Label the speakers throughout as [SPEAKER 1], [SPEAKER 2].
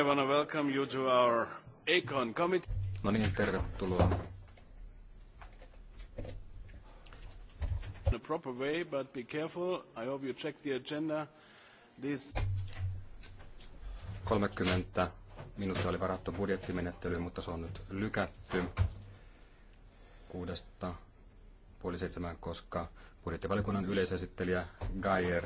[SPEAKER 1] I want to welcome you to our Econ committee.
[SPEAKER 2] No niin, tervetuloa.
[SPEAKER 1] In a proper way, but be careful. I hope you check the agenda. This
[SPEAKER 2] 30 minuuttia oli varattu budjettimenettelyyn, mutta se on nyt lykätty kuudesta puoli seitsemään, koska budjettivaliokunnan yleisesittelijä Geyer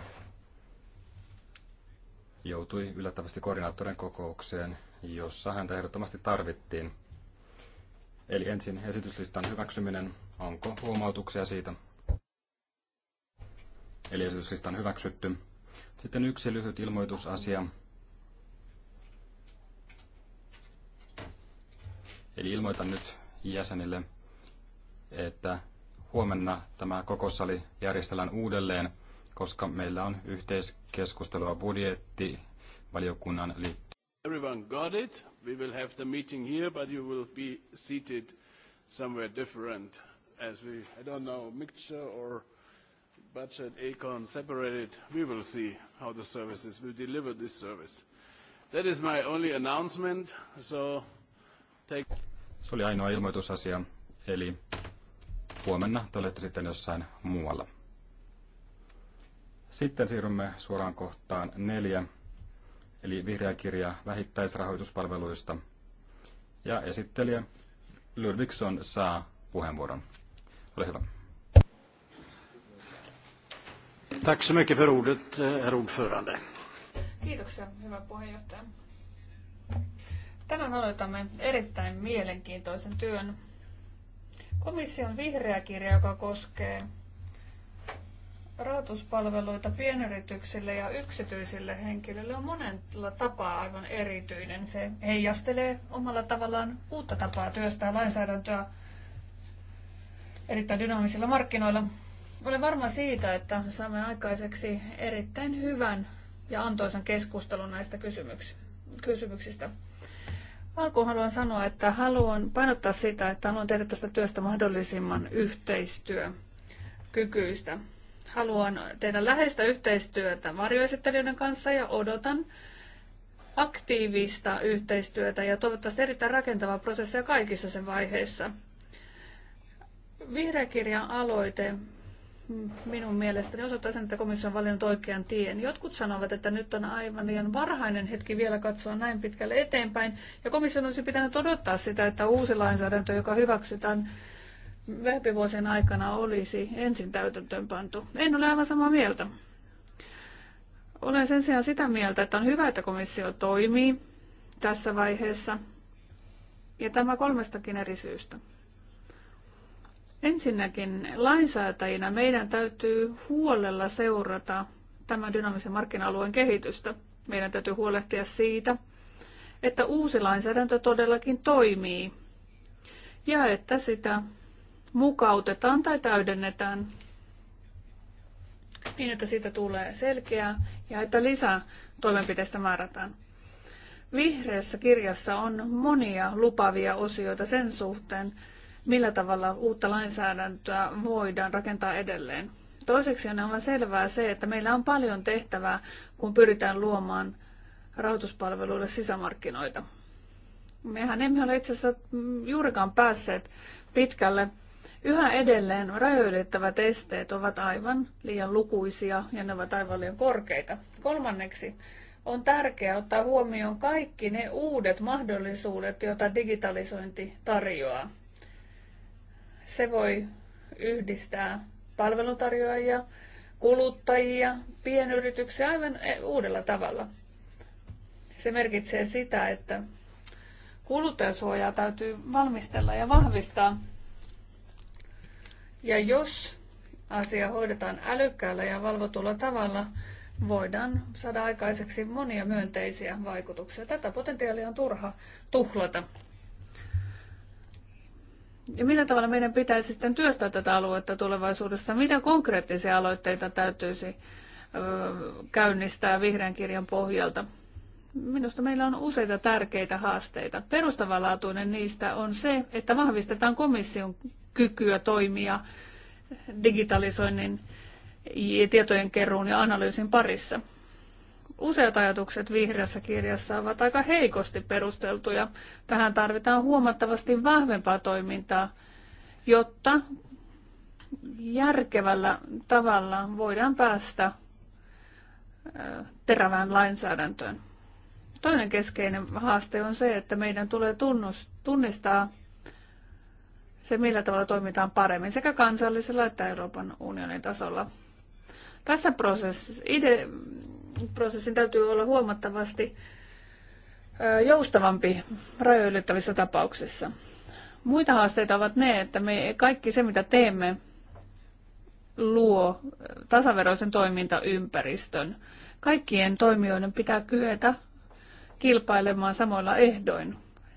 [SPEAKER 2] joutui yllättävästi koordinaattorin kokoukseen, jossa häntä ehdottomasti tarvittiin. Eli ensin esityslistan hyväksyminen. Onko huomautuksia siitä? Eli esityslistan hyväksytty. Sitten yksi lyhyt ilmoitusasia. Eli ilmoitan nyt jäsenille, että huomenna tämä kokoussali järjestellään uudelleen koska meillä on yhteiskeskustelua budjettivaliokunnan liittyen.
[SPEAKER 1] Everyone got it. We will have the meeting here, but you will be seated somewhere different as we, I don't know, mixture or budget, Aecon separated. We will see how the services will deliver this service. That is my only announcement, so take...
[SPEAKER 2] Se oli ainoa ilmoitusasia, eli huomenna te olette sitten jossain muualla. Sitten siirrymme suoraan kohtaan neljä, eli vihreä kirja vähittäisrahoituspalveluista. Ja esittelijä Ludvigson saa puheenvuoron. Ole hyvä.
[SPEAKER 1] Tack så mycket för ordet, eh, herr ordförande.
[SPEAKER 3] Kiitoksia, hyvä puheenjohtaja. Tänään aloitamme erittäin mielenkiintoisen työn. Komission vihreä kirja, joka koskee rahoituspalveluita pienyrityksille ja yksityisille henkilöille on monella tapaa aivan erityinen. Se heijastelee omalla tavallaan uutta tapaa työstää lainsäädäntöä erittäin dynaamisilla markkinoilla. Olen varma siitä, että saamme aikaiseksi erittäin hyvän ja antoisan keskustelun näistä kysymyksistä. Alkuun haluan sanoa, että haluan painottaa sitä, että haluan tehdä tästä työstä mahdollisimman yhteistyökykyistä Haluan tehdä läheistä yhteistyötä varjoesittelijöiden kanssa ja odotan aktiivista yhteistyötä ja toivottavasti erittäin rakentavaa prosessia kaikissa sen vaiheissa. Vihreä kirjan aloite minun mielestäni osoittaa sen, että komissio on valinnut oikean tien. Jotkut sanovat, että nyt on aivan liian varhainen hetki vielä katsoa näin pitkälle eteenpäin, ja komission olisi pitänyt odottaa sitä, että uusi lainsäädäntö, joka hyväksytään vuosien aikana olisi ensin täytäntöönpantu. En ole aivan samaa mieltä. Olen sen sijaan sitä mieltä, että on hyvä, että komissio toimii tässä vaiheessa, ja tämä kolmestakin eri syystä. Ensinnäkin lainsäätäjinä meidän täytyy huolella seurata tämän dynaamisen markkina-alueen kehitystä. Meidän täytyy huolehtia siitä, että uusi lainsäädäntö todellakin toimii ja että sitä mukautetaan tai täydennetään niin, että siitä tulee selkeää ja että lisää toimenpiteistä määrätään. Vihreässä kirjassa on monia lupavia osioita sen suhteen, millä tavalla uutta lainsäädäntöä voidaan rakentaa edelleen. Toiseksi on aivan selvää se, että meillä on paljon tehtävää, kun pyritään luomaan rahoituspalveluille sisämarkkinoita. Mehän emme ole itse asiassa juurikaan päässeet pitkälle Yhä edelleen rajoitettavat esteet ovat aivan liian lukuisia ja ne ovat aivan liian korkeita. Kolmanneksi on tärkeää ottaa huomioon kaikki ne uudet mahdollisuudet, joita digitalisointi tarjoaa. Se voi yhdistää palvelutarjoajia, kuluttajia, pienyrityksiä aivan e- uudella tavalla. Se merkitsee sitä, että kuluttajasuojaa täytyy valmistella ja vahvistaa ja jos asia hoidetaan älykkäällä ja valvotulla tavalla, voidaan saada aikaiseksi monia myönteisiä vaikutuksia. Tätä potentiaalia on turha tuhlata. Ja millä tavalla meidän pitäisi sitten työstää tätä aluetta tulevaisuudessa? Mitä konkreettisia aloitteita täytyisi käynnistää vihreän kirjan pohjalta? Minusta meillä on useita tärkeitä haasteita. Perustavanlaatuinen niistä on se, että vahvistetaan komission kykyä toimia digitalisoinnin, ja tietojen keruun ja analyysin parissa. Useat ajatukset vihreässä kirjassa ovat aika heikosti perusteltuja. Tähän tarvitaan huomattavasti vahvempaa toimintaa, jotta järkevällä tavalla voidaan päästä terävään lainsäädäntöön. Toinen keskeinen haaste on se, että meidän tulee tunnustaa se, millä tavalla toimitaan paremmin sekä kansallisella että Euroopan unionin tasolla. Tässä prosessissa, ide, prosessin täytyy olla huomattavasti joustavampi rajoilyttävissä tapauksissa. Muita haasteita ovat ne, että me kaikki se, mitä teemme, luo tasaveroisen toimintaympäristön. Kaikkien toimijoiden pitää kyetä kilpailemaan samoilla ehdoin.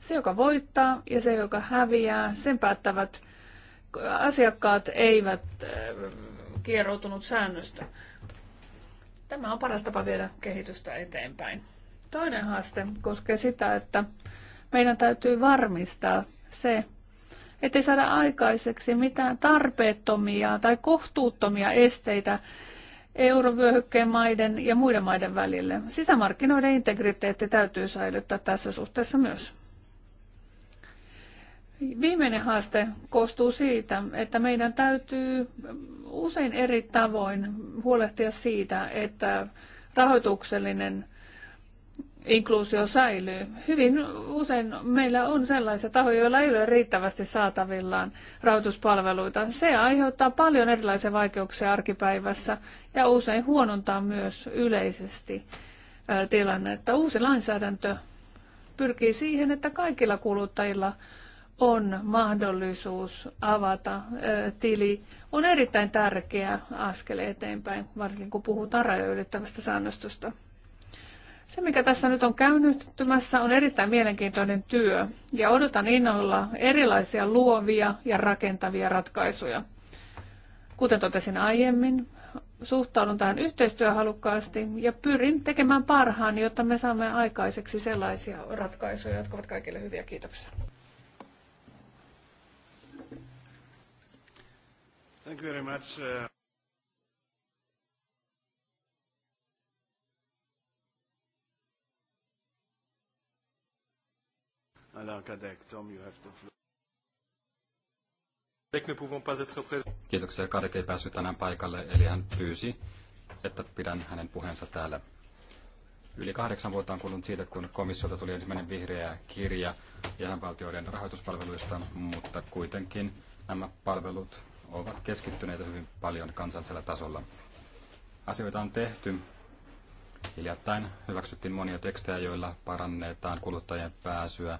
[SPEAKER 3] Se, joka voittaa ja se, joka häviää, sen päättävät asiakkaat eivät äh, kieroutunut säännöstä. Tämä on paras tapa viedä kehitystä eteenpäin. Toinen haaste koskee sitä, että meidän täytyy varmistaa se, ettei saada aikaiseksi mitään tarpeettomia tai kohtuuttomia esteitä eurovyöhykkeen maiden ja muiden maiden välille. Sisämarkkinoiden integriteetti täytyy säilyttää tässä suhteessa myös. Viimeinen haaste koostuu siitä, että meidän täytyy usein eri tavoin huolehtia siitä, että rahoituksellinen inkluusio säilyy. Hyvin usein meillä on sellaisia tahoja, joilla ei ole riittävästi saatavillaan rahoituspalveluita. Se aiheuttaa paljon erilaisia vaikeuksia arkipäivässä ja usein huonontaa myös yleisesti tilannetta. Uusi lainsäädäntö pyrkii siihen, että kaikilla kuluttajilla – on mahdollisuus avata tili, on erittäin tärkeä askel eteenpäin, varsinkin kun puhutaan rajoja ylittävästä säännöstöstä. Se, mikä tässä nyt on käynnistymässä, on erittäin mielenkiintoinen työ ja odotan innolla erilaisia luovia ja rakentavia ratkaisuja. Kuten totesin aiemmin, suhtaudun tähän yhteistyöhalukkaasti ja pyrin tekemään parhaan, jotta me saamme aikaiseksi sellaisia ratkaisuja, jotka ovat kaikille hyviä. Kiitoksia.
[SPEAKER 1] Thank you very much. Uh, Alain Kadek, Tom, you have the floor.
[SPEAKER 2] Kiitoksia. Kadek ei päässyt tänään paikalle, eli hän pyysi, että pidän hänen puheensa täällä. Yli kahdeksan vuotta on kulunut siitä, kun komissiolta tuli ensimmäinen vihreä kirja jäsenvaltioiden rahoituspalveluista, mutta kuitenkin nämä palvelut ovat keskittyneitä hyvin paljon kansallisella tasolla. Asioita on tehty. Hiljattain hyväksyttiin monia tekstejä, joilla parannetaan kuluttajien pääsyä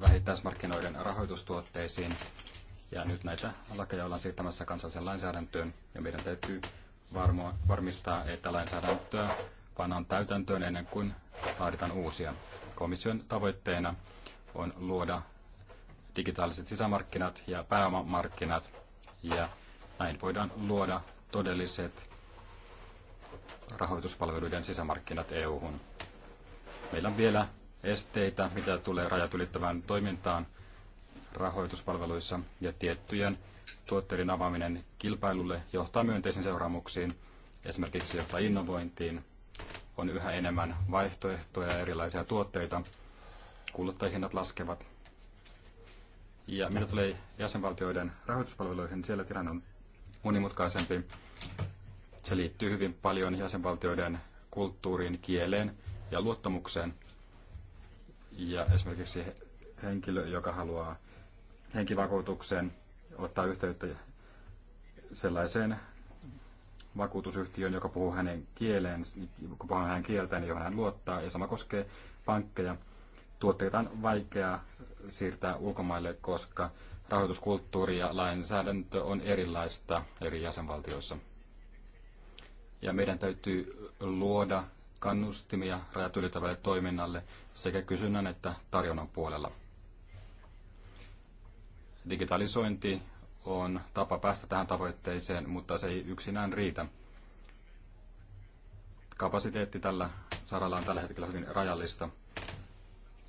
[SPEAKER 2] vähittäismarkkinoiden rahoitustuotteisiin. Ja nyt näitä lakeja ollaan siirtämässä kansalliseen lainsäädäntöön, ja meidän täytyy varmo, varmistaa, että lainsäädäntöä pannaan täytäntöön ennen kuin laaditaan uusia. Komission tavoitteena on luoda digitaaliset sisämarkkinat ja pääomamarkkinat. Ja näin voidaan luoda todelliset rahoituspalveluiden sisämarkkinat EU-hun. Meillä on vielä esteitä, mitä tulee rajat ylittävään toimintaan rahoituspalveluissa ja tiettyjen tuotteiden avaaminen kilpailulle johtaa myönteisiin seuraamuksiin, esimerkiksi johtaa innovointiin, on yhä enemmän vaihtoehtoja ja erilaisia tuotteita, kuluttajahinnat laskevat ja mitä tulee jäsenvaltioiden rahoituspalveluihin, niin siellä tilanne on monimutkaisempi. Se liittyy hyvin paljon jäsenvaltioiden kulttuuriin, kieleen ja luottamukseen. Ja esimerkiksi henkilö, joka haluaa henkivakuutukseen ottaa yhteyttä sellaiseen vakuutusyhtiöön, joka puhuu hänen kieleen, kun puhuu hänen kieltään, niin johon hän luottaa. Ja sama koskee pankkeja tuotteita on vaikea siirtää ulkomaille, koska rahoituskulttuuri ja lainsäädäntö on erilaista eri jäsenvaltioissa. Ja meidän täytyy luoda kannustimia rajat ylittävälle toiminnalle sekä kysynnän että tarjonnan puolella. Digitalisointi on tapa päästä tähän tavoitteeseen, mutta se ei yksinään riitä. Kapasiteetti tällä saralla on tällä hetkellä hyvin rajallista –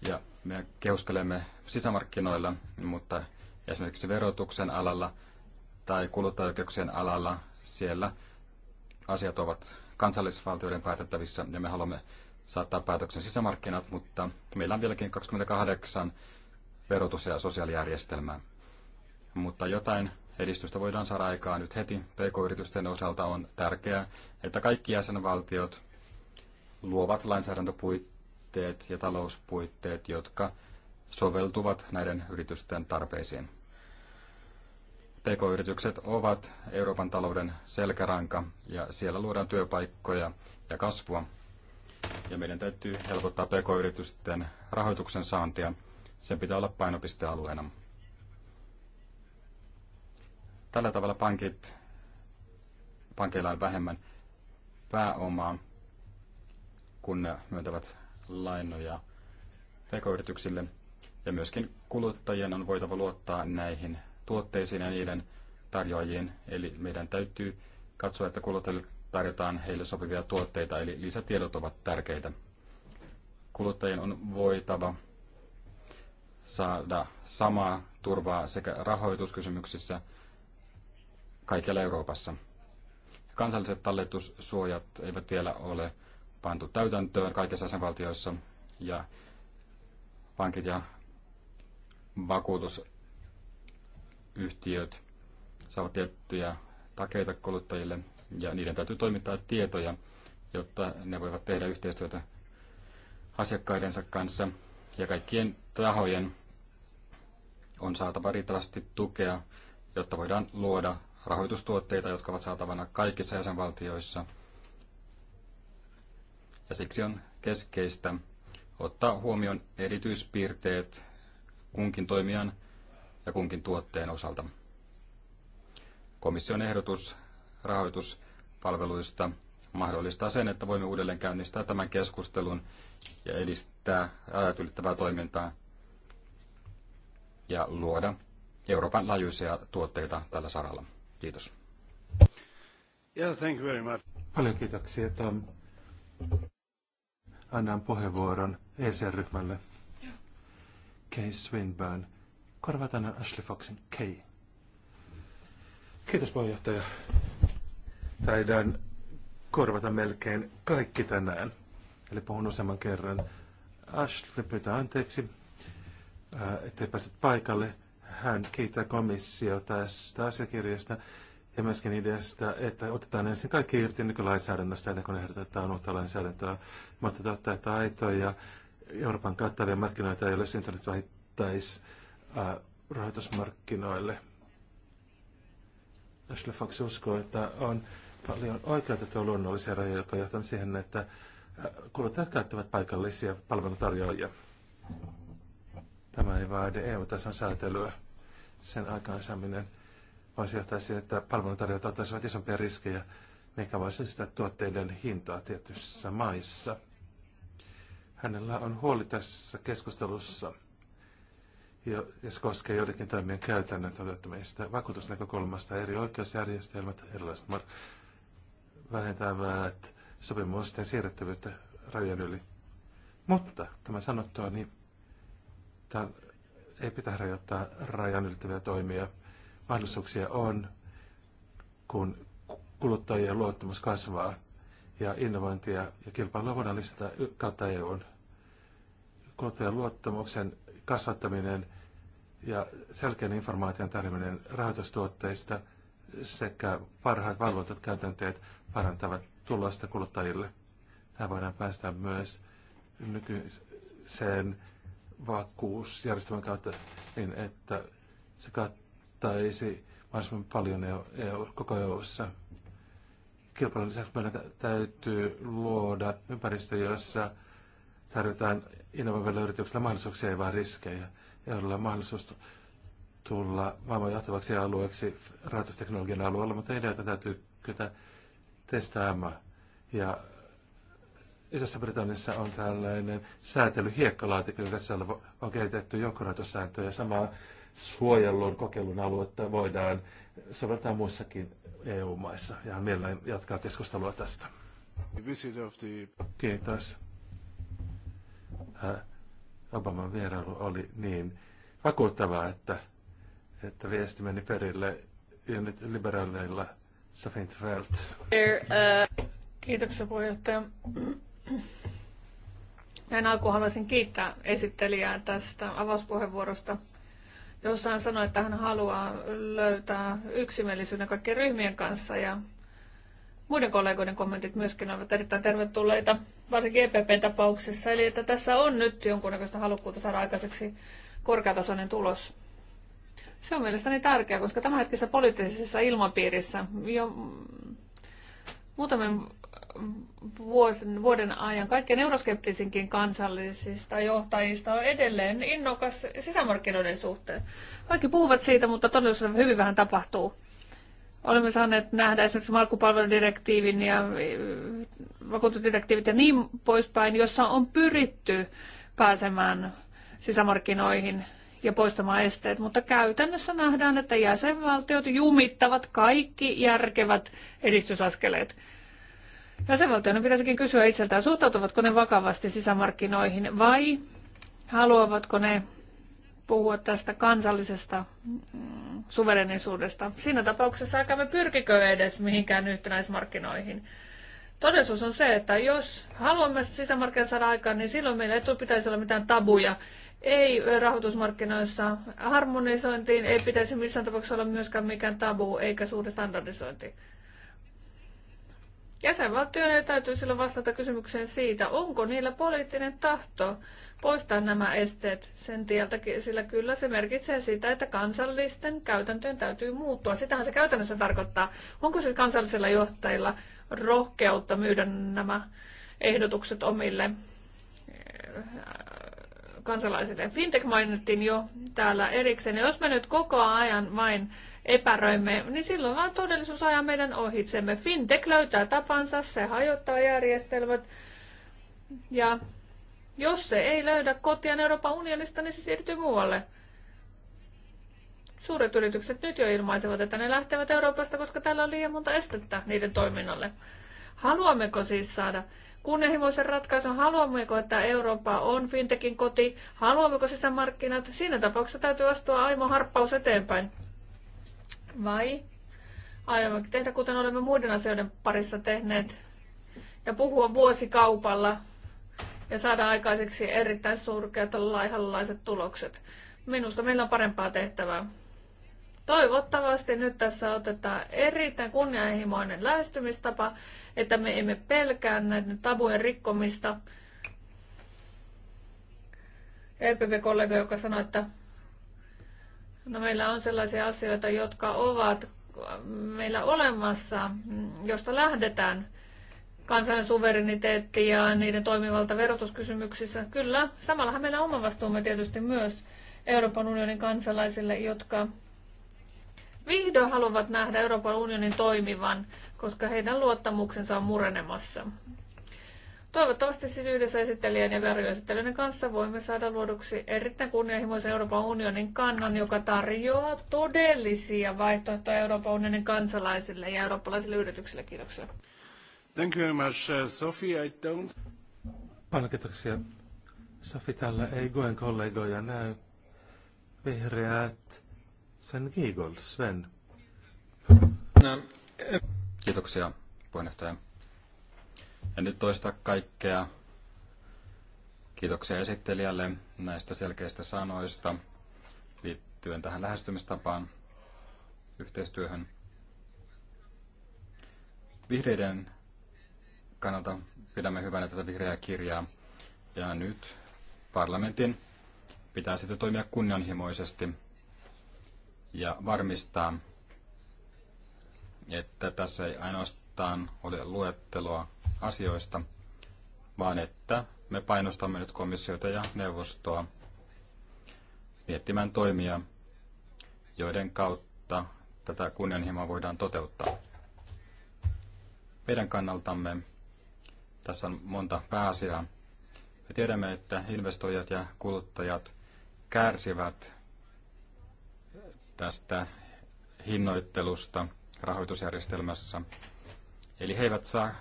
[SPEAKER 2] ja me keuskelemme sisämarkkinoilla, mutta esimerkiksi verotuksen alalla tai kuluttajoikeuksien alalla siellä asiat ovat kansallisvaltioiden päätettävissä ja me haluamme saattaa päätöksen sisämarkkinat, mutta meillä on vieläkin 28 verotus- ja sosiaalijärjestelmää. Mutta jotain edistystä voidaan saada aikaan nyt heti. PK-yritysten osalta on tärkeää, että kaikki jäsenvaltiot luovat lainsäädäntöpuitteet puitteet ja talouspuitteet, jotka soveltuvat näiden yritysten tarpeisiin. PK-yritykset ovat Euroopan talouden selkäranka ja siellä luodaan työpaikkoja ja kasvua. Ja meidän täytyy helpottaa PK-yritysten rahoituksen saantia. Sen pitää olla painopistealueena. Tällä tavalla pankit, pankeilla on vähemmän pääomaa, kun ne myöntävät lainoja pk-yrityksille. Ja myöskin kuluttajien on voitava luottaa näihin tuotteisiin ja niiden tarjoajiin. Eli meidän täytyy katsoa, että kuluttajille tarjotaan heille sopivia tuotteita, eli lisätiedot ovat tärkeitä. Kuluttajien on voitava saada samaa turvaa sekä rahoituskysymyksissä kaikkialla Euroopassa. Kansalliset talletussuojat eivät vielä ole pantu täytäntöön kaikissa jäsenvaltioissa ja pankit ja vakuutusyhtiöt saavat tiettyjä takeita kuluttajille ja niiden täytyy toimittaa tietoja, jotta ne voivat tehdä yhteistyötä asiakkaidensa kanssa ja kaikkien tahojen on saatava riittävästi tukea, jotta voidaan luoda rahoitustuotteita, jotka ovat saatavana kaikissa jäsenvaltioissa – ja siksi on keskeistä ottaa huomioon erityispiirteet kunkin toimijan ja kunkin tuotteen osalta. Komission ehdotus rahoituspalveluista mahdollistaa sen, että voimme uudelleen käynnistää tämän keskustelun ja edistää rajat ylittävää toimintaa ja luoda Euroopan laajuisia tuotteita tällä saralla.
[SPEAKER 4] Kiitos. Yeah, thank you very much. Paljon kiitoksia, Tom annan puheenvuoron ESR-ryhmälle. Kay Swinburne. Korvataan Ashley Foxin Kay. Kiitos puheenjohtaja. Taidan korvata melkein kaikki tänään. Eli puhun useamman kerran. Ashley pyytää anteeksi, ettei päässyt paikalle. Hän kiittää komissio tästä asiakirjasta ja myöskin ideasta, että otetaan ensin kaikki irti nykylainsäädännöstä ennen kuin ehdotetaan uutta lainsäädäntöä. Mutta totta, että ja Euroopan kattavia markkinoita ei ole syntynyt vähittäis äh, rahoitusmarkkinoille. Ashley Fox uskoo, että on paljon oikeutettua luonnollisia rajoja, jotka johtavat siihen, että äh, kuluttajat käyttävät paikallisia palvelutarjoajia. Tämä ei vaadi EU-tason säätelyä. Sen aikaansaaminen voisi johtaa siihen, että palveluntarjoajat ottaisivat isompia riskejä, mikä voisi sitä tuotteiden hintaa tietyissä maissa. Hänellä on huoli tässä keskustelussa, ja se koskee joidenkin toimien käytännön toteuttamista, vakuutusnäkökulmasta eri oikeusjärjestelmät, erilaiset mar- vähentävät sopimusten siirrettävyyttä rajan yli. Mutta tämä sanottua, niin tämä ei pitää rajoittaa rajan ylittäviä toimia – mahdollisuuksia on, kun kuluttajien luottamus kasvaa ja innovointia ja kilpailua voidaan lisätä kautta EUn. Kuluttajien luottamuksen kasvattaminen ja selkeän informaation tarjoaminen rahoitustuotteista sekä parhaat valvotut käytänteet parantavat tulosta kuluttajille. Tämä voidaan päästä myös nykyiseen vakuusjärjestelmän kautta niin, että se kat- vaikuttaisi mahdollisimman paljon EU, EU, koko EU-ssa. Kilpailun lisäksi meidän täytyy luoda ympäristö, jossa tarvitaan innovoiville yrityksille mahdollisuuksia ja vain riskejä. Eurolla on mahdollisuus tulla maailman johtavaksi alueeksi rahoitusteknologian alueella, mutta ideoita täytyy kyllä testaamaan. Ja Isossa Britanniassa on tällainen säätelyhiekkalaatikko, jossa on kehitetty joukkorahoitussääntöjä samaa suojelun kokeilun aluetta voidaan soveltaa muissakin EU-maissa. Ja mielelläni jatkaa keskustelua tästä. Kiitos. Äh, Obaman vierailu oli niin vakuuttavaa, että, että viesti meni perille ja nyt liberaaleilla Safin Tveltz.
[SPEAKER 3] Kiitoksia puheenjohtaja. Näin alkuun haluaisin kiittää esittelijää tästä avauspuheenvuorosta jossa hän sanoi, että hän haluaa löytää yksimielisyyden kaikkien ryhmien kanssa ja muiden kollegoiden kommentit myöskin ovat erittäin tervetulleita, varsinkin epp tapauksessa. Eli että tässä on nyt jonkunnäköistä halukkuutta saada aikaiseksi korkeatasoinen tulos. Se on mielestäni tärkeää, koska tämänhetkisessä poliittisessa ilmapiirissä jo muutamien vuosin, vuoden ajan kaikkien euroskeptisinkin kansallisista johtajista on edelleen innokas sisämarkkinoiden suhteen. Kaikki puhuvat siitä, mutta todellisuudessa hyvin vähän tapahtuu. Olemme saaneet nähdä esimerkiksi markkupalveludirektiivin ja äh, vakuutusdirektiivit ja niin poispäin, jossa on pyritty pääsemään sisämarkkinoihin ja poistamaan esteet, mutta käytännössä nähdään, että jäsenvaltiot jumittavat kaikki järkevät edistysaskeleet. Jäsenvaltioiden pitäisikin kysyä itseltään, suhtautuvatko ne vakavasti sisämarkkinoihin vai haluavatko ne puhua tästä kansallisesta mm, suverenisuudesta. Siinä tapauksessa me pyrkikö edes mihinkään yhtenäismarkkinoihin. Todellisuus on se, että jos haluamme sisämarkkinat saada aikaan, niin silloin meillä ei pitäisi olla mitään tabuja. Ei rahoitusmarkkinoissa harmonisointiin, ei pitäisi missään tapauksessa olla myöskään mikään tabu eikä suuri standardisointi. Jäsenvaltioiden täytyy silloin vastata kysymykseen siitä, onko niillä poliittinen tahto poistaa nämä esteet sen tieltä, sillä kyllä se merkitsee sitä, että kansallisten käytäntöjen täytyy muuttua. Sitähän se käytännössä tarkoittaa. Onko siis kansallisilla johtajilla rohkeutta myydä nämä ehdotukset omille
[SPEAKER 1] eh,
[SPEAKER 3] kansalaisille? Fintech mainittiin jo täällä erikseen. Jos me nyt koko ajan vain epäröimme, niin silloin vaan todellisuus ajaa meidän ohitsemme. Fintech löytää tapansa, se hajottaa järjestelmät. Ja jos se ei löydä kotia Euroopan unionista, niin se siirtyy muualle. Suuret yritykset nyt jo ilmaisevat, että ne lähtevät Euroopasta, koska täällä on liian monta estettä niiden toiminnalle. Haluammeko siis saada kunnianhimoisen ratkaisun, haluammeko, että Eurooppa on fintekin koti, haluammeko sisämarkkinat, siinä tapauksessa täytyy astua aimo harppaus eteenpäin. Vai aiomme tehdä kuten olemme muiden asioiden parissa tehneet ja puhua vuosikaupalla ja saada aikaiseksi erittäin surkeat laihallaiset tulokset. Minusta meillä on parempaa tehtävää. Toivottavasti nyt tässä otetaan erittäin kunnianhimoinen lähestymistapa, että me emme pelkää näiden tabujen rikkomista. EPV-kollega, joka sanoi, että No meillä on sellaisia asioita, jotka ovat meillä olemassa, josta lähdetään kansallinen suvereniteetti ja niiden toimivalta verotuskysymyksissä. Kyllä, samallahan meillä on oma vastuumme tietysti myös Euroopan unionin kansalaisille, jotka vihdoin haluavat nähdä Euroopan unionin toimivan, koska heidän luottamuksensa on murenemassa. Toivottavasti siis yhdessä esittelijän ja varjoesittelijän kanssa voimme saada luoduksi erittäin kunnianhimoisen Euroopan unionin kannan, joka tarjoaa todellisia vaihtoehtoja Euroopan unionin kansalaisille ja eurooppalaisille yrityksille. Kiitoksia.
[SPEAKER 1] Thank you very much, uh, Sophie. I
[SPEAKER 4] don't... Paljon kiitoksia. Sofi, täällä ei Goen kollegoja näy. Vihreät, Sven Giegold, Sven.
[SPEAKER 2] Kiitoksia, puheenjohtaja. En nyt toista kaikkea. Kiitoksia esittelijälle näistä selkeistä sanoista liittyen tähän lähestymistapaan, yhteistyöhön. Vihreiden kannalta pidämme hyvänä tätä vihreää kirjaa. Ja nyt parlamentin pitää sitten toimia kunnianhimoisesti ja varmistaa, että tässä ei ainoastaan ole luetteloa asioista, vaan että me painostamme nyt komissiota ja neuvostoa miettimään toimia, joiden kautta tätä kunnianhimoa voidaan toteuttaa. Meidän kannaltamme tässä on monta pääasiaa. Me tiedämme, että investoijat ja kuluttajat kärsivät tästä hinnoittelusta rahoitusjärjestelmässä. Eli he eivät saa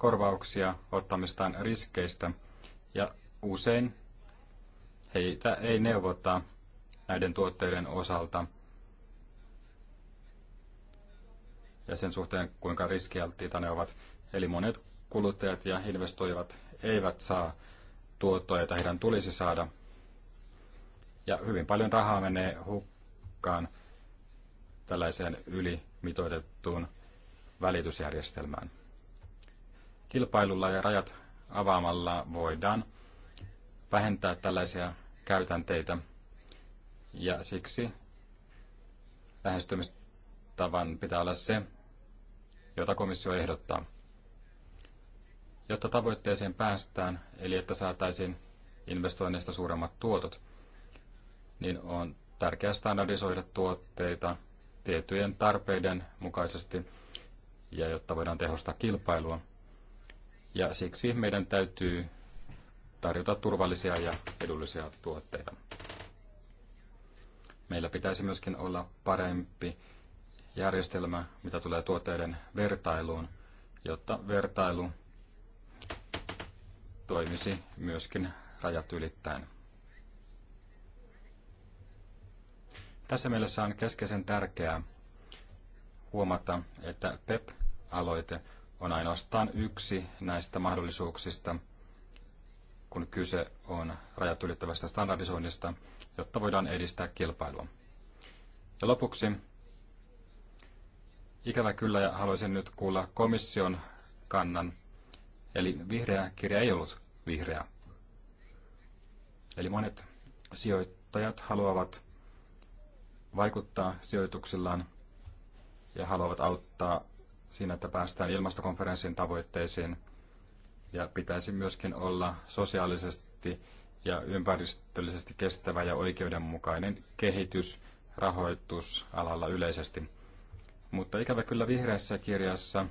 [SPEAKER 2] korvauksia ottamistaan riskeistä ja usein heitä ei neuvota näiden tuotteiden osalta ja sen suhteen, kuinka riskialttiita ne ovat. Eli monet kuluttajat ja investoijat eivät saa tuottoa, jota heidän tulisi saada. Ja hyvin paljon rahaa menee hukkaan tällaiseen ylimitoitettuun välitysjärjestelmään. Kilpailulla ja rajat avaamalla voidaan vähentää tällaisia käytänteitä ja siksi lähestymistavan pitää olla se, jota komissio ehdottaa. Jotta tavoitteeseen päästään, eli että saataisiin investoinneista suuremmat tuotot, niin on tärkeää standardisoida tuotteita tiettyjen tarpeiden mukaisesti ja jotta voidaan tehostaa kilpailua ja siksi meidän täytyy tarjota turvallisia ja edullisia tuotteita. Meillä pitäisi myöskin olla parempi järjestelmä, mitä tulee tuotteiden vertailuun, jotta vertailu toimisi myöskin rajat ylittäen. Tässä mielessä on keskeisen tärkeää huomata, että PEP-aloite on ainoastaan yksi näistä mahdollisuuksista, kun kyse on rajat ylittävästä standardisoinnista, jotta voidaan edistää kilpailua. Ja lopuksi, ikävä kyllä, ja haluaisin nyt kuulla komission kannan, eli vihreä kirja ei ollut vihreä. Eli monet sijoittajat haluavat vaikuttaa sijoituksillaan ja haluavat auttaa siinä, että päästään ilmastokonferenssin tavoitteisiin. Ja pitäisi myöskin olla sosiaalisesti ja ympäristöllisesti kestävä ja oikeudenmukainen kehitys rahoitusalalla yleisesti. Mutta ikävä kyllä vihreässä kirjassa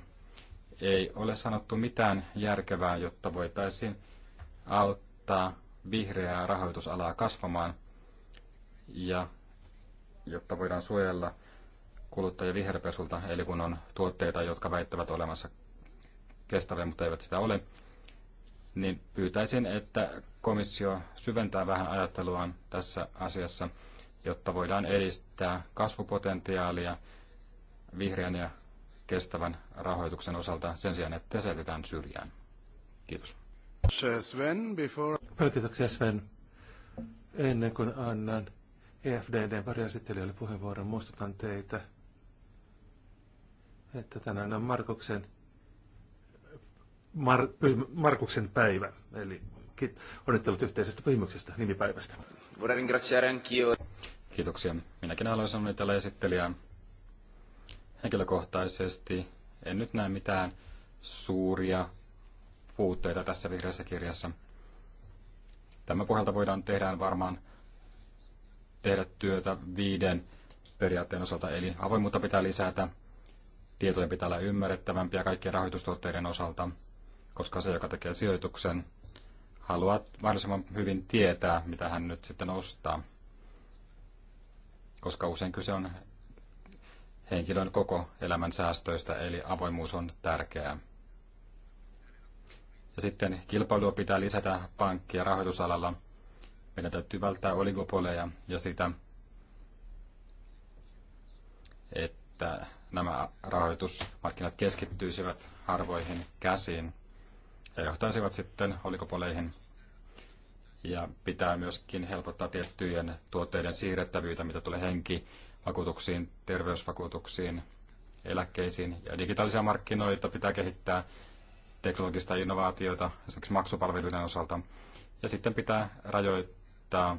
[SPEAKER 2] ei ole sanottu mitään järkevää, jotta voitaisiin auttaa vihreää rahoitusalaa kasvamaan ja jotta voidaan suojella kuluttajaviherpesulta, eli kun on tuotteita, jotka väittävät olemassa kestäviä, mutta eivät sitä ole, niin pyytäisin, että komissio syventää vähän ajatteluaan tässä asiassa, jotta voidaan edistää kasvupotentiaalia vihreän ja kestävän rahoituksen osalta sen sijaan, että selitetään syrjään.
[SPEAKER 4] Kiitos.
[SPEAKER 1] Sven, before...
[SPEAKER 4] Kiitoksia Sven. Ennen kuin annan efdd varjaesittelijöille puheenvuoron, muistutan teitä että tänään on Markuksen, Mar, Markuksen päivä, eli onnittelut yhteisestä pyhimyksestä nimipäivästä.
[SPEAKER 2] Kiitoksia. Minäkin haluaisin onnitella esittelijää henkilökohtaisesti. En nyt näe mitään suuria puutteita tässä vihreässä kirjassa. Tämän pohjalta voidaan tehdä varmaan tehdä työtä viiden periaatteen osalta, eli avoimuutta pitää lisätä – tietojen pitää olla ymmärrettävämpiä kaikkien rahoitustuotteiden osalta, koska se, joka tekee sijoituksen, haluaa mahdollisimman hyvin tietää, mitä hän nyt sitten ostaa. Koska usein kyse on henkilön koko elämän säästöistä, eli avoimuus on tärkeää. Ja sitten kilpailua pitää lisätä pankki- ja rahoitusalalla. Meidän täytyy välttää oligopoleja ja sitä, että nämä rahoitusmarkkinat keskittyisivät harvoihin käsiin ja johtaisivat sitten olikopoleihin. Ja pitää myöskin helpottaa tiettyjen tuotteiden siirrettävyyttä, mitä tulee henkivakuutuksiin, terveysvakuutuksiin, eläkkeisiin. Ja digitaalisia markkinoita pitää kehittää teknologista innovaatiota esimerkiksi maksupalveluiden osalta. Ja sitten pitää rajoittaa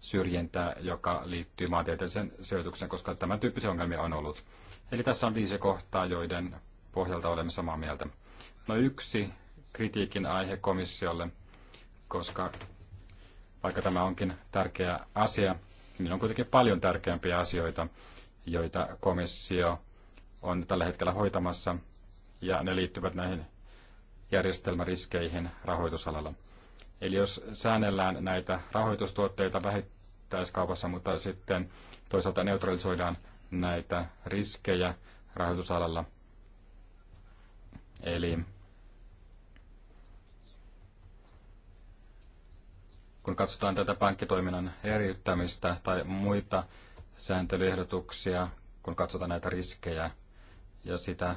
[SPEAKER 2] syrjintää, joka liittyy maantieteelliseen sijoitukseen, koska tämän tyyppisiä ongelmia on ollut. Eli tässä on viisi kohtaa, joiden pohjalta olemme samaa mieltä. No yksi kritiikin aihe komissiolle, koska vaikka tämä onkin tärkeä asia, niin on kuitenkin paljon tärkeämpiä asioita, joita komissio on tällä hetkellä hoitamassa, ja ne liittyvät näihin järjestelmäriskeihin rahoitusalalla. Eli jos säännellään näitä rahoitustuotteita vähittäiskaupassa, mutta sitten toisaalta neutralisoidaan näitä riskejä rahoitusalalla. Eli kun katsotaan tätä pankkitoiminnan eriyttämistä tai muita sääntelyehdotuksia, kun katsotaan näitä riskejä ja sitä,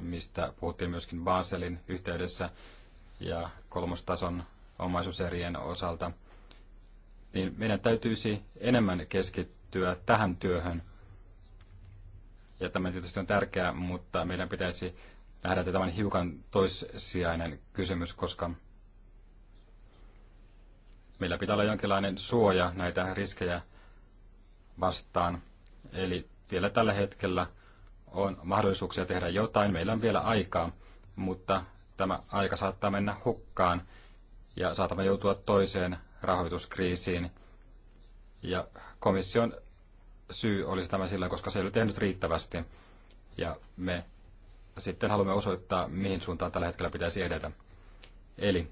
[SPEAKER 2] mistä puhuttiin myöskin Baselin yhteydessä ja kolmostason omaisuuserien osalta, niin meidän täytyisi enemmän keskittyä tähän työhön ja tämä tietysti on tärkeää, mutta meidän pitäisi nähdä, että tämä on hiukan toissijainen kysymys, koska meillä pitää olla jonkinlainen suoja näitä riskejä vastaan. Eli vielä tällä hetkellä on mahdollisuuksia tehdä jotain, meillä on vielä aikaa, mutta tämä aika saattaa mennä hukkaan ja saatamme joutua toiseen rahoituskriisiin. Ja komission syy olisi tämä sillä, koska se ei ole tehnyt riittävästi. Ja me sitten haluamme osoittaa, mihin suuntaan tällä hetkellä pitäisi edetä. Eli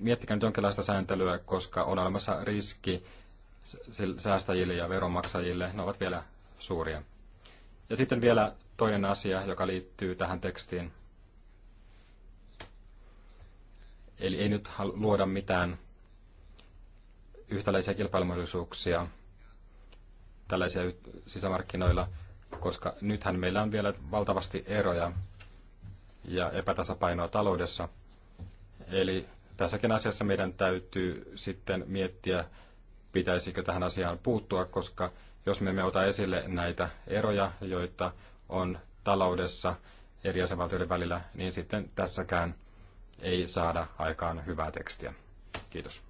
[SPEAKER 2] miettikää nyt jonkinlaista sääntelyä, koska on olemassa riski säästäjille ja veronmaksajille. Ne ovat vielä suuria. Ja sitten vielä toinen asia, joka liittyy tähän tekstiin. Eli ei nyt luoda mitään yhtäläisiä kilpailumahdollisuuksia tällaisia sisämarkkinoilla, koska nythän meillä on vielä valtavasti eroja ja epätasapainoa taloudessa. Eli tässäkin asiassa meidän täytyy sitten miettiä, pitäisikö tähän asiaan puuttua, koska jos me emme ota esille näitä eroja, joita on taloudessa eri jäsenvaltioiden välillä, niin sitten tässäkään ei saada aikaan hyvää tekstiä. Kiitos.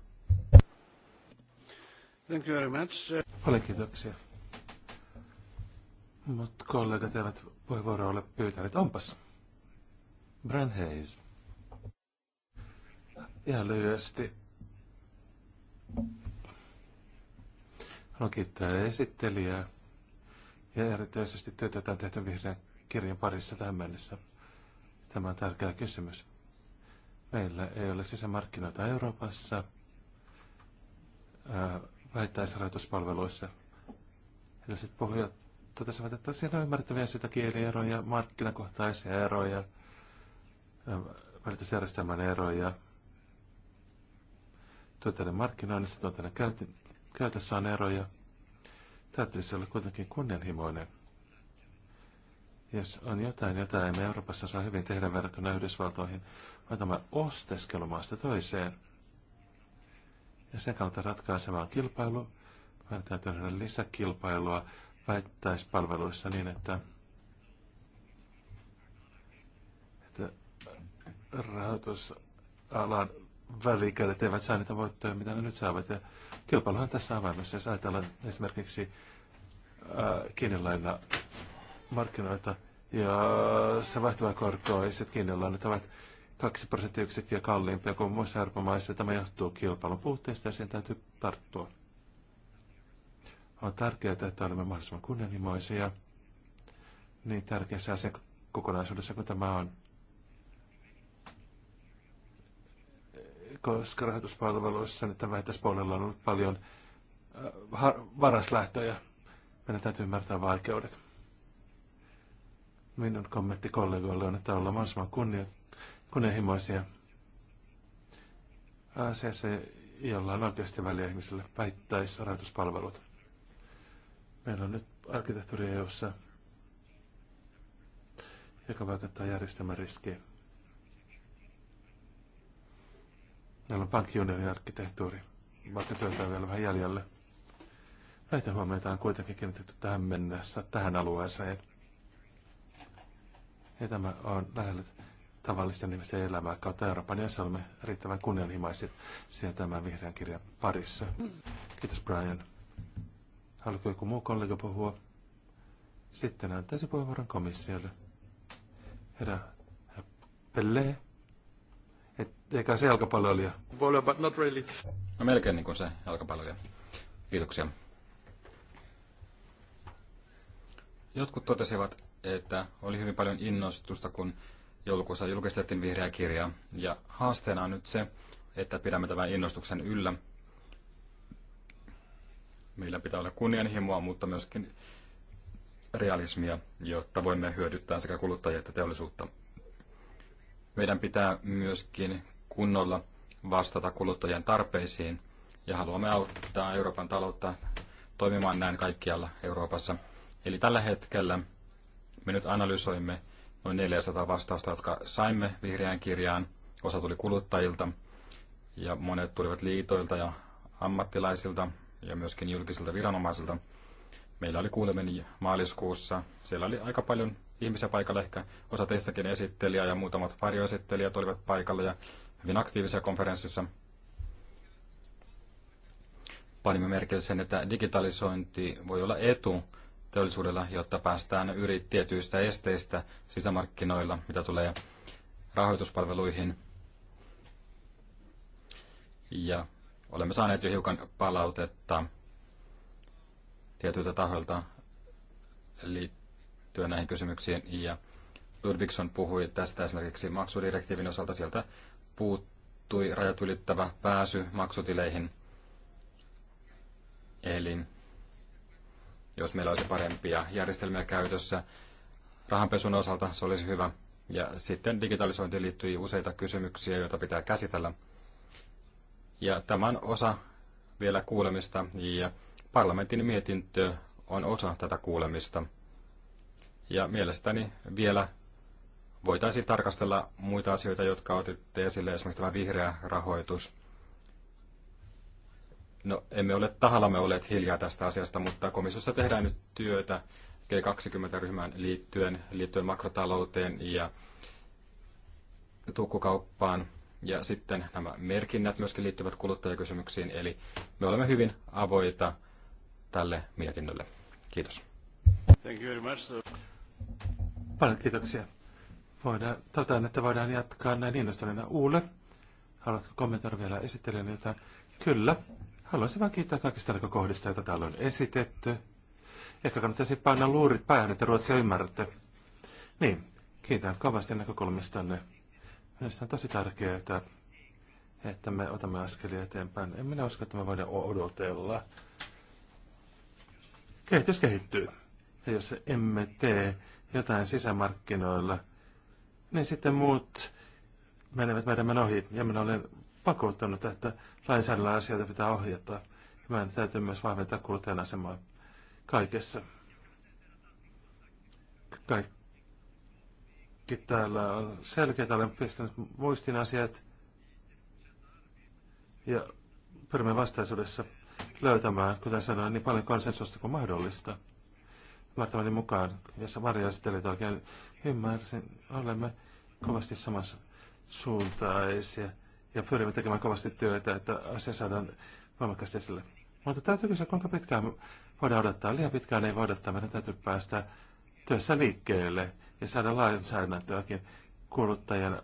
[SPEAKER 1] Thank you very much. Paljon kiitoksia.
[SPEAKER 4] Mut kollegat eivät puheenvuoroa ole pyytäneet. Onpas. Bran Hayes. Ihan lyhyesti. Haluan kiittää esittelijää ja erityisesti työtä, jota on tehty vihreän kirjan parissa tähän mennessä. Tämä on tärkeä kysymys. Meillä ei ole sisämarkkinoita Euroopassa vähittäisrahoituspalveluissa. Edelliset puhujat totesivat, että siellä on ymmärrettäviä syitä kielieroja, markkinakohtaisia eroja, välitysjärjestelmän eroja. Tuotteiden markkinoinnissa, tuotteiden käytössä on eroja. Täytyisi olla kuitenkin kunnianhimoinen. Jos on jotain, jota emme Euroopassa saa hyvin tehdä verrattuna Yhdysvaltoihin, tämä osteskelumaasta toiseen – ja sen kautta ratkaisemaan kilpailu. Meidän tehdä lisäkilpailua väittäispalveluissa niin, että, että rahoitusalan välikädet eivät saa niitä voittoja, mitä ne nyt saavat. Ja kilpailuhan tässä avaimessa, jos ajatellaan esimerkiksi äh, kiinnilailla markkinoita, ja se vaihtuvakorkoiset kiinnilainat ovat kaksi prosenttiyksikköä kalliimpia kuin muissa Euroopan maissa. Tämä johtuu kilpailun puutteesta ja siihen täytyy tarttua. On tärkeää, että olemme mahdollisimman kunnianhimoisia niin tärkeässä asian kokonaisuudessa kuin tämä on. Koska rahoituspalveluissa nyt niin vähittäispuolella on ollut paljon äh, varaslähtöjä. Meidän täytyy ymmärtää vaikeudet. Minun kommentti kollegoille on, että ollaan mahdollisimman kunnianhimoisia kunnianhimoisia ACC, jolla on oikeasti väliä ihmisille rahoituspalvelut. Meillä on nyt arkkitehtuuri EU-ssa, joka vaikuttaa järjestelmän riskiin. Meillä on pankkiunionin arkkitehtuuri, vaikka työtä on vielä vähän jäljellä. Näitä huomioita on kuitenkin kiinnitetty tähän mennessä, tähän alueeseen. Ja tämä on lähellä tavallisten ihmisten elämää kautta Euroopan, jos olemme riittävän kunnianhimaiset siellä tämän vihreän kirjan parissa. Kiitos Brian. Haluatko joku muu kollega puhua? Sitten antaisin puheenvuoron komissiolle. Herra Pelle. Et, eikä se jalkapalloilija.
[SPEAKER 1] Bowler, but not really.
[SPEAKER 4] No
[SPEAKER 2] melkein niin kuin se jalkapalloilija. Kiitoksia. Jotkut totesivat, että oli hyvin paljon innostusta, kun joulukuussa julkistettiin vihreä kirja. Ja haasteena on nyt se, että pidämme tämän innostuksen yllä. Meillä pitää olla kunnianhimoa, mutta myöskin realismia, jotta voimme hyödyttää sekä kuluttajia että teollisuutta. Meidän pitää myöskin kunnolla vastata kuluttajien tarpeisiin ja haluamme auttaa Euroopan taloutta toimimaan näin kaikkialla Euroopassa. Eli tällä hetkellä me nyt analysoimme noin 400 vastausta, jotka saimme vihreään kirjaan. Osa tuli kuluttajilta ja monet tulivat liitoilta ja ammattilaisilta ja myöskin julkisilta viranomaisilta. Meillä oli kuuleminen maaliskuussa. Siellä oli aika paljon ihmisiä paikalla, ehkä osa teistäkin esittelijä ja muutamat varjoesittelijät olivat paikalla ja hyvin aktiivisia konferenssissa. Panimme merkille sen, että digitalisointi voi olla etu teollisuudella, jotta päästään yli tietyistä esteistä sisämarkkinoilla, mitä tulee rahoituspalveluihin. Ja olemme saaneet jo hiukan palautetta tietyiltä tahoilta liittyen näihin kysymyksiin. Ja Ludvigson puhui tästä esimerkiksi maksudirektiivin osalta. Sieltä puuttui rajat ylittävä pääsy maksutileihin. Eli jos meillä olisi parempia järjestelmiä käytössä rahanpesun osalta, se olisi hyvä. Ja sitten digitalisointiin liittyy useita kysymyksiä, joita pitää käsitellä. Ja tämän osa vielä kuulemista ja parlamentin mietintö on osa tätä kuulemista. Ja mielestäni vielä voitaisiin tarkastella muita asioita, jotka otitte esille, esimerkiksi tämä vihreä rahoitus – No, emme ole tahallamme olleet hiljaa tästä asiasta, mutta komissiossa tehdään nyt työtä G20-ryhmään liittyen, liittyen makrotalouteen ja tukkukauppaan. Ja sitten nämä merkinnät myöskin liittyvät kuluttajakysymyksiin, eli me olemme hyvin avoita tälle mietinnölle. Kiitos.
[SPEAKER 1] Thank you very much.
[SPEAKER 4] Paljon kiitoksia. Voidaan, tältä että voidaan jatkaa näin innostuneena. Uule, haluatko kommentoida vielä esittelijän jotain? Kyllä. Haluaisin vain kiittää kaikista näkökohdista, joita täällä on esitetty. Ehkä kannattaisi painaa luurit päähän, että ruotsia ymmärrätte. Niin, kiitän kovasti näkökulmistanne. Minusta on tosi tärkeää, että, että me otamme askelia eteenpäin. En minä usko, että me voidaan odotella. Kehitys kehittyy. Ja jos emme tee jotain sisämarkkinoilla, niin sitten muut menevät meidän ohi. Ja minä olen pakottanut, että lainsäädännön asioita pitää ohjata. Meidän täytyy myös vahventaa kuluttajan asemaa kaikessa. Kaikki täällä on selkeät. Olen pistänyt muistin asiat ja pyrimme vastaisuudessa löytämään, kuten sanoin, niin paljon konsensusta kuin mahdollista. Ymmärtämäni mukaan, jossa Maria sitten oikein ymmärsin, olemme kovasti samassa suuntaisia ja pyrimme tekemään kovasti työtä, että asia saadaan voimakkaasti esille. Mutta täytyy kysyä, kuinka pitkään voidaan odottaa. Liian pitkään ei voida odottaa. Meidän täytyy päästä työssä liikkeelle ja saada lainsäädäntöäkin kuluttajan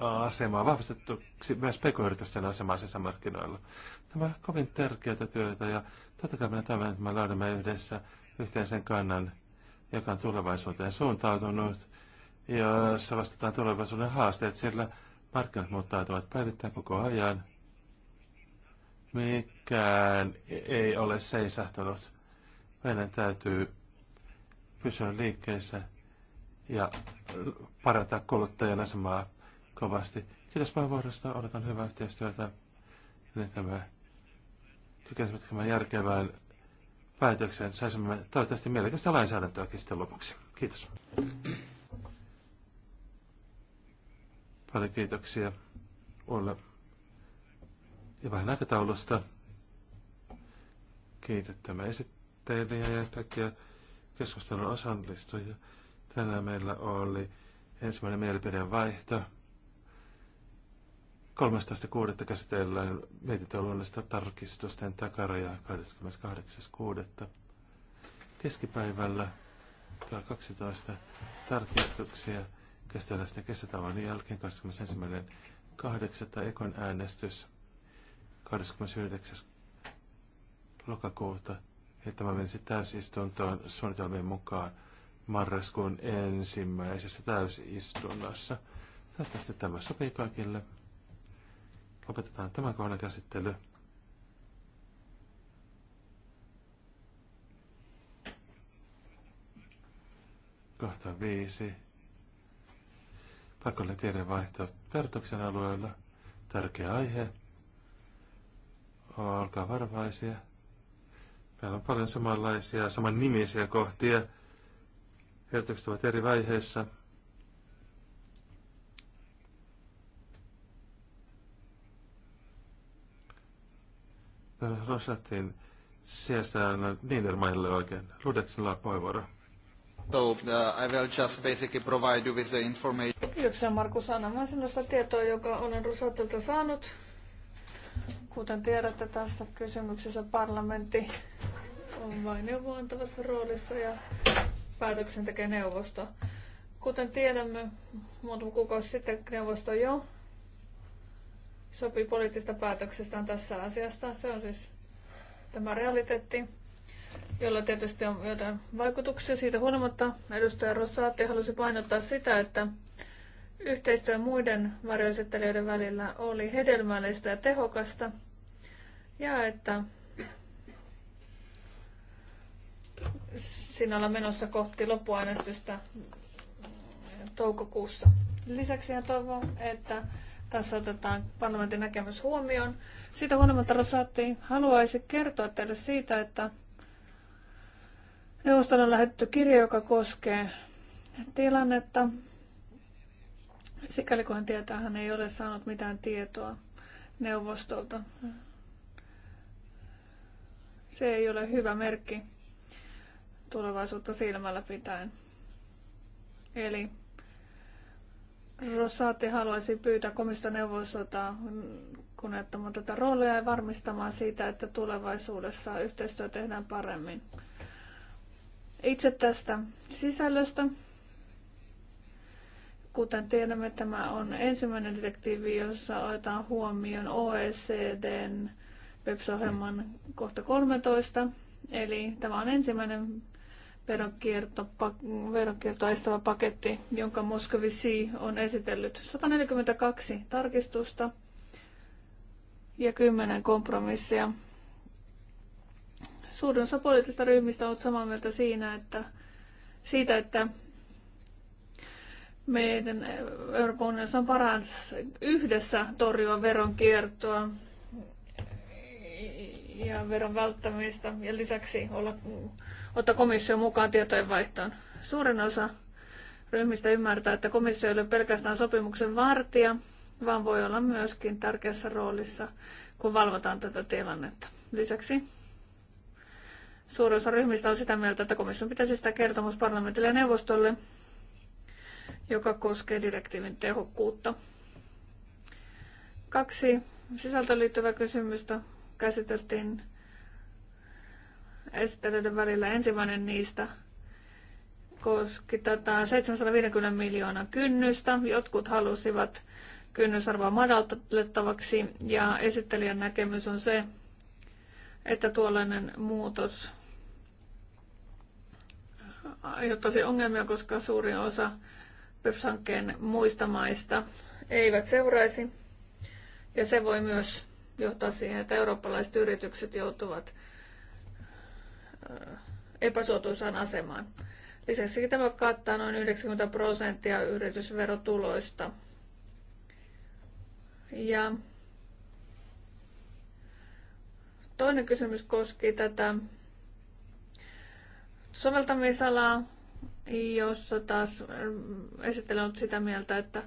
[SPEAKER 4] asemaa vahvistettuksi myös pk-yritysten asemaa sisämarkkinoilla. Tämä on kovin tärkeää työtä ja totta kai minä tämän, että me löydämme yhdessä yhteisen kannan, joka on tulevaisuuteen suuntautunut, se vastataan tulevaisuuden haasteet, sillä Markkinat muuttautuvat päivittäin koko ajan. Mikään ei ole seisahtunut. Meidän täytyy pysyä liikkeessä ja parantaa kuluttajan asemaa kovasti. Kiitos puheenvuorosta. Odotan hyvää yhteistyötä. Niin tämä kykenisimme järkevään päätöksen. Saisimme toivottavasti mielekästä lainsäädäntöä sitten lopuksi. Kiitos. Paljon kiitoksia Ulle ja vähän aikataulusta. Kiitettämme esittelijä ja kaikkia keskustelun osallistujia. Tänään meillä oli ensimmäinen vaihto. 13.6. käsitellään mietintöluonnollista tarkistusten takaraja 28.6. keskipäivällä 12 tarkistuksia käsitellään sitten kesätauon jälkeen 21.8. Ekon äänestys 29. lokakuuta. Ja tämä menisi täysistuntoon suunnitelmien mukaan marraskuun ensimmäisessä täysistunnossa. Toivottavasti tämä sopii kaikille. Lopetetaan tämän kohdan käsittely. Kohta viisi pakolle tiedevaihto verotuksen alueella. Tärkeä aihe. Olkaa varvaisia. Meillä on paljon samanlaisia, saman nimisiä kohtia. Ehdotukset ovat eri vaiheissa. Rosatin sijasta Niedermaille oikein. Ludexilla laa puheenvuoro. Uh, will just basically provide you with
[SPEAKER 2] the information.
[SPEAKER 3] Kiitoksia Markus. Anna, vain sellaista tietoa, joka olen Rosatilta saanut. Kuten tiedätte, tässä kysymyksessä parlamentti on vain neuvoantavassa roolissa ja päätöksen tekee neuvosto. Kuten tiedämme, muutama kuukausi sitten neuvosto jo sopii poliittista päätöksestään tässä asiasta. Se on siis tämä realiteetti jolla tietysti on jotain vaikutuksia siitä huolimatta. Edustaja Rossaatti halusi painottaa sitä, että yhteistyö muiden varjoesittelijöiden välillä oli hedelmällistä ja tehokasta ja että siinä ollaan menossa kohti loppuäänestystä toukokuussa. Lisäksi hän toivoo, että tässä otetaan parlamentin näkemys huomioon. Siitä huolimatta Rosatti haluaisi kertoa teille siitä, että neuvostolle on lähetetty kirja, joka koskee tilannetta. Sikäli kun hän tietää, hän ei ole saanut mitään tietoa neuvostolta. Se ei ole hyvä merkki tulevaisuutta silmällä pitäen. Eli Rosati haluaisi pyytää komista neuvostolta kunnioittamaan tätä roolia ja varmistamaan siitä, että tulevaisuudessa yhteistyö tehdään paremmin. Itse tästä sisällöstä. Kuten tiedämme, tämä on ensimmäinen direktiivi, jossa otetaan huomioon OECDn BEPS-ohjelman kohta 13. Eli tämä on ensimmäinen veronkierto, veronkiertoa estävä paketti, jonka Moskovisi on esitellyt 142 tarkistusta ja 10 kompromissia suurin osa poliittisista ryhmistä on samaa mieltä siinä, että, siitä, että meidän Euroopan unionissa on paras yhdessä torjua veronkiertoa ja veron välttämistä ja lisäksi olla, ottaa komissio mukaan tietojenvaihtoon. Suurin osa ryhmistä ymmärtää, että komissio ei ole pelkästään sopimuksen vartija, vaan voi olla myöskin tärkeässä roolissa, kun valvotaan tätä tilannetta. Lisäksi suuri osa ryhmistä on sitä mieltä, että komission pitäisi sitä kertomus parlamentille ja neuvostolle, joka koskee direktiivin tehokkuutta. Kaksi sisältöön liittyvää kysymystä käsiteltiin esittelyiden välillä. Ensimmäinen niistä koski tätä 750 miljoonaa kynnystä. Jotkut halusivat kynnysarvoa madaltettavaksi ja esittelijän näkemys on se, että tuollainen muutos aiheuttaisi ongelmia, koska suurin osa PEPS-hankkeen muista maista eivät seuraisi. Ja se voi myös johtaa siihen, että eurooppalaiset yritykset joutuvat epäsuotuisaan asemaan. Lisäksi tämä kattaa noin 90 prosenttia yritysverotuloista. Ja toinen kysymys koski tätä soveltamisalaa, jossa taas ähm, esittely on sitä mieltä, että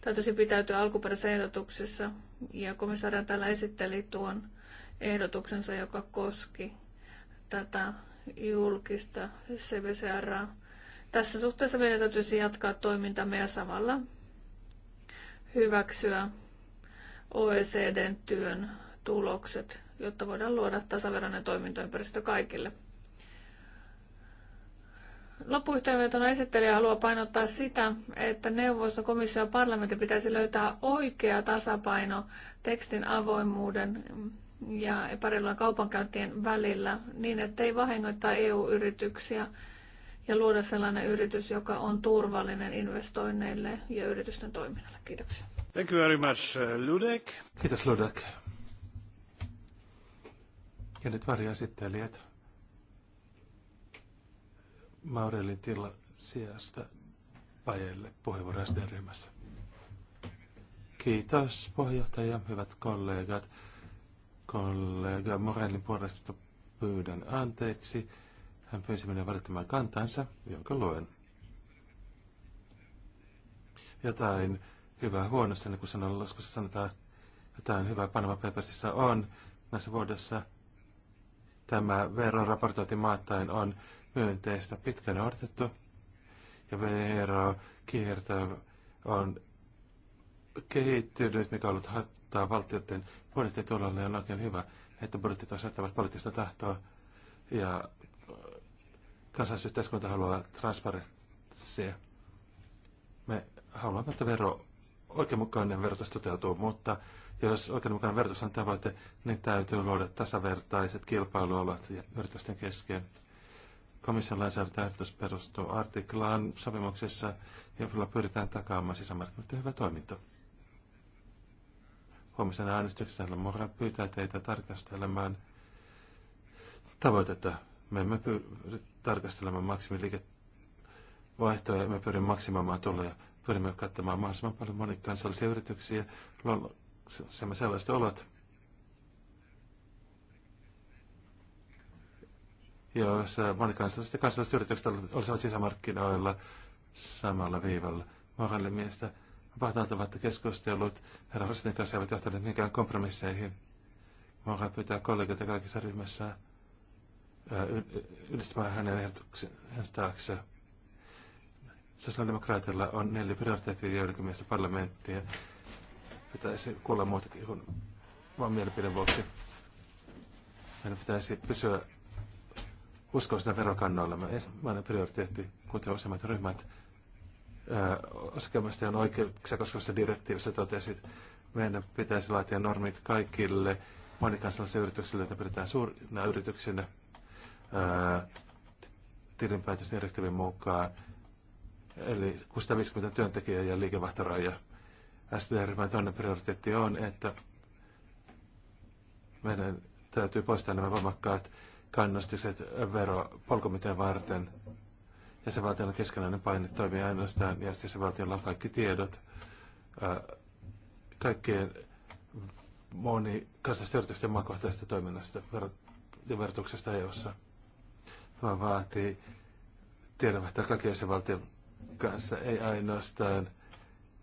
[SPEAKER 3] täytyisi pitäytyä alkuperäisessä ehdotuksessa. Ja komissaari täällä esitteli tuon ehdotuksensa, joka koski tätä julkista CBCR. Tässä suhteessa meidän täytyisi jatkaa toimintamme ja samalla hyväksyä OECDn työn tulokset, jotta voidaan luoda tasaveroinen toimintaympäristö kaikille. Loppuyhteenveto esittelijä haluaa painottaa sitä, että neuvosto, komissio ja parlamentti pitäisi löytää oikea tasapaino tekstin avoimuuden ja epäreilujen kaupankäyntien välillä niin, ettei vahingoittaa EU-yrityksiä ja luoda sellainen yritys, joka on turvallinen investoinneille ja yritysten toiminnalle.
[SPEAKER 1] Kiitoksia. Thank you very much, uh, Kiitos, Ludek.
[SPEAKER 4] Ja nyt varjaesittelijät. Maurelin tila sijasta Pajelle puheenvuoro ryhmässä. Kiitos puheenjohtaja, hyvät kollegat. Kollega Maurelin puolesta pyydän anteeksi. Hän pyysi minua valittamaan kantansa, jonka luen. Jotain hyvää huonossa, niin kuin sanon, joskus sanotaan, jotain hyvää Panama Papersissa on näissä vuodessa. Tämä veroraportointi maattain on myönteistä, pitkän odotettu. Ja vero kierto on kehittynyt, mikä on ollut hattaa valtioiden budjettitulolle on oikein hyvä, että budjetit asettavat poliittista tahtoa ja kansallisyhteiskunta haluaa transparenssia. Me haluamme, että vero, oikeanmukainen verotus toteutuu, mutta jos oikeanmukainen verotus on tavoite, niin täytyy luoda tasavertaiset kilpailuolot ja yritysten kesken. Komission lainsäädäntöehdotus perustuu artiklaan sopimuksessa, jolla pyritään takaamaan sisämarkkinoiden hyvä toiminto. Huomisena äänestyksessä Mora pyytää teitä tarkastelemaan tavoitetta. Me emme pyri tarkastelemaan maksimiliikevaihtoja, me pyrimme maksimoimaan tuloja. Pyrimme kattamaan mahdollisimman paljon monikansallisia yrityksiä, luomme sellaiset olot, joissa monikansalliset ja kansalliset yritykset olisivat sisämarkkinoilla samalla viivalla. Mohalle mielestä vapaatantavat keskustelut herra Hostin kanssa eivät johtaneet minkään kompromisseihin. Moraal pyytää kollegoita kaikissa ryhmässä yhdistämään hänen ehdotuksensa taakse. Sosiaalidemokraatilla on neljä prioriteettia, joiden mielestä parlamenttia pitäisi kuulla muutakin kuin vain mielipiden vuoksi. Meidän pitäisi pysyä uskollisena Mä Ensimmäinen prioriteetti, kuten useimmat ryhmät, on oikeuksia se direktiivissä totesit, meidän pitäisi laatia normit kaikille monikansallisille yrityksille, joita pidetään suurina yrityksinä tilinpäätösdirektiivin mukaan. Eli 650 työntekijää ja liikevaihtoraja. STR-ryhmän toinen prioriteetti on, että meidän täytyy poistaa nämä voimakkaat kannustiset veropolkomiteen varten. Jäsenvaltiolla keskenäinen paine toimii ainoastaan, ja jäsenvaltiolla on kaikki tiedot kaikkien moni kansallisten yritysten maakohtaisesta toiminnasta ja verotuksesta EU-ssa. Tämä vaatii tiedonvaihtoa kaikkien jäsenvaltion kanssa, ei ainoastaan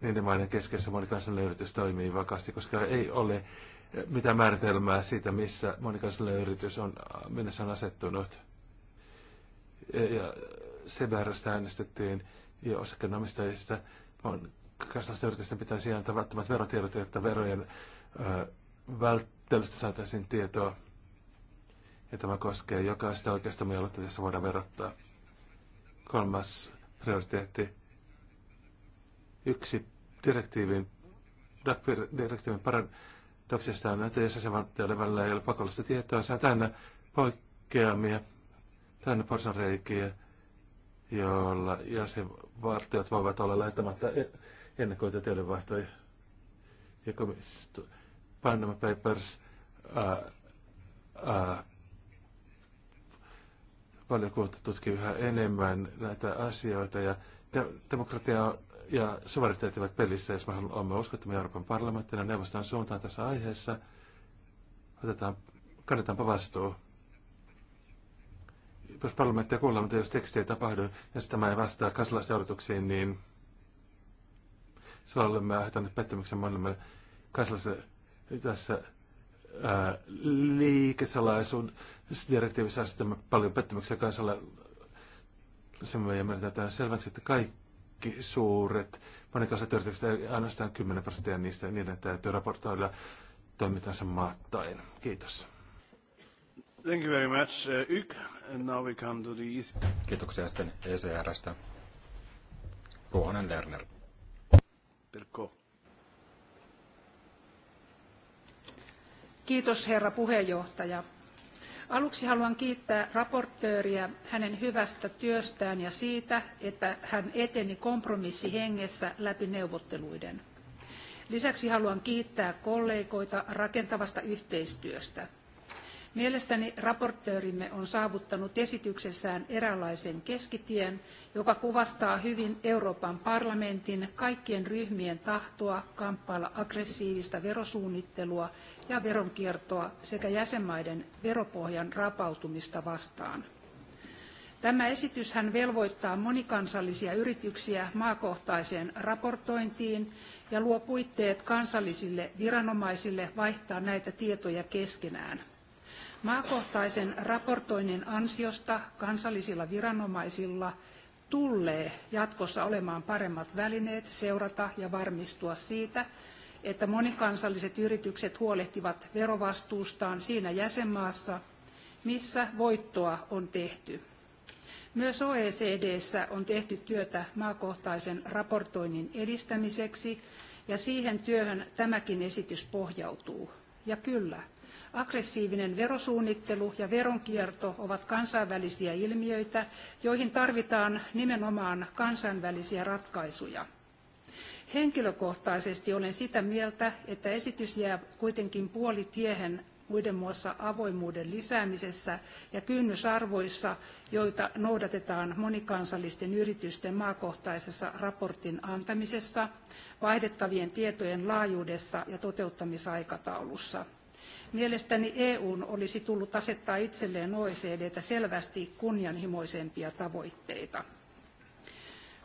[SPEAKER 4] niiden maiden keskeisessä moni kansallinen yritys toimii vakaasti, koska ei ole mitä määritelmää siitä, missä monikansallinen yritys on, minne se on asettunut. Ja CBRstä äänestettiin ja osakkeenomistajista kansallisten yritysten pitäisi antaa välttämättä verotiedot, että verojen ö, välttelystä saataisiin tietoa. Ja tämä koskee jokaista oikeastaan mieluutta, jossa voidaan verottaa. Kolmas prioriteetti. Yksi direktiivin, direktiivin parantaminen toksistaan, on näitä jäsenvaltioiden välillä ei ole pakollista tietoa. Se on täynnä poikkeamia, täynnä porsanreikiä, joilla jäsenvaltiot voivat olla lähettämättä e- ennakoita tiedonvaihtoja. Ja Panama Papers ää, ää, valiokunta tutkii yhä enemmän näitä asioita ja demokratia on ja suvereniteetit pelissä, jos me olemme uskottomia Euroopan parlamenttina neuvoston suuntaan tässä aiheessa. Otetaan, kannetaanpa vastuu. Jos parlamenttia kuullaan, mutta jos teksti ei tapahdu ja tämä ei vastaa kansalaisten niin silloin olemme aiheuttaneet pettymyksen monille kansalaisille tässä ää, liikesalaisuusdirektiivissä asettamme paljon pettymyksiä kansalle. Se me meidän täytyy selväksi, että kaikki kaikki suuret monikansalliset yritykset, ainoastaan 10 prosenttia niistä, niiden täytyy raportoida toimintansa maattain. Kiitos.
[SPEAKER 1] Thank you very much, uh, Yk. And now we come to the...
[SPEAKER 4] Kiitoksia sitten
[SPEAKER 2] ECRstä. Ruohonen Lerner.
[SPEAKER 1] Pirkko.
[SPEAKER 5] Kiitos herra puheenjohtaja Aluksi haluan kiittää raportööriä hänen hyvästä työstään ja siitä, että hän eteni kompromissihengessä läpi neuvotteluiden. Lisäksi haluan kiittää kollegoita rakentavasta yhteistyöstä. Mielestäni raportöörimme on saavuttanut esityksessään eräänlaisen keskitien, joka kuvastaa hyvin Euroopan parlamentin kaikkien ryhmien tahtoa kamppailla aggressiivista verosuunnittelua ja veronkiertoa sekä jäsenmaiden veropohjan rapautumista vastaan. Tämä esityshän velvoittaa monikansallisia yrityksiä maakohtaiseen raportointiin ja luo puitteet kansallisille viranomaisille vaihtaa näitä tietoja keskenään. Maakohtaisen raportoinnin ansiosta kansallisilla viranomaisilla tulee jatkossa olemaan paremmat välineet seurata ja varmistua siitä, että monikansalliset yritykset huolehtivat verovastuustaan siinä jäsenmaassa, missä voittoa on tehty. Myös OECDssä on tehty työtä maakohtaisen raportoinnin edistämiseksi, ja siihen työhön tämäkin esitys pohjautuu. Ja kyllä, aggressiivinen verosuunnittelu ja veronkierto ovat kansainvälisiä ilmiöitä, joihin tarvitaan nimenomaan kansainvälisiä ratkaisuja. Henkilökohtaisesti olen sitä mieltä, että esitys jää kuitenkin puolitiehen muiden muassa avoimuuden lisäämisessä ja kynnysarvoissa, joita noudatetaan monikansallisten yritysten maakohtaisessa raportin antamisessa, vaihdettavien tietojen laajuudessa ja toteuttamisaikataulussa. Mielestäni EUn olisi tullut asettaa itselleen OECDtä selvästi kunnianhimoisempia tavoitteita.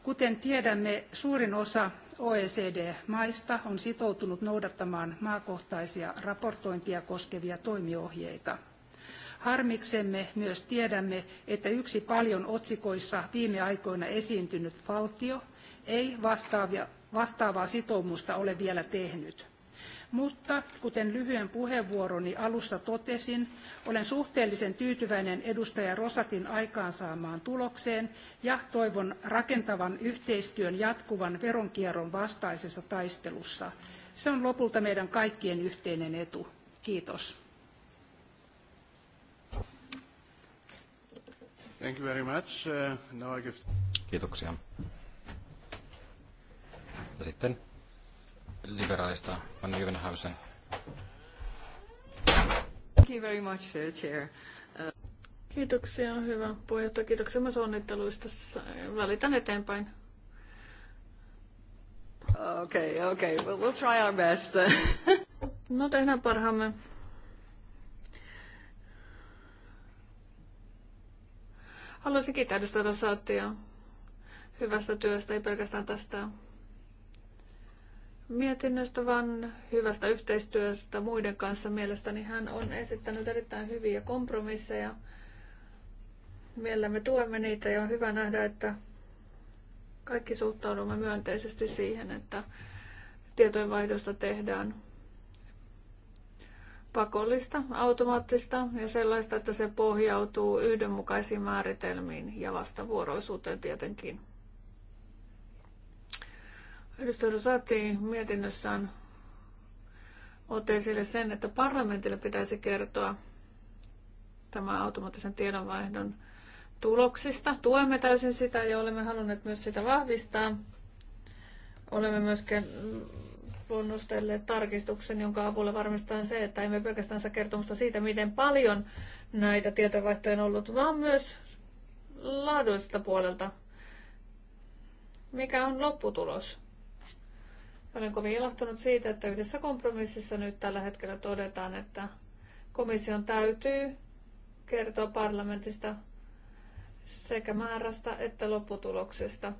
[SPEAKER 5] Kuten tiedämme, suurin osa OECD-maista on sitoutunut noudattamaan maakohtaisia raportointia koskevia toimiohjeita. Harmiksemme myös tiedämme, että yksi paljon otsikoissa viime aikoina esiintynyt valtio ei vastaavia, vastaavaa sitoumusta ole vielä tehnyt mutta kuten lyhyen puheenvuoroni alussa totesin, olen suhteellisen tyytyväinen edustaja Rosatin aikaansaamaan tulokseen ja toivon rakentavan yhteistyön jatkuvan veronkierron vastaisessa taistelussa. Se on lopulta meidän kaikkien yhteinen etu. Kiitos.
[SPEAKER 1] Thank you very much. Uh, now I give...
[SPEAKER 2] Kiitoksia. Ja sitten liberaalista Van Jyvenhausen.
[SPEAKER 3] Thank you very much, Chair. Kiitoksia, hyvä puheenjohtaja. Kiitoksia myös onnitteluista. Välitän eteenpäin. Okay, okay. Well, we'll try our best. no tehdään parhaamme. Haluaisin kiittää edustaja Saattia hyvästä työstä, ei pelkästään tästä mietinnöstä, vaan hyvästä yhteistyöstä muiden kanssa. Mielestäni hän on esittänyt erittäin hyviä kompromisseja. Mielellämme tuemme niitä ja on hyvä nähdä, että kaikki suhtaudumme myönteisesti siihen, että tietojenvaihdosta tehdään pakollista, automaattista ja sellaista, että se pohjautuu yhdenmukaisiin määritelmiin ja vastavuoroisuuteen tietenkin. Edustaja Rosati mietinnössään otti esille sen, että parlamentille pitäisi kertoa tämän automaattisen tiedonvaihdon tuloksista. Tuemme täysin sitä ja olemme halunneet myös sitä vahvistaa. Olemme myöskin luonnostelleet tarkistuksen, jonka avulla varmistetaan se, että emme pelkästään saa kertomusta siitä, miten paljon näitä tietovaihtoja on ollut, vaan myös laadullisesta puolelta. Mikä on lopputulos? Olen kovin ilahtunut siitä, että yhdessä kompromississa nyt tällä hetkellä todetaan, että komission täytyy kertoa parlamentista sekä määrästä että lopputuloksesta.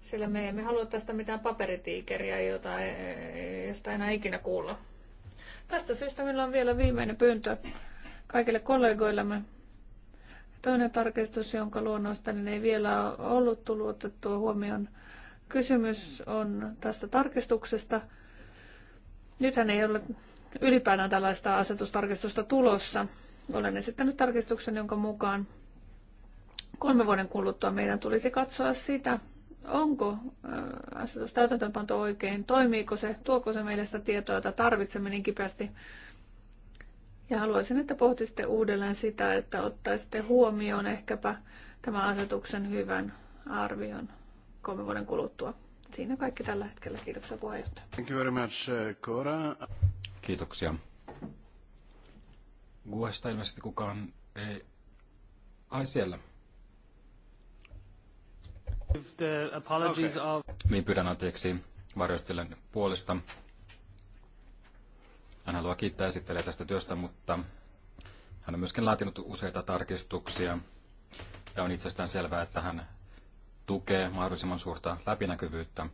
[SPEAKER 3] Sillä me emme halua tästä mitään paperitiikeriä, jota ei, josta enää ikinä kuulla. Tästä syystä meillä on vielä viimeinen pyyntö kaikille kollegoillemme. Toinen tarkistus, jonka luonnostani niin ei vielä ollut tullut otettua huomioon, Kysymys on tästä tarkistuksesta. Nythän ei ole ylipäätään tällaista asetustarkistusta tulossa. Olen esittänyt tarkistuksen, jonka mukaan kolme vuoden kuluttua meidän tulisi katsoa sitä, onko äh, asetus täytäntöönpanto oikein, toimiiko se, tuoko se meille sitä tietoa, jota tarvitsemme niin kipeästi. Ja haluaisin, että pohtisitte uudelleen sitä, että ottaisitte huomioon ehkäpä tämän asetuksen hyvän arvion kolmen vuoden kuluttua. Siinä kaikki tällä hetkellä. Kiitoksia puheenjohtaja.
[SPEAKER 1] Thank you very much, eh, Cora. Kiitoksia.
[SPEAKER 2] Guesta ilmeisesti kukaan ei... Ai siellä.
[SPEAKER 1] The apologies okay. of...
[SPEAKER 2] Niin pyydän anteeksi varjostelen puolesta. Hän haluaa kiittää esittelijä tästä työstä, mutta hän on myöskin laatinut useita tarkistuksia ja on itsestään selvää, että hän tukee mahdollisimman suurta läpinäkyvyyttä,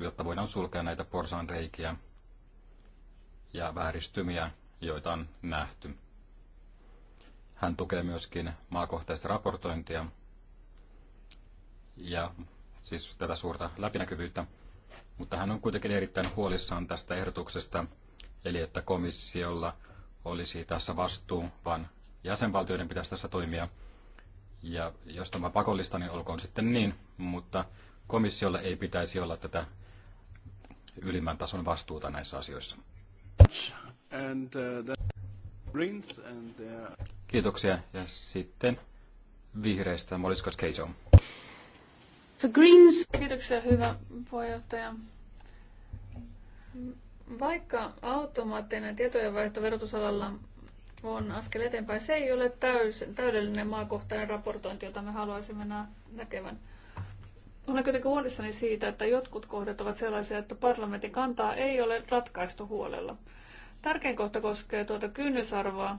[SPEAKER 2] jotta voidaan sulkea näitä porsaanreikiä ja vääristymiä, joita on nähty. Hän tukee myöskin maakohtaista raportointia ja siis tätä suurta läpinäkyvyyttä, mutta hän on kuitenkin erittäin huolissaan tästä ehdotuksesta, eli että komissiolla olisi tässä vastuu, vaan jäsenvaltioiden pitäisi tässä toimia – ja jos tämä pakollista, niin olkoon sitten niin, mutta komissiolla ei pitäisi olla tätä ylimmän tason vastuuta näissä asioissa.
[SPEAKER 1] Uh, uh,
[SPEAKER 2] Kiitoksia. Ja sitten vihreistä Moliskas Keiso.
[SPEAKER 3] The Greens. Kiitoksia, hyvä puheenjohtaja. Vaikka automaattinen tietojenvaihto verotusalalla on askel eteenpäin. Se ei ole täys, täydellinen maakohtainen raportointi, jota me haluaisimme nä- näkevän. Olen kuitenkin huolissani siitä, että jotkut kohdat ovat sellaisia, että parlamentin kantaa ei ole ratkaistu huolella. Tärkein kohta koskee tuota kynnysarvoa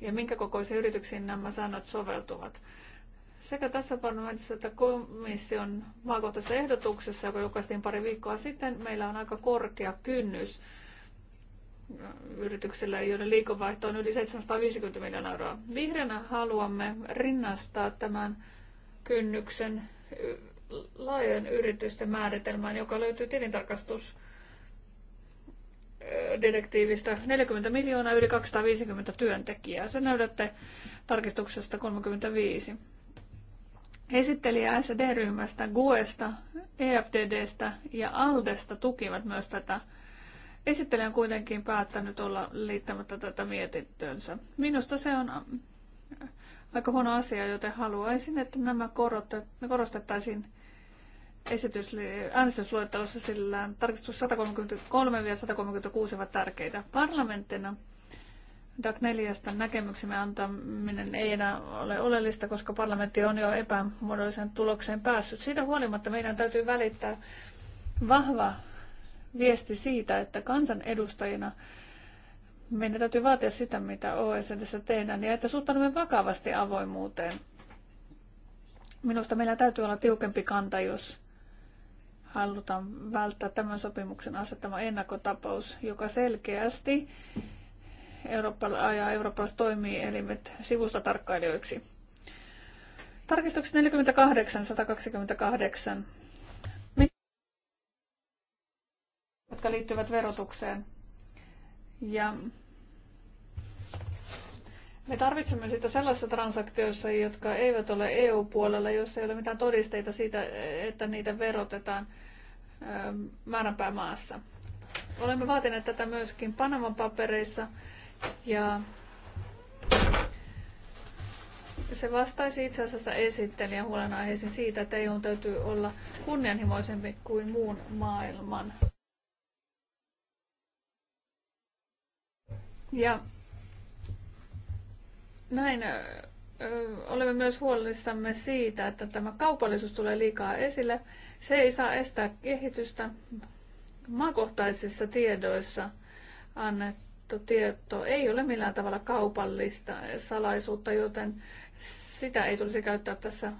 [SPEAKER 3] ja minkä kokoisiin yrityksiin nämä säännöt soveltuvat. Sekä tässä parlamentissa että komission maakohtaisessa ehdotuksessa, joka julkaistiin pari viikkoa sitten, meillä on aika korkea kynnys yrityksillä, joiden liikevaihto on yli 750 miljoonaa euroa. Vihreänä haluamme rinnastaa tämän kynnyksen laajojen yritysten määritelmään, joka löytyy tilintarkastus direktiivistä 40 miljoonaa yli 250 työntekijää. Sen löydätte tarkistuksesta 35. Esittelijä SD-ryhmästä, GUEsta, EFDDstä ja ALDEsta tukivat myös tätä Esittelijä on kuitenkin päättänyt olla liittämättä tätä mietintöönsä. Minusta se on äh, aika huono asia, joten haluaisin, että nämä korostettaisiin esitys, äänestysluettelossa, sillä tarkistus 133 ja 136 ovat tärkeitä. Parlamenttina DAC 4 näkemyksemme antaminen ei enää ole oleellista, koska parlamentti on jo epämuodollisen tulokseen päässyt. Siitä huolimatta meidän täytyy välittää vahva viesti siitä, että kansanedustajina meidän täytyy vaatia sitä, mitä OECDssä tehdään, ja että suhtaudumme vakavasti avoimuuteen. Minusta meillä täytyy olla tiukempi kanta, jos halutaan välttää tämän sopimuksen asettama ennakkotapaus, joka selkeästi Eurooppa ja eurooppalaiset sivusta tarkkailijoiksi. Tarkistukset 48-128 jotka liittyvät verotukseen. Ja me tarvitsemme sitä sellaisissa transaktioissa, jotka eivät ole EU-puolella, jos ei ole mitään todisteita siitä, että niitä verotetaan määränpäämaassa. Olemme vaatineet tätä myöskin Panaman papereissa ja se vastaisi itse asiassa esittelijän huolenaiheisiin siitä, että EU täytyy olla kunnianhimoisempi kuin muun maailman. Ja näin olemme myös huolissamme siitä, että tämä kaupallisuus tulee liikaa esille. Se ei saa estää kehitystä. Maakohtaisissa tiedoissa annettu tieto ei ole millään tavalla kaupallista salaisuutta, joten sitä ei tulisi käyttää tässä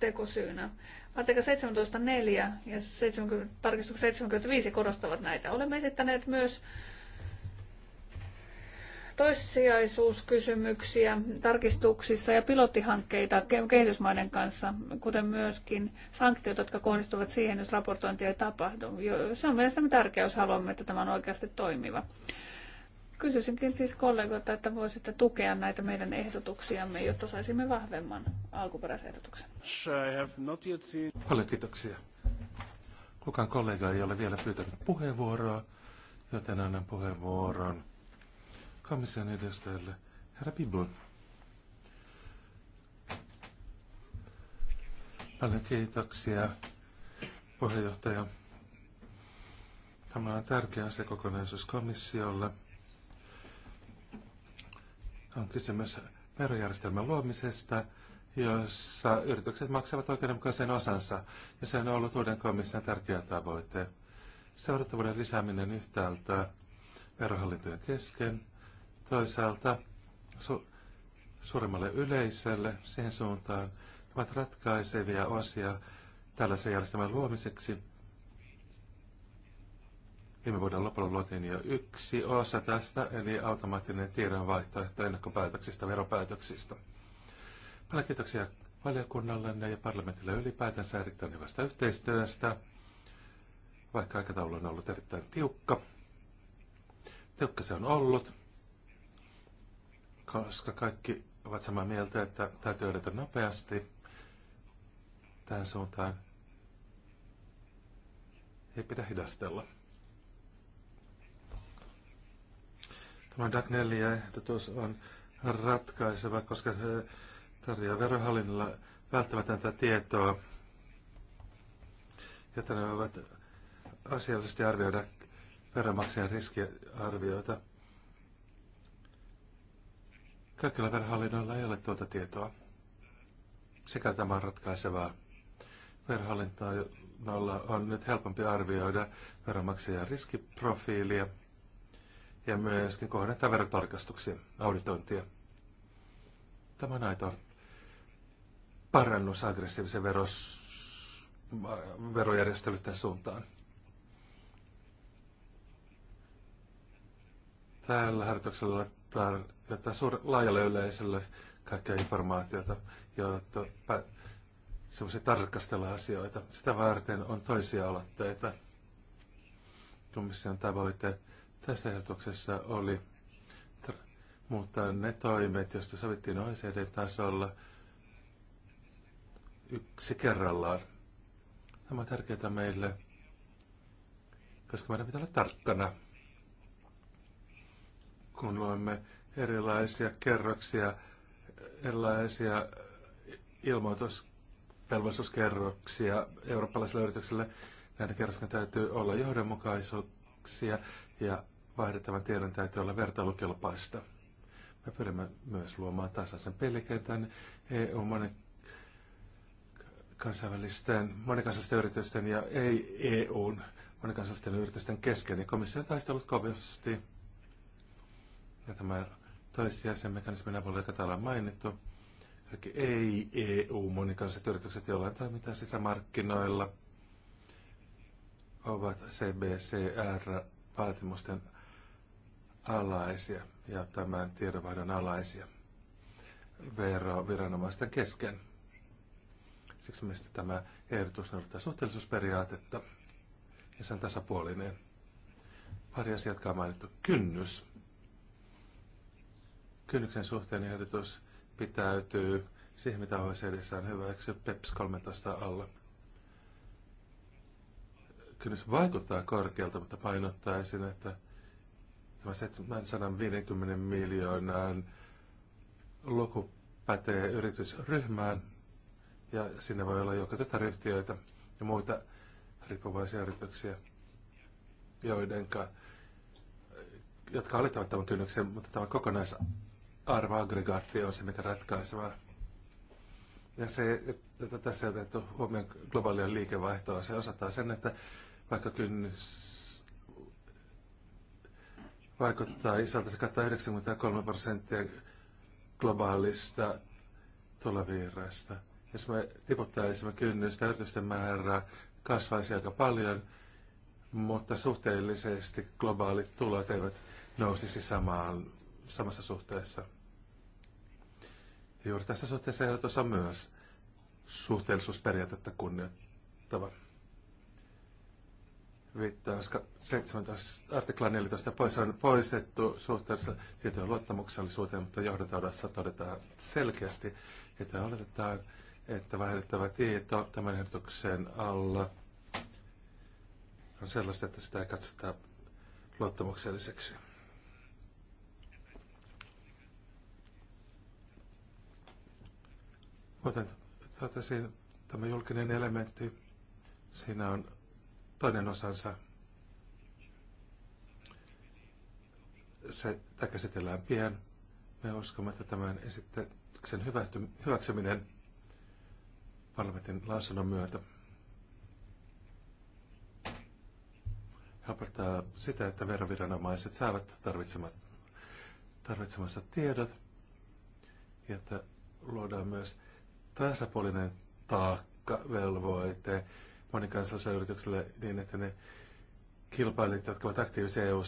[SPEAKER 3] tekosyynä. Artikka 17.4 ja 70, tarkistus 75 korostavat näitä. Olemme esittäneet myös toissijaisuuskysymyksiä tarkistuksissa ja pilottihankkeita kehitysmaiden kanssa, kuten myöskin sanktiot, jotka kohdistuvat siihen, jos raportointia ei tapahdu. Se on mielestäni tärkeää, jos haluamme, että tämä on oikeasti toimiva. Kysyisinkin siis kollegoilta, että voisitte tukea näitä meidän ehdotuksiamme, jotta saisimme vahvemman alkuperäisehdotuksen.
[SPEAKER 1] Paljon kiitoksia. Kukaan
[SPEAKER 4] kollega ei ole vielä pyytänyt puheenvuoroa, joten annan puheenvuoron komission edustajalle, herra Pibon. Paljon kiitoksia, puheenjohtaja. Tämä on tärkeä kokonaisuus komissiolle. On kysymys verojärjestelmän luomisesta, jossa yritykset maksavat oikeudenmukaisen osansa, ja se on ollut uuden komission tärkeä tavoite. Seurattavuuden lisääminen yhtäältä verohallintojen kesken toisaalta su- suuremmalle yleisölle siihen suuntaan ovat ratkaisevia osia tällaisen järjestelmän luomiseksi. Viime vuoden lopulla luotiin jo yksi osa tästä, eli automaattinen tiedonvaihtoehto ennakkopäätöksistä veropäätöksistä. Paljon kiitoksia valiokunnalle ja parlamentille ylipäätänsä erittäin hyvästä yhteistyöstä, vaikka aikataulu on ollut erittäin tiukka. Tiukka se on ollut koska kaikki ovat samaa mieltä, että täytyy edetä nopeasti tähän suuntaan. Ei pidä hidastella. Tämä DAC 4 ehdotus on ratkaiseva, koska se tarjoaa verohallinnolla välttämätöntä tietoa, jotta ne voivat asiallisesti arvioida veronmaksajan riskiarvioita. Kaikilla verhallinnoilla ei ole tuota tietoa. Sekä tämä on ratkaisevaa. Verhallinnoilla on nyt helpompi arvioida veronmaksajan riskiprofiilia ja myöskin kohdentaa verotarkastuksia, auditointia. Tämä on aito parannus aggressiivisen veros, verojärjestelyiden suuntaan. Tällä harjoituksella tarjota suur, laajalle yleisölle kaikkea informaatiota, jotta semmoisia tarkastella asioita. Sitä varten on toisia aloitteita. Komission tavoite tässä ehdotuksessa oli muuttaa ne toimet, joista sovittiin OECD-tasolla yksi kerrallaan. Tämä on tärkeää meille, koska meidän pitää olla tarkkana kun erilaisia kerroksia, erilaisia ilmoitusvelvollisuuskerroksia eurooppalaisille yrityksille. Näiden kerrosten täytyy olla johdonmukaisuuksia ja vaihdettavan tiedon täytyy olla vertailukelpaista. Me pyrimme myös luomaan tasaisen pelikentän EU monen kansainvälisten, monikansallisten yritysten ja ei-EUn monikansallisten yritysten kesken. Ja komissio on taistellut kovasti ja tämä toissijaisen mekanismin avulla, joka täällä on mainittu, kaikki ei-EU-monikansalliset yritykset jollain toimintaan sisämarkkinoilla ovat CBCR-vaatimusten alaisia ja tämän tiedonvaihdon alaisia veroviranomaisten kesken. Siksi mistä tämä ehdotus noudattaa suhteellisuusperiaatetta ja sen tasapuolinen. Pari asiat, jotka on mainittu. Kynnys kynnyksen suhteen ehdotus pitäytyy siihen, mitä OECD on hyväksy PEPS 13 alla. Kynnys vaikuttaa korkealta, mutta painottaisin, että tämä 750 miljoonan luku pätee yritysryhmään ja sinne voi olla joko tätä yhtiöitä ja muita riippuvaisia yrityksiä, joidenka, jotka alittavat tämän kynnyksen, mutta tämä kokonaisarvo arvoaggregaatio on se, mikä ratkaisevaa. Ja se, että tässä on otettu huomioon globaalia liikevaihtoa, se osoittaa sen, että vaikka kynnys vaikuttaa isolta, se kattaa 93 prosenttia globaalista tulovirrasta. Jos me tiputtaisimme kynnystä, yritysten määrää kasvaisi aika paljon, mutta suhteellisesti globaalit tulot eivät nousisi samaan samassa suhteessa. Ja juuri tässä suhteessa ehdotus on myös suhteellisuusperiaatetta kunnioittava. Viittaus 17 artikla 14 pois on poistettu suhteessa tietojen luottamuksellisuuteen, mutta johdotaudassa todetaan selkeästi, että oletetaan, että vaihdettava tieto tämän ehdotuksen alla on sellaista, että sitä ei katsota luottamukselliseksi. Kuten totesin, tämä julkinen elementti, siinä on toinen osansa. Se käsitellään pian. Me uskomme, että tämän esityksen hyväksyminen parlamentin lausunnon myötä helpottaa sitä, että veroviranomaiset saavat tarvitsemat, tarvitsemansa tiedot ja että luodaan myös tasapuolinen taakka, velvoite monikansalliselle yritykselle niin, että ne kilpailijat, jotka ovat aktiivisia eu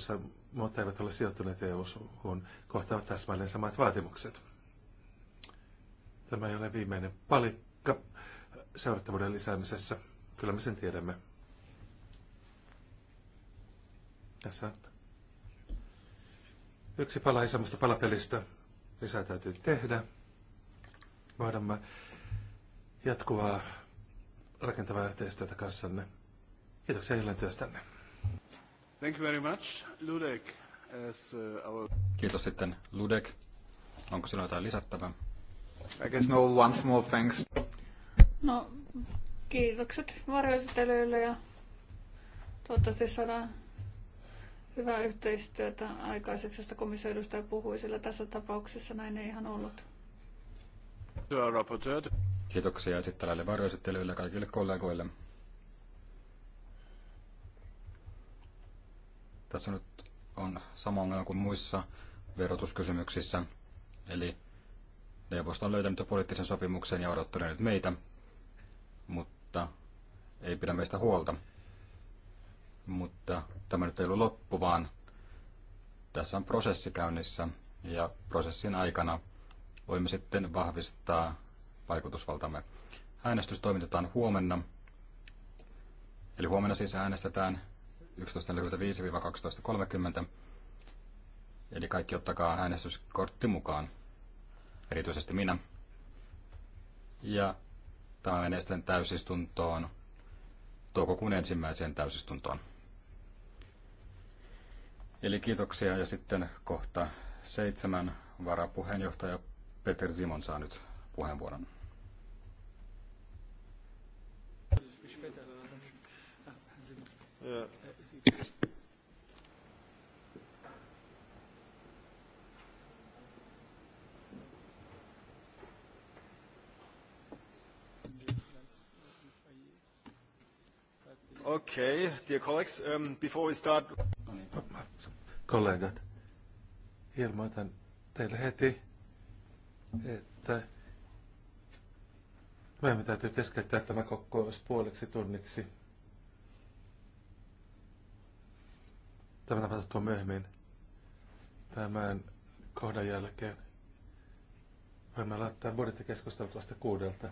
[SPEAKER 4] mutta eivät ole sijoittuneet eu kun kohtaavat täsmälleen samat vaatimukset. Tämä ei ole viimeinen palikka seurattavuuden lisäämisessä. Kyllä me sen tiedämme. Tässä on yksi pala isommasta palapelistä. Lisää täytyy tehdä. Voidaan jatkuvaa rakentavaa yhteistyötä kanssanne. Kiitoksia jälleen
[SPEAKER 1] työstänne. Thank you very much, Ludek. As uh, our... Kiitos
[SPEAKER 2] sitten Ludek. Onko sinulla jotain lisättävää? I guess no once more thanks.
[SPEAKER 3] No, kiitokset varjoesittelijöille ja toivottavasti saadaan hyvää yhteistyötä aikaiseksi, josta komission edustaja puhui, sillä tässä tapauksessa näin ei ihan ollut.
[SPEAKER 2] Kiitoksia esittelijälle, varjoesittelijöille ja kaikille kollegoille. Tässä nyt on sama ongelma kuin muissa verotuskysymyksissä. Eli neuvosto on löytänyt jo poliittisen sopimuksen ja odottanut nyt meitä, mutta ei pidä meistä huolta. Mutta tämä nyt ei ollut loppu, vaan tässä on prosessi käynnissä ja prosessin aikana voimme sitten vahvistaa vaikutusvaltamme. Äänestys toimitetaan huomenna. Eli huomenna siis äänestetään 11.45-12.30. Eli kaikki ottakaa äänestyskortti mukaan, erityisesti minä. Ja tämä menee sitten täysistuntoon, toukokuun ensimmäiseen täysistuntoon. Eli kiitoksia ja sitten kohta seitsemän varapuheenjohtaja Peter Simon saa nyt puheenvuoron.
[SPEAKER 1] Ja. Okay, dear colleagues, um, before we start... No niin,
[SPEAKER 4] kollegat, ilmoitan teille heti, että meidän täytyy keskeyttää tämä kokous puoleksi tunniksi. Tämä tapahtuu myöhemmin tämän kohdan jälkeen. Voimme laittaa budjettikeskustelut vasta kuudelta.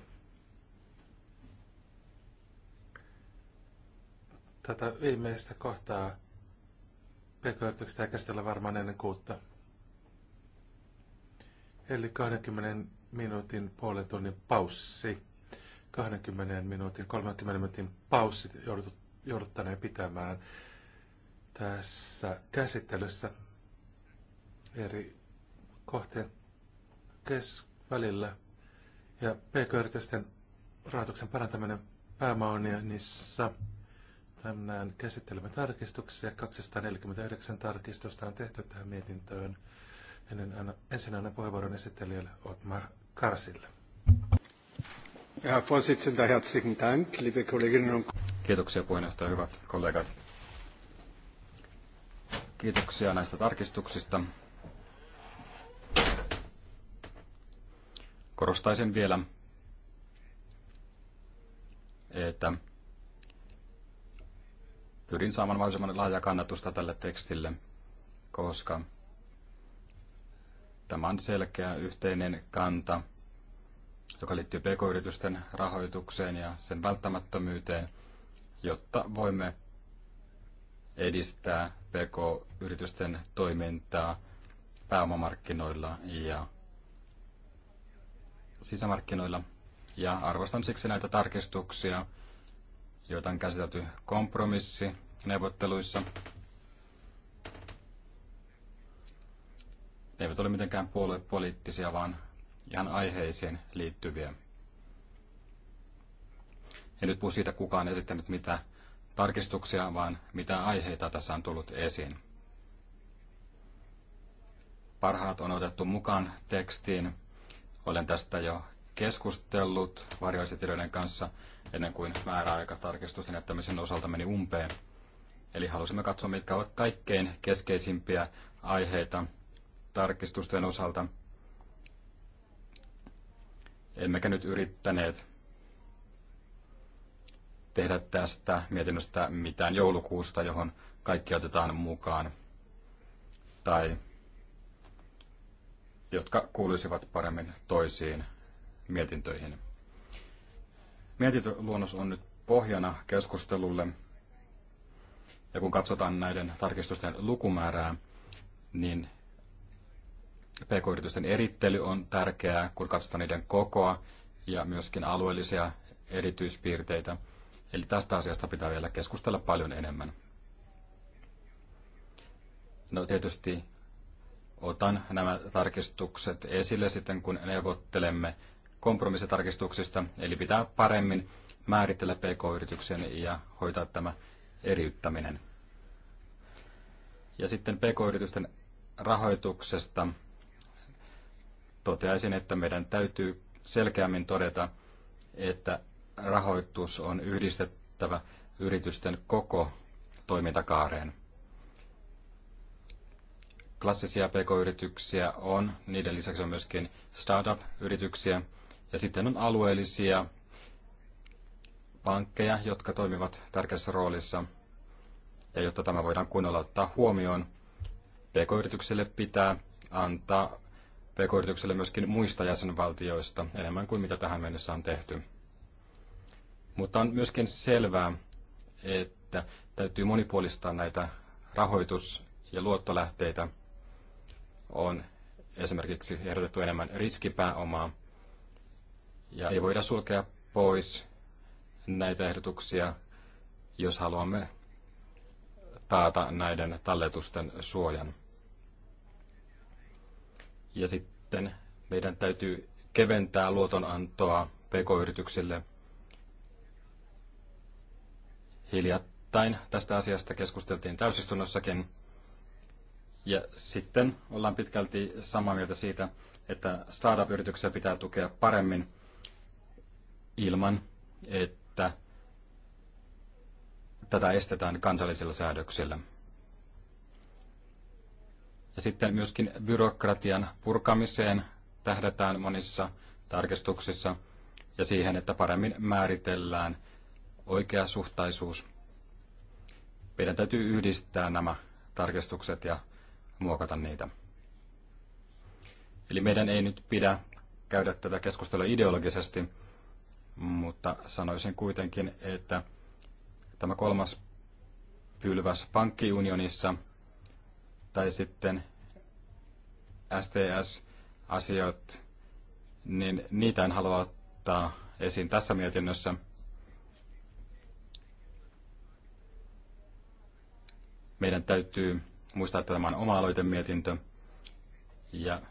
[SPEAKER 4] Tätä viimeistä kohtaa pk-yrityksestä ei käsitellä varmaan ennen kuutta. Eli 20 minuutin puolen tunnin paussi. 20 minuutin, 30 minuutin paussit jouduttaneen pitämään tässä käsittelyssä eri kohteen keskivälillä. Ja PK-yritysten rahoituksen parantaminen päämaonissa. Tänään käsittelemme tarkistuksia. 249 tarkistusta on tehty tähän mietintöön. Ennen ensin aina puheenvuoron esittelijälle Otmar Karsille.
[SPEAKER 1] Herr Vorsitzender, herzlichen Dank, liebe Kolleginnen und
[SPEAKER 2] Kiitoksia puheenjohtaja, hyvät kollegat. Kiitoksia näistä tarkistuksista. Korostaisin vielä, että pyrin saamaan mahdollisimman laajaa kannatusta tälle tekstille, koska tämä on selkeä yhteinen kanta joka liittyy pk-yritysten rahoitukseen ja sen välttämättömyyteen, jotta voimme edistää pk-yritysten toimintaa pääomamarkkinoilla ja sisämarkkinoilla. Ja arvostan siksi näitä tarkistuksia, joita on käsitelty kompromissi neuvotteluissa. Ne eivät ole mitenkään puoluepoliittisia, vaan ihan aiheisiin liittyviä. En nyt puhu siitä kukaan esittänyt mitä tarkistuksia, vaan mitä aiheita tässä on tullut esiin. Parhaat on otettu mukaan tekstiin. Olen tästä jo keskustellut varjoesitilöiden kanssa ennen kuin määräaika tarkistusten jättämisen osalta meni umpeen. Eli halusimme katsoa, mitkä ovat kaikkein keskeisimpiä aiheita tarkistusten osalta – Emmekä nyt yrittäneet tehdä tästä mietinnöstä mitään joulukuusta, johon kaikki otetaan mukaan, tai jotka kuuluisivat paremmin toisiin mietintöihin. Mietintöluonnos on nyt pohjana keskustelulle, ja kun katsotaan näiden tarkistusten lukumäärää, niin PK-yritysten erittely on tärkeää, kun katsotaan niiden kokoa ja myöskin alueellisia erityispiirteitä. Eli tästä asiasta pitää vielä keskustella paljon enemmän. No tietysti otan nämä tarkistukset esille sitten, kun neuvottelemme kompromissitarkistuksista, eli pitää paremmin määritellä pk-yrityksen ja hoitaa tämä eriyttäminen. Ja sitten pk-yritysten rahoituksesta toteaisin, että meidän täytyy selkeämmin todeta, että rahoitus on yhdistettävä yritysten koko toimintakaareen. Klassisia pk-yrityksiä on, niiden lisäksi on myöskin startup-yrityksiä ja sitten on alueellisia pankkeja, jotka toimivat tärkeässä roolissa. Ja jotta tämä voidaan kunnolla ottaa huomioon, pk-yrityksille pitää antaa pk myöskin muista jäsenvaltioista enemmän kuin mitä tähän mennessä on tehty. Mutta on myöskin selvää, että täytyy monipuolistaa näitä rahoitus- ja luottolähteitä. On esimerkiksi ehdotettu enemmän riskipääomaa, ja ei voida sulkea pois näitä ehdotuksia, jos haluamme taata näiden talletusten suojan. Ja sitten meidän täytyy keventää luotonantoa pk-yrityksille. Hiljattain tästä asiasta keskusteltiin täysistunnossakin. Ja sitten ollaan pitkälti samaa mieltä siitä, että startup-yrityksiä pitää tukea paremmin ilman, että tätä estetään kansallisilla säädöksillä. Ja sitten myöskin byrokratian purkamiseen tähdätään monissa tarkistuksissa ja siihen, että paremmin määritellään oikeasuhtaisuus. Meidän täytyy yhdistää nämä tarkistukset ja muokata niitä. Eli meidän ei nyt pidä käydä tätä keskustelua ideologisesti, mutta sanoisin kuitenkin, että tämä kolmas pylväs pankkiunionissa – tai sitten STS-asiat, niin niitä en halua ottaa esiin tässä mietinnössä. Meidän täytyy muistaa, että tämä on oma-aloitemietintö, ja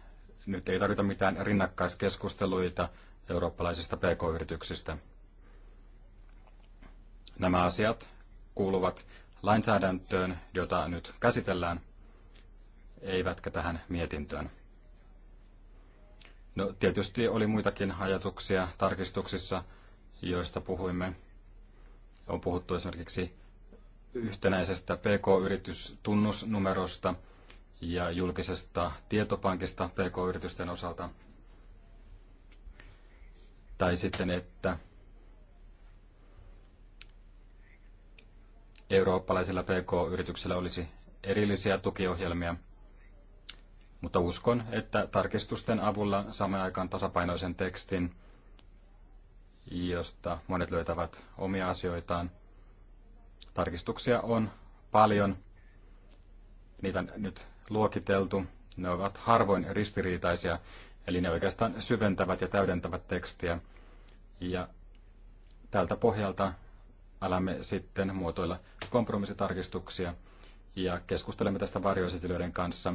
[SPEAKER 2] nyt ei tarvita mitään rinnakkaiskeskusteluita eurooppalaisista pk-yrityksistä. Nämä asiat kuuluvat lainsäädäntöön, jota nyt käsitellään – eivätkä tähän mietintöön. No tietysti oli muitakin ajatuksia tarkistuksissa, joista puhuimme. On puhuttu esimerkiksi yhtenäisestä PK-yritystunnusnumerosta ja julkisesta tietopankista PK-yritysten osalta. Tai sitten, että eurooppalaisilla PK-yrityksillä olisi erillisiä tukiohjelmia – mutta uskon, että tarkistusten avulla saamme aikaan tasapainoisen tekstin, josta monet löytävät omia asioitaan. Tarkistuksia on paljon. Niitä on nyt luokiteltu. Ne ovat harvoin ristiriitaisia, eli ne oikeastaan syventävät ja täydentävät tekstiä. Ja tältä pohjalta alamme sitten muotoilla kompromissitarkistuksia ja keskustelemme tästä varjoesitilöiden kanssa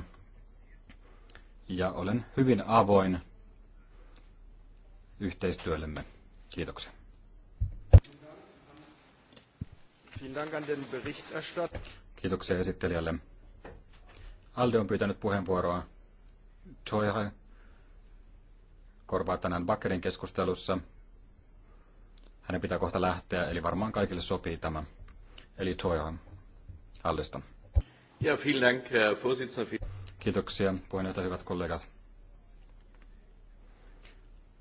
[SPEAKER 2] ja olen hyvin avoin yhteistyöllemme. Kiitoksia. Kiitoksia esittelijälle. Alde on pyytänyt puheenvuoroa. Joyha korvaa tänään Bakkerin keskustelussa. Hänen pitää kohta lähteä, eli varmaan kaikille sopii tämä. Eli Joyha Aldesta.
[SPEAKER 1] Ja, vielen Dank, Herr Vorsitzender.
[SPEAKER 2] Kiitoksia puheenjohtaja, hyvät kollegat.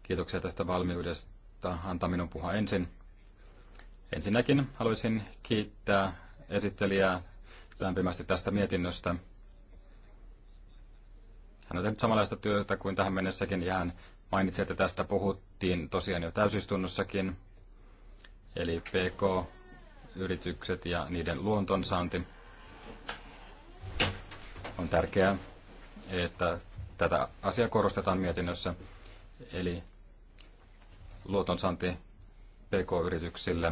[SPEAKER 2] Kiitoksia tästä valmiudesta antaa minun puhua ensin. Ensinnäkin haluaisin kiittää esittelijää lämpimästi tästä mietinnöstä. Hän on tehnyt samanlaista työtä kuin tähän mennessäkin ja hän mainitsi, että tästä puhuttiin tosiaan jo täysistunnossakin, eli PK-yritykset ja niiden luontonsaanti on tärkeää että tätä asiaa korostetaan mietinnössä, eli luotonsanti PK-yrityksille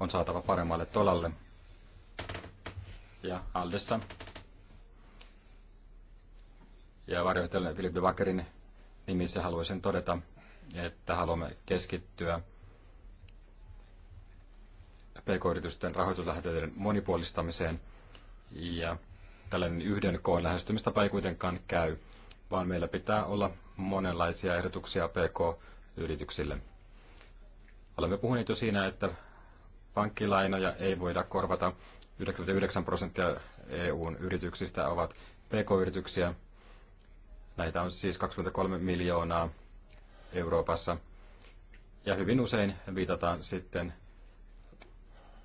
[SPEAKER 2] on saatava paremmalle tolalle. Ja Aldessa ja varjoistelijan Philip Wackerin nimissä haluaisin todeta, että haluamme keskittyä pk-yritysten rahoituslähteiden monipuolistamiseen ja tällainen yhden koon lähestymistapa ei kuitenkaan käy, vaan meillä pitää olla monenlaisia ehdotuksia PK-yrityksille. Olemme puhuneet jo siinä, että pankkilainoja ei voida korvata. 99 prosenttia EUn yrityksistä ovat PK-yrityksiä. Näitä on siis 23 miljoonaa Euroopassa. Ja hyvin usein viitataan sitten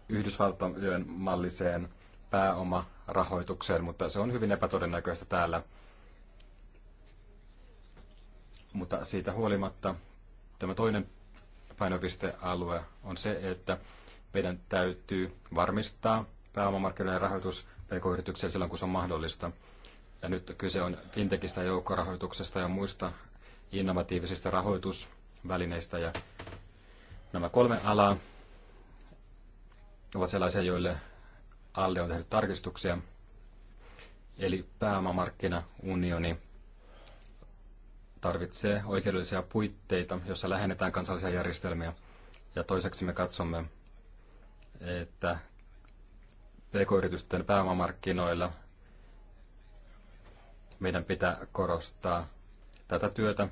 [SPEAKER 2] Yhdysvaltojen malliseen pääoma rahoitukseen, mutta se on hyvin epätodennäköistä täällä. Mutta siitä huolimatta tämä toinen painopistealue on se, että meidän täytyy varmistaa pääomamarkkinoiden rahoitus pk-yrityksiä silloin, kun se on mahdollista. Ja nyt kyse on fintechistä, joukkorahoituksesta ja muista innovatiivisista rahoitusvälineistä. Ja nämä kolme alaa ovat sellaisia, joille Alde on tehnyt tarkistuksia. Eli pääomamarkkinaunioni tarvitsee oikeudellisia puitteita, jossa lähennetään kansallisia järjestelmiä. Ja toiseksi me katsomme, että pk-yritysten pääomamarkkinoilla meidän pitää korostaa tätä työtä.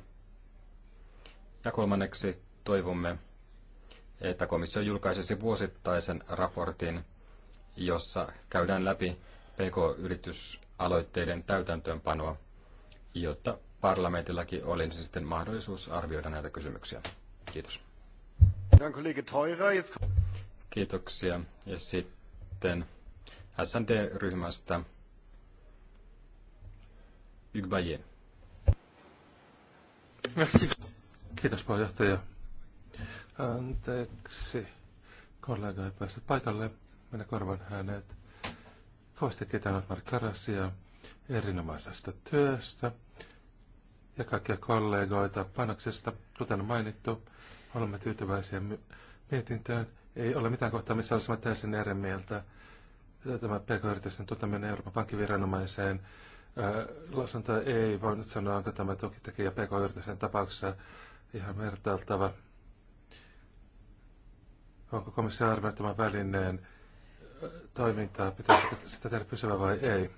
[SPEAKER 2] Ja kolmanneksi toivomme, että komissio julkaisisi vuosittaisen raportin jossa käydään läpi PK-yritysaloitteiden täytäntöönpanoa, jotta parlamentillakin olisi sitten mahdollisuus arvioida näitä kysymyksiä. Kiitos. Kiitoksia. Ja sitten SND-ryhmästä Ygbaye.
[SPEAKER 4] Merci. Kiitos puheenjohtaja. Anteeksi, kollega ei päässyt paikalle. Minä korvan hänet. Kovasti kiitän Mark Karasia erinomaisesta työstä ja kaikkia kollegoita panoksesta. Kuten mainittu, olemme tyytyväisiä mietintöön. Ei ole mitään kohtaa, missä olisimme täysin eri mieltä. Tämä PK-yritysten tuottaminen Euroopan pankkiviranomaiseen lausunto ei voi nyt sanoa, onko tämä tukitekijä PK-yritysten tapauksessa ihan vertailtava. Onko komissio arvioinut tämän välineen toimintaa, pitäisikö sitä tehdä pysyvä vai ei.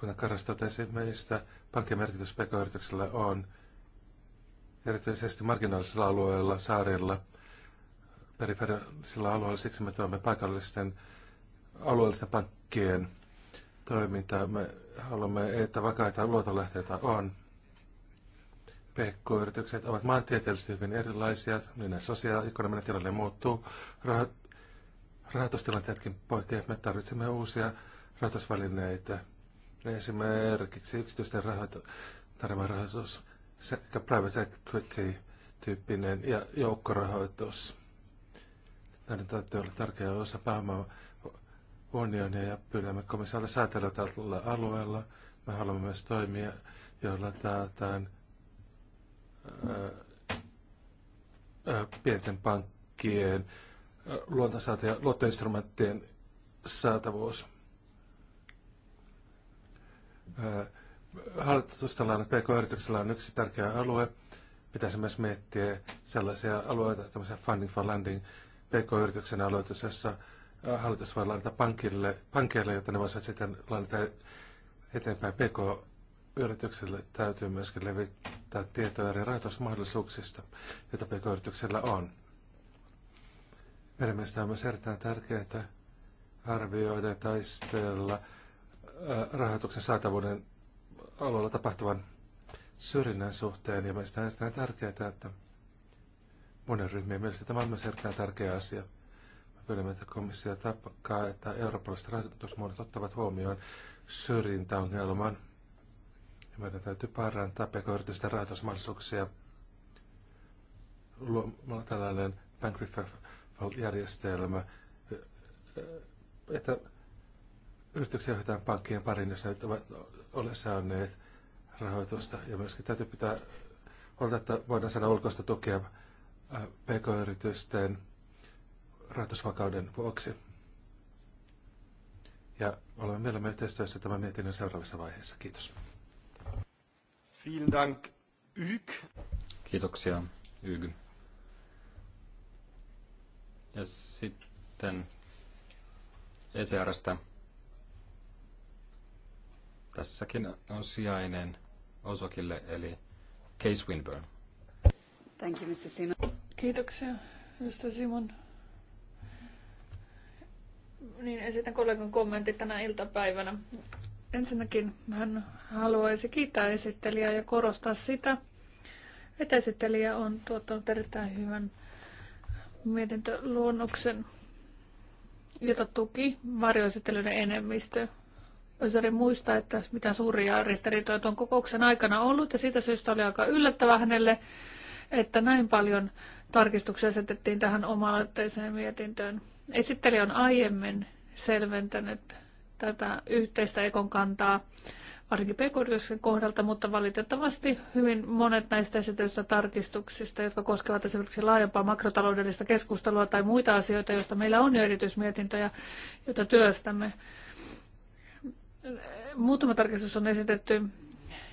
[SPEAKER 4] Kuten Karas totesi, meistä pankin merkitys pk-yrityksellä on erityisesti marginaalisilla alueilla, saarilla, periferisillä alueilla. Siksi me tuomme paikallisten alueellisten pankkien toimintaa. Me haluamme, että vakaita luotolähteitä on. PK-yritykset ovat maantieteellisesti hyvin erilaisia, ne sosiaalinen tilanne muuttuu, rahat rahoitustilanteetkin poikkeavat. Me tarvitsemme uusia rahoitusvälineitä, esimerkiksi yksityisten rahoitu- tarjoama rahoitus sekä private equity-tyyppinen ja joukkorahoitus. Näiden täytyy olla tärkeä osa pääomaa unionia ja pyydämme komissiolta säätelyä tällä alueella. Me haluamme myös toimia, joilla taataan pienten pankkien luottoinstrumenttien saatavuus. Hallitustalainen PK-yrityksellä on yksi tärkeä alue. Pitäisi myös miettiä sellaisia alueita, tämmöisiä funding for landing PK-yrityksen aloitus, jossa hallitus voi lainata pankille, pankeille, jotta ne voisivat sitten lainata eteenpäin pk yritykselle Täytyy myöskin levittää tietoa eri rahoitusmahdollisuuksista, joita PK-yrityksellä on meidän mielestä on myös erittäin tärkeää arvioida ja taistella rahoituksen saatavuuden alueella tapahtuvan syrjinnän suhteen. Ja mielestäni on erittäin tärkeää, että monen ryhmien mielestä tämä on myös erittäin tärkeä asia. Me pyydämme, että komissio takaa, että eurooppalaiset rahoitusmuodot ottavat huomioon syrjintäongelman. Ja meidän täytyy parantaa pk-yritysten rahoitusmahdollisuuksia luomalla tällainen Bank järjestelmä, että yrityksiä johdetaan pankkien parin, jos ne ovat ole saaneet rahoitusta. Ja myöskin täytyy pitää olla että voidaan saada ulkoista tukea äh, pk-yritysten rahoitusvakauden vuoksi. Ja olemme mielemme yhteistyössä tämän mietinnön seuraavassa vaiheessa.
[SPEAKER 1] Kiitos. Vielen Dank, Yg.
[SPEAKER 4] Kiitoksia,
[SPEAKER 2] Yg. Ja sitten ECRstä. Tässäkin on sijainen osokille, eli Case Winburn.
[SPEAKER 3] Thank you, Mr. Simon. Kiitoksia, Mr. Simon. Niin, esitän kollegan kommentit tänä iltapäivänä. Ensinnäkin hän haluaisi kiittää esittelijää ja korostaa sitä, että esittelijä on tuottanut erittäin hyvän mietintöluonnoksen, jota tuki varjoesittelyiden enemmistö. Ösari muistaa, että mitä suuria ristiriitoja on kokouksen aikana ollut, ja siitä syystä oli aika yllättävää hänelle, että näin paljon tarkistuksia asetettiin tähän oma mietintöön. Esittelijä on aiemmin selventänyt tätä yhteistä ekon kantaa varsinkin pk kohdalta, mutta valitettavasti hyvin monet näistä esitetyistä tarkistuksista, jotka koskevat esimerkiksi laajempaa makrotaloudellista keskustelua tai muita asioita, joista meillä on jo erityismietintöjä, joita työstämme. Muutama tarkistus on esitetty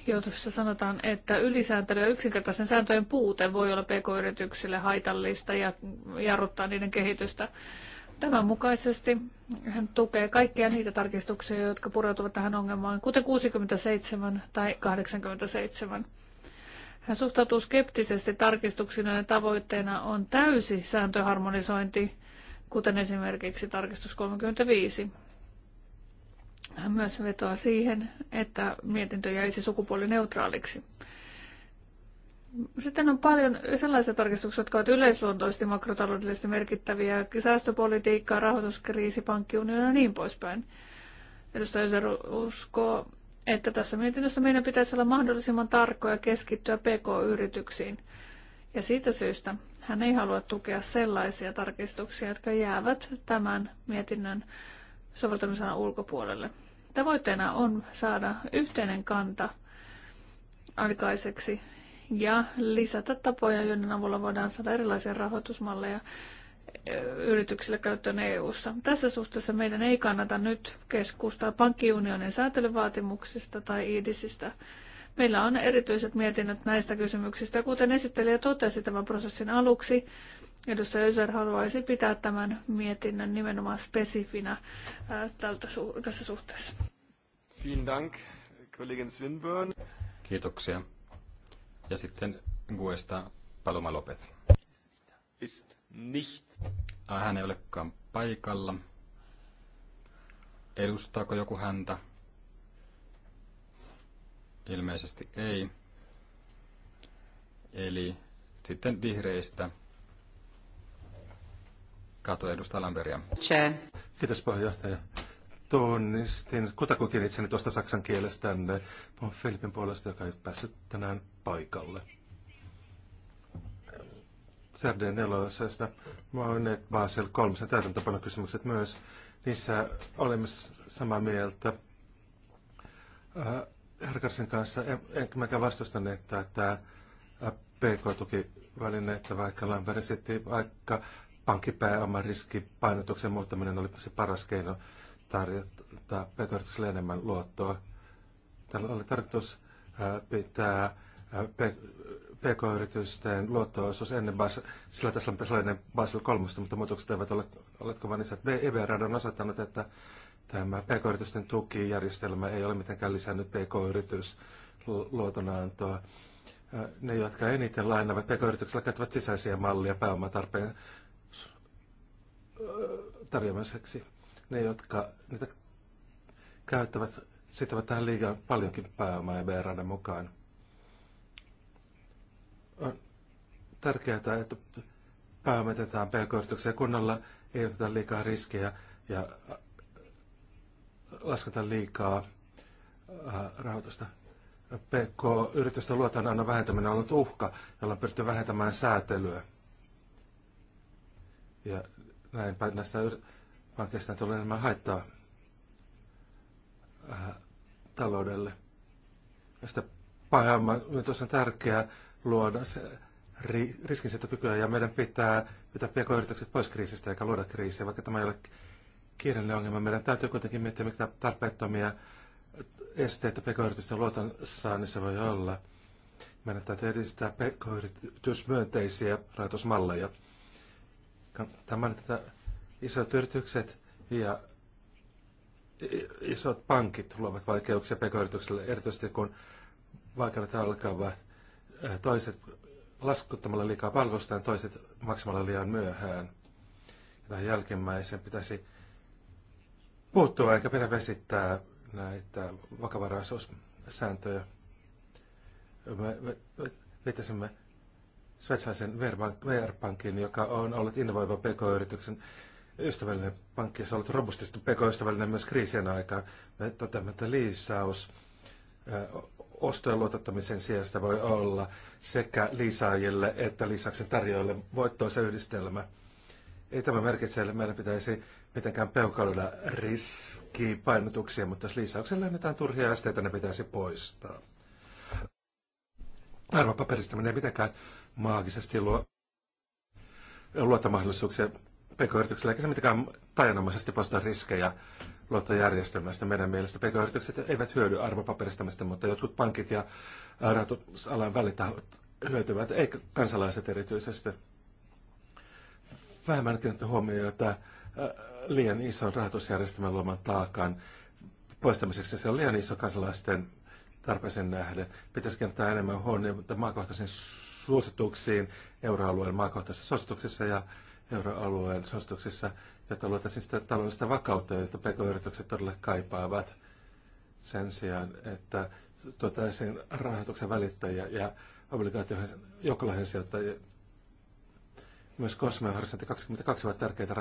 [SPEAKER 3] jossa sanotaan, että ylisääntely ja yksinkertaisen sääntöjen puute voi olla pk-yrityksille haitallista ja jarruttaa niiden kehitystä. Tämän mukaisesti hän tukee kaikkia niitä tarkistuksia, jotka pureutuvat tähän ongelmaan, kuten 67 tai 87. Hän suhtautuu skeptisesti tarkistuksiin, joiden tavoitteena on täysi sääntöharmonisointi, kuten esimerkiksi tarkistus 35. Hän myös vetoaa siihen, että mietintö jäisi sukupuolineutraaliksi. Sitten on paljon sellaisia tarkistuksia, jotka ovat yleisluontoisesti makrotaloudellisesti merkittäviä, säästöpolitiikkaa, rahoituskriisi, pankkiunionia ja niin poispäin. Edustaja Yseru uskoo, että tässä mietinnössä meidän pitäisi olla mahdollisimman tarkkoja keskittyä PK-yrityksiin. Ja siitä syystä hän ei halua tukea sellaisia tarkistuksia, jotka jäävät tämän mietinnön soveltamisen ulkopuolelle. Tavoitteena on saada yhteinen kanta aikaiseksi ja lisätä tapoja, joiden avulla voidaan saada erilaisia rahoitusmalleja yrityksille käyttöön EU-ssa. Tässä suhteessa meidän ei kannata nyt keskustaa pankkiunionin säätelyvaatimuksista tai IDISistä. Meillä on erityiset mietinnöt näistä kysymyksistä. Kuten esittelijä totesi tämän prosessin aluksi, edustaja Öser haluaisi pitää tämän mietinnön nimenomaan spesifinä tältä tässä suhteessa.
[SPEAKER 1] Vielen Dank,
[SPEAKER 2] Kollegin Swinburne. Kiitoksia. Ja sitten Guesta Paloma Lopez. Ist nicht. Hän ei olekaan paikalla. Edustaako joku häntä? Ilmeisesti ei. Eli sitten vihreistä. Kato edustaja Lamberia.
[SPEAKER 4] Che. Kiitos puheenjohtaja. Tunnistin kutakuinkin itseni tuosta saksan kielestä. Mä Filipin puolesta, joka ei päässyt tänään paikalle. Sardien nelosesta monet Basel 3 kysymykset myös. Niissä olemme samaa mieltä. Äh, Herkarsin kanssa enkä mäkään vastustaneet tämä äh, pk että vaikka Lambert esitti vaikka pankkipääoman riskipainotuksen muuttaminen oli se paras keino tarjota pk enemmän luottoa. Tällä oli tarkoitus äh, pitää PK-yritysten luotto-osuus ennen Basel, sillä tässä on sellainen Basel 3, mutta muutokset eivät ole, oletko vain isät. EBR on osoittanut, että tämä PK-yritysten tukijärjestelmä ei ole mitenkään lisännyt PK-yritys luotonantoa. Ne, jotka eniten lainaavat PK-yrityksellä, käyttävät sisäisiä mallia pääomatarpeen tarjoamiseksi. Ne, jotka niitä käyttävät, sitovat tähän liian paljonkin pääomaa EBRn mukaan on tärkeää, että pääomitetaan pk-yrityksiä kunnolla, ei oteta liikaa riskejä ja äh, lasketa liikaa äh, rahoitusta. PK-yritysten luotonannon vähentäminen on ollut uhka, jolla on pyritty vähentämään säätelyä. Ja päin näistä pankeista tulee enemmän haittaa äh, taloudelle. Ja sitä pahamman, on tärkeää luoda ri, riskinsietokykyä ja meidän pitää pitää pk-yritykset pois kriisistä eikä luoda kriisiä, vaikka tämä ei ole kiireellinen ongelma. Meidän täytyy kuitenkin miettiä, mitä tarpeettomia esteitä pk-yritysten saannissa voi olla. Meidän täytyy edistää pk-yritysmyönteisiä rahoitusmalleja. on tätä isot yritykset ja isot pankit luovat vaikeuksia pk-yrityksille, erityisesti kun vaikeudet alkavat toiset laskuttamalla liikaa palkostaan, toiset maksamalla liian myöhään. Ja tähän jälkimmäisen pitäisi puuttua eikä pidä vesittää näitä vakavaraisuussääntöjä. Me, me, me vetäisimme sveitsiläisen VR-pankin, joka on ollut innovoiva PK-yrityksen ystävällinen pankki, ja se on ollut robustisti PK-ystävällinen myös kriisien aikaan. Me toteamme, että liisaus ostojen luotettamisen sijasta voi olla sekä lisäajille että lisäksi tarjoajille voittoisa yhdistelmä. Ei tämä merkitse, että meidän pitäisi mitenkään peukaloida riskipainotuksia, mutta jos lisäyksellä annetaan turhia esteitä, ne pitäisi poistaa. Arvopaperistäminen ei mitenkään maagisesti luo luottamahdollisuuksia pk-yrityksellä, eikä se mitenkään tajanomaisesti poistaa riskejä luottojärjestelmästä. Meidän mielestä pk-yritykset eivät hyödy arvopaperistamista, mutta jotkut pankit ja rahoitusalan välitahot hyötyvät, eikä kansalaiset erityisesti. Vähemmän kiinnitetty huomiota äh, liian ison rahoitusjärjestelmän luoman taakan poistamiseksi. Se on liian iso kansalaisten tarpeeseen nähden. Pitäisi kiinnittää enemmän huomiota maakohtaisiin suosituksiin euroalueen maakohtaisissa suosituksissa ja euroalueen suosituksissa jotta luotaisiin sitä taloudellista vakautta, jota pk-yritykset todella kaipaavat sen sijaan, että tuotaisiin rahoituksen välittäjiä ja obligaatioihin joukkolaihin sijoittajia. Myös Cosme ja 22 ovat tärkeitä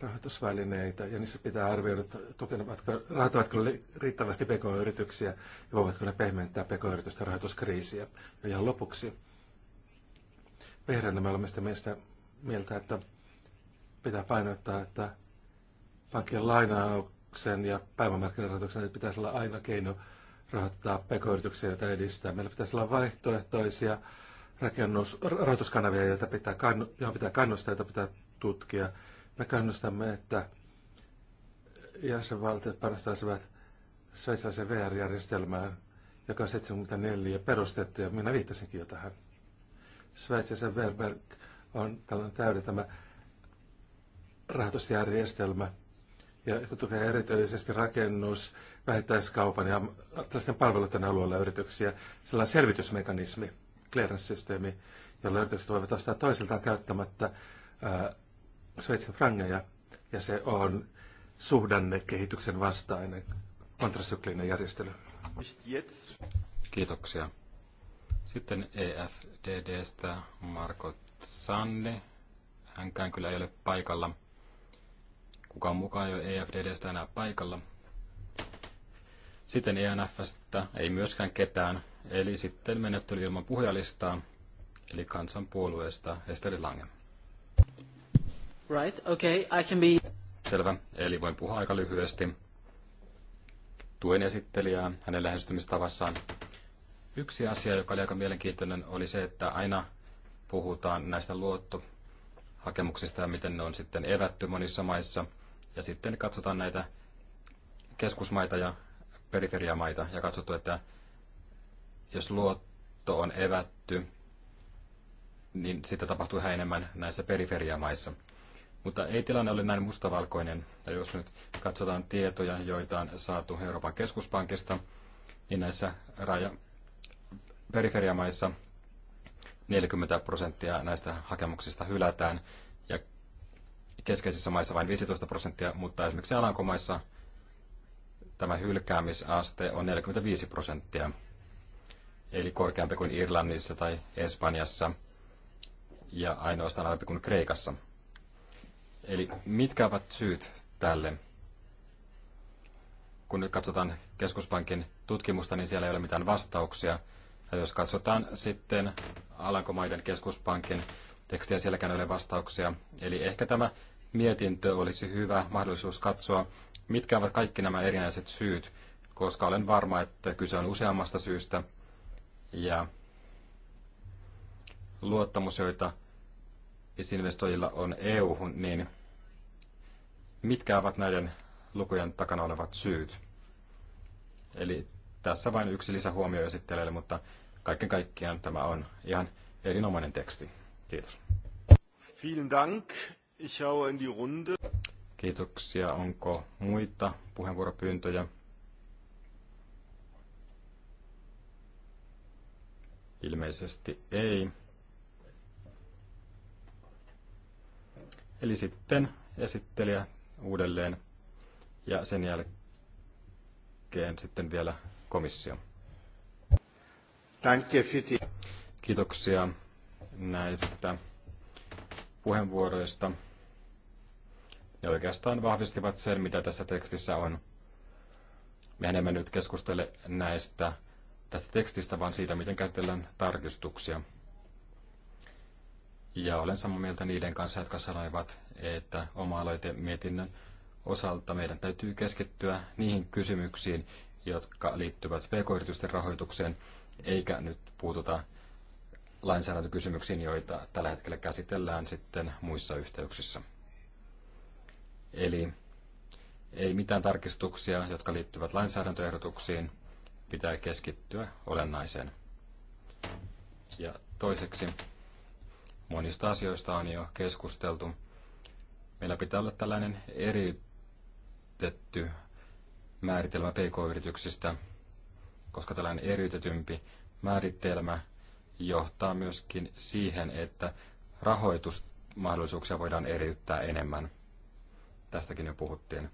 [SPEAKER 4] rahoitusvälineitä ja niissä pitää arvioida, tukevatko, rahoitavatko riittävästi pk-yrityksiä ja voivatko ne pehmentää pk-yritysten rahoituskriisiä. Ja no ihan lopuksi vihreänä me olemme sitä mieltä, että pitää painottaa, että pankkien lainauksen ja päivämarkkinarahoituksen pitäisi olla aina keino rahoittaa pk-yrityksiä, joita edistää. Meillä pitäisi olla vaihtoehtoisia rakennus, rahoituskanavia, joita pitää, johon pitää kannustaa, joita pitää tutkia. Me kannustamme, että jäsenvaltiot panostaisivat sveitsalaisen VR-järjestelmään, joka on 74 perustettu, ja minä viittasinkin jo tähän. Sveitsalaisen VR on tällainen täydentämä rahoitusjärjestelmä, ja tukee erityisesti rakennus, vähittäiskaupan ja tällaisten palveluiden alueella yrityksiä, on selvitysmekanismi, clearance-systeemi, jolla yritykset voivat ostaa toisiltaan käyttämättä ää, Sveitsin frangeja, ja se on suhdannekehityksen vastainen kontrasyklinen järjestely. Kiitoksia.
[SPEAKER 2] Sitten EFDDstä Marko Sanne. Hänkään kyllä ei ole paikalla. Kukaan mukaan ei ole EFDDstä enää paikalla. Sitten ENFstä ei myöskään ketään, eli sitten menettely ilman puhujalistaa, eli kansanpuolueesta Esteri Lange.
[SPEAKER 1] Right, okay, I can be...
[SPEAKER 2] Selvä, eli voin puhua aika lyhyesti. Tuen esittelijää hänen lähestymistavassaan. Yksi asia, joka oli aika mielenkiintoinen, oli se, että aina puhutaan näistä luottohakemuksista ja miten ne on sitten evätty monissa maissa – ja sitten katsotaan näitä keskusmaita ja periferiamaita ja katsottu, että jos luotto on evätty, niin sitä tapahtuu ihan enemmän näissä periferiamaissa. Mutta ei tilanne ole näin mustavalkoinen. Ja jos nyt katsotaan tietoja, joita on saatu Euroopan keskuspankista, niin näissä raja periferiamaissa 40 prosenttia näistä hakemuksista hylätään keskeisissä maissa vain 15 prosenttia, mutta esimerkiksi Alankomaissa tämä hylkäämisaste on 45 prosenttia, eli korkeampi kuin Irlannissa tai Espanjassa ja ainoastaan alempi kuin Kreikassa. Eli mitkä ovat syyt tälle? Kun nyt katsotaan keskuspankin tutkimusta, niin siellä ei ole mitään vastauksia. Ja jos katsotaan sitten Alankomaiden keskuspankin tekstiä, sielläkään ei ole vastauksia. Eli ehkä tämä mietintö olisi hyvä mahdollisuus katsoa, mitkä ovat kaikki nämä erinäiset syyt, koska olen varma, että kyse on useammasta syystä. Ja luottamus, joita investoijilla on eu niin mitkä ovat näiden lukujen takana olevat syyt? Eli tässä vain yksi lisähuomio esittelijälle, mutta kaiken kaikkiaan tämä on ihan erinomainen teksti. Kiitos.
[SPEAKER 1] Vielen Dank.
[SPEAKER 2] Kiitoksia. Onko muita puheenvuoropyyntöjä? Ilmeisesti ei. Eli sitten esittelijä uudelleen ja sen jälkeen sitten vielä komissio. Kiitoksia näistä puheenvuoroista ja oikeastaan vahvistivat sen, mitä tässä tekstissä on. Mehän emme nyt keskustele näistä tästä tekstistä, vaan siitä, miten käsitellään tarkistuksia. Ja olen samaa mieltä niiden kanssa, jotka sanoivat, että oma mietinnön osalta meidän täytyy keskittyä niihin kysymyksiin, jotka liittyvät pk-yritysten rahoitukseen, eikä nyt puututa lainsäädäntökysymyksiin, joita tällä hetkellä käsitellään sitten muissa yhteyksissä. Eli ei mitään tarkistuksia, jotka liittyvät lainsäädäntöehdotuksiin, pitää keskittyä olennaiseen. Ja toiseksi, monista asioista on jo keskusteltu. Meillä pitää olla tällainen eriytetty määritelmä pk-yrityksistä, koska tällainen eriytetympi määritelmä johtaa myöskin siihen, että rahoitusmahdollisuuksia voidaan eriyttää enemmän – Tästäkin jo puhuttiin.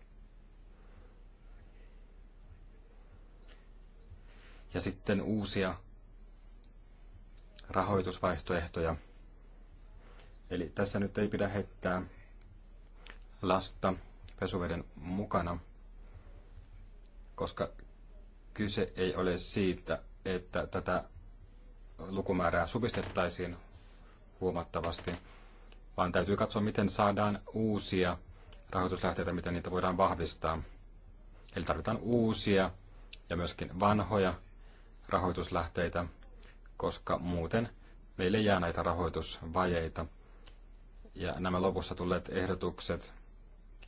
[SPEAKER 2] Ja sitten uusia rahoitusvaihtoehtoja. Eli tässä nyt ei pidä heittää lasta pesuveden mukana, koska kyse ei ole siitä, että tätä lukumäärää supistettaisiin huomattavasti, vaan täytyy katsoa, miten saadaan uusia rahoituslähteitä, miten niitä voidaan vahvistaa. Eli tarvitaan uusia ja myöskin vanhoja rahoituslähteitä, koska muuten meille jää näitä rahoitusvajeita. Ja nämä lopussa tulleet ehdotukset,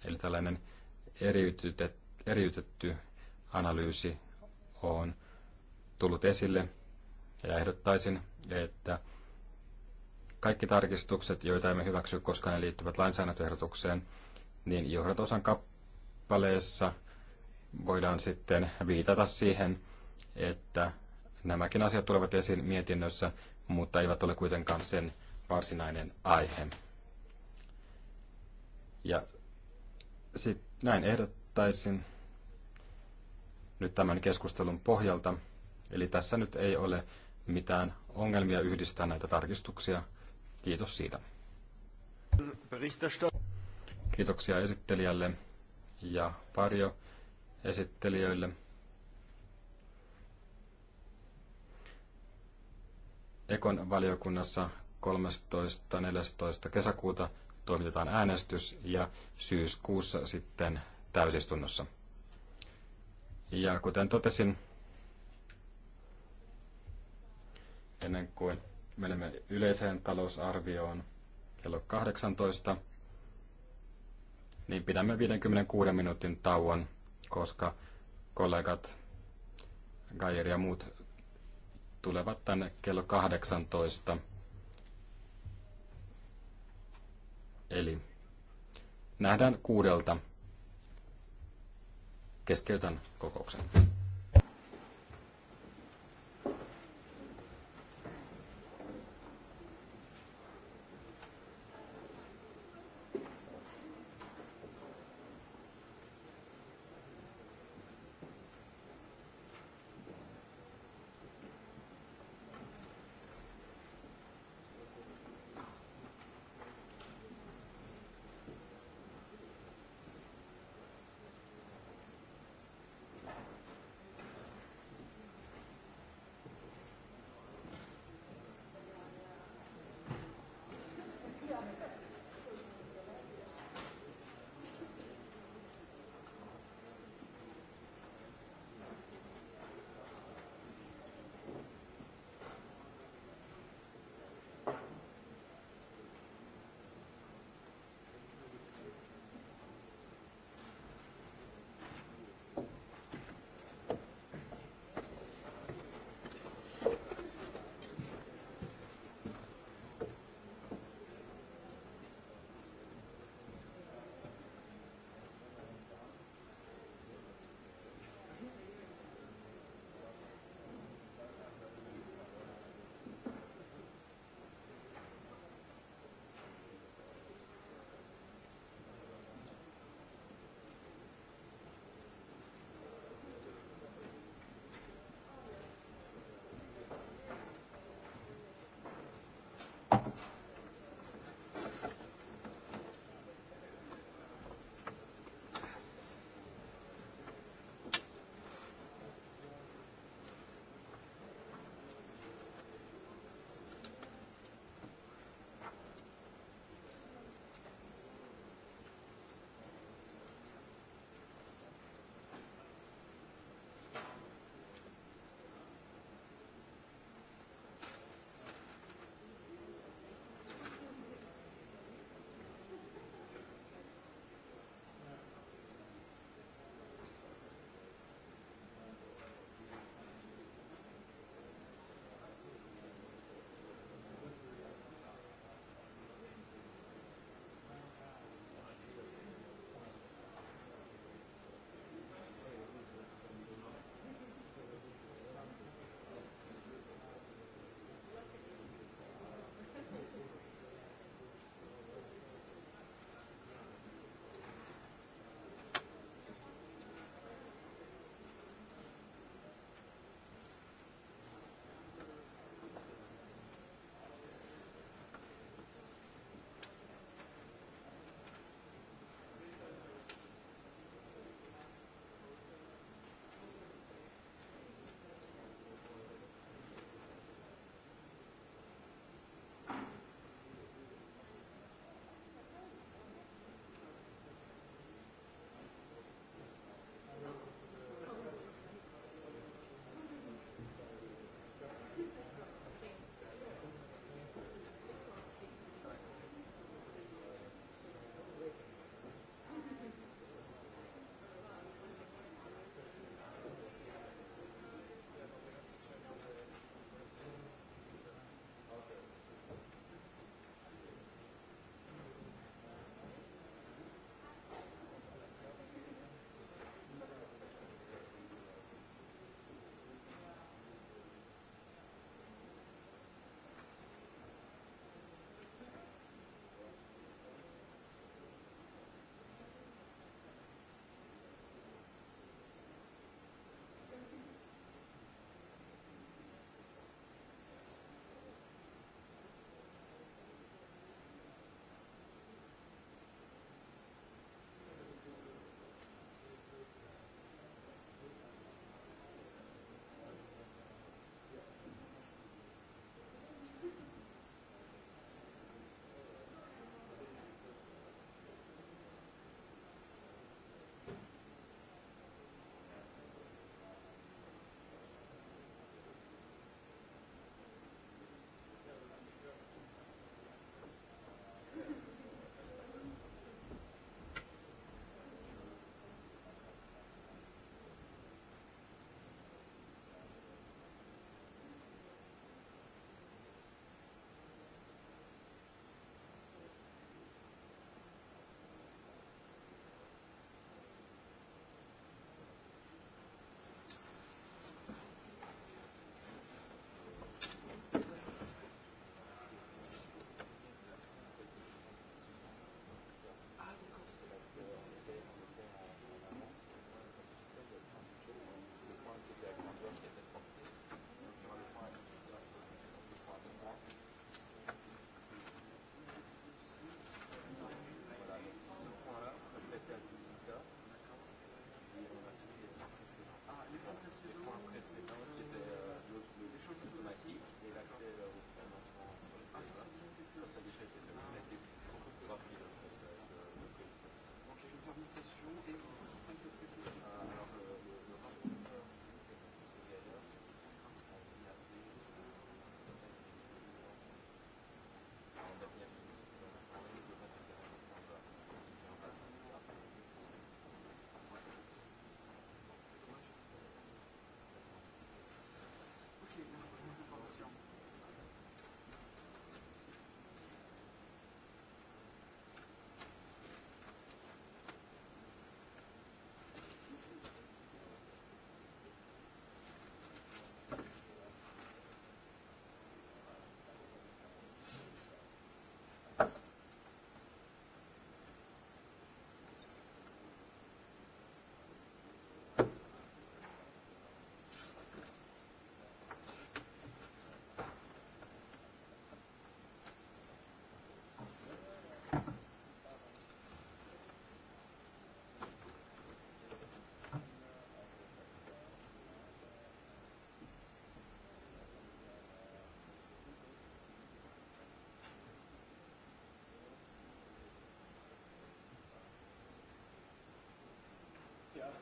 [SPEAKER 2] eli tällainen eriytetty analyysi on tullut esille ja ehdottaisin, että kaikki tarkistukset, joita emme hyväksy, koska ne liittyvät lainsäädäntöehdotukseen, niin johdatosan kappaleessa voidaan sitten viitata siihen, että nämäkin asiat tulevat esiin mietinnössä, mutta eivät ole kuitenkaan sen varsinainen aihe. Ja sit näin ehdottaisin nyt tämän keskustelun pohjalta. Eli tässä nyt ei ole mitään ongelmia yhdistää näitä tarkistuksia. Kiitos siitä. Kiitoksia esittelijälle ja varjo esittelijöille. Ekon valiokunnassa 13.14. kesäkuuta toimitetaan äänestys ja syyskuussa sitten täysistunnossa. Ja kuten totesin, ennen kuin menemme yleiseen talousarvioon kello 18, niin pidämme 56 minuutin tauon, koska kollegat Gajer ja muut tulevat tänne kello 18. Eli nähdään kuudelta. Keskeytän kokouksen.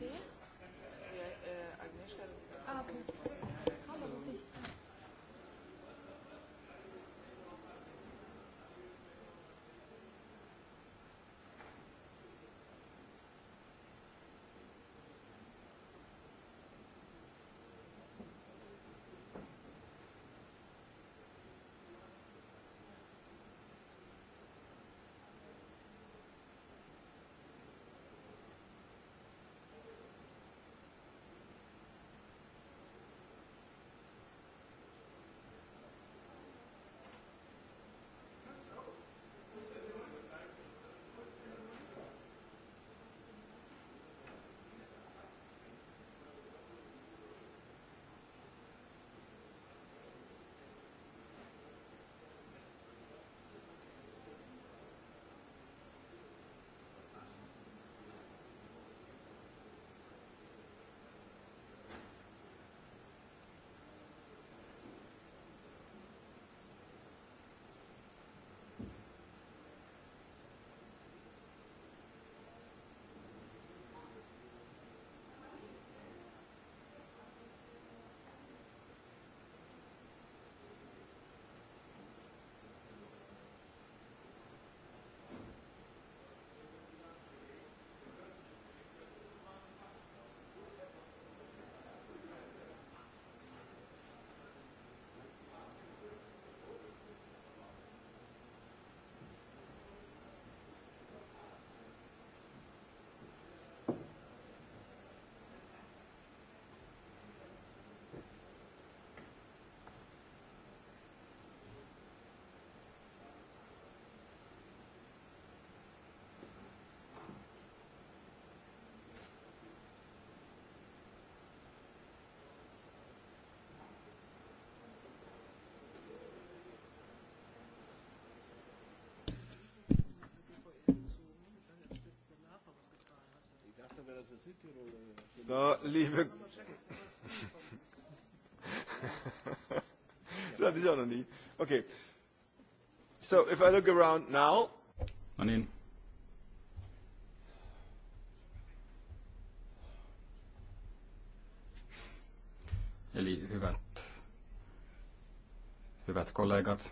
[SPEAKER 3] passer.
[SPEAKER 1] So, no, liebe. das hatte ich auch noch nie. Okay. So, if I look around now.
[SPEAKER 2] No niin. Eli hyvät, hyvät kollegat,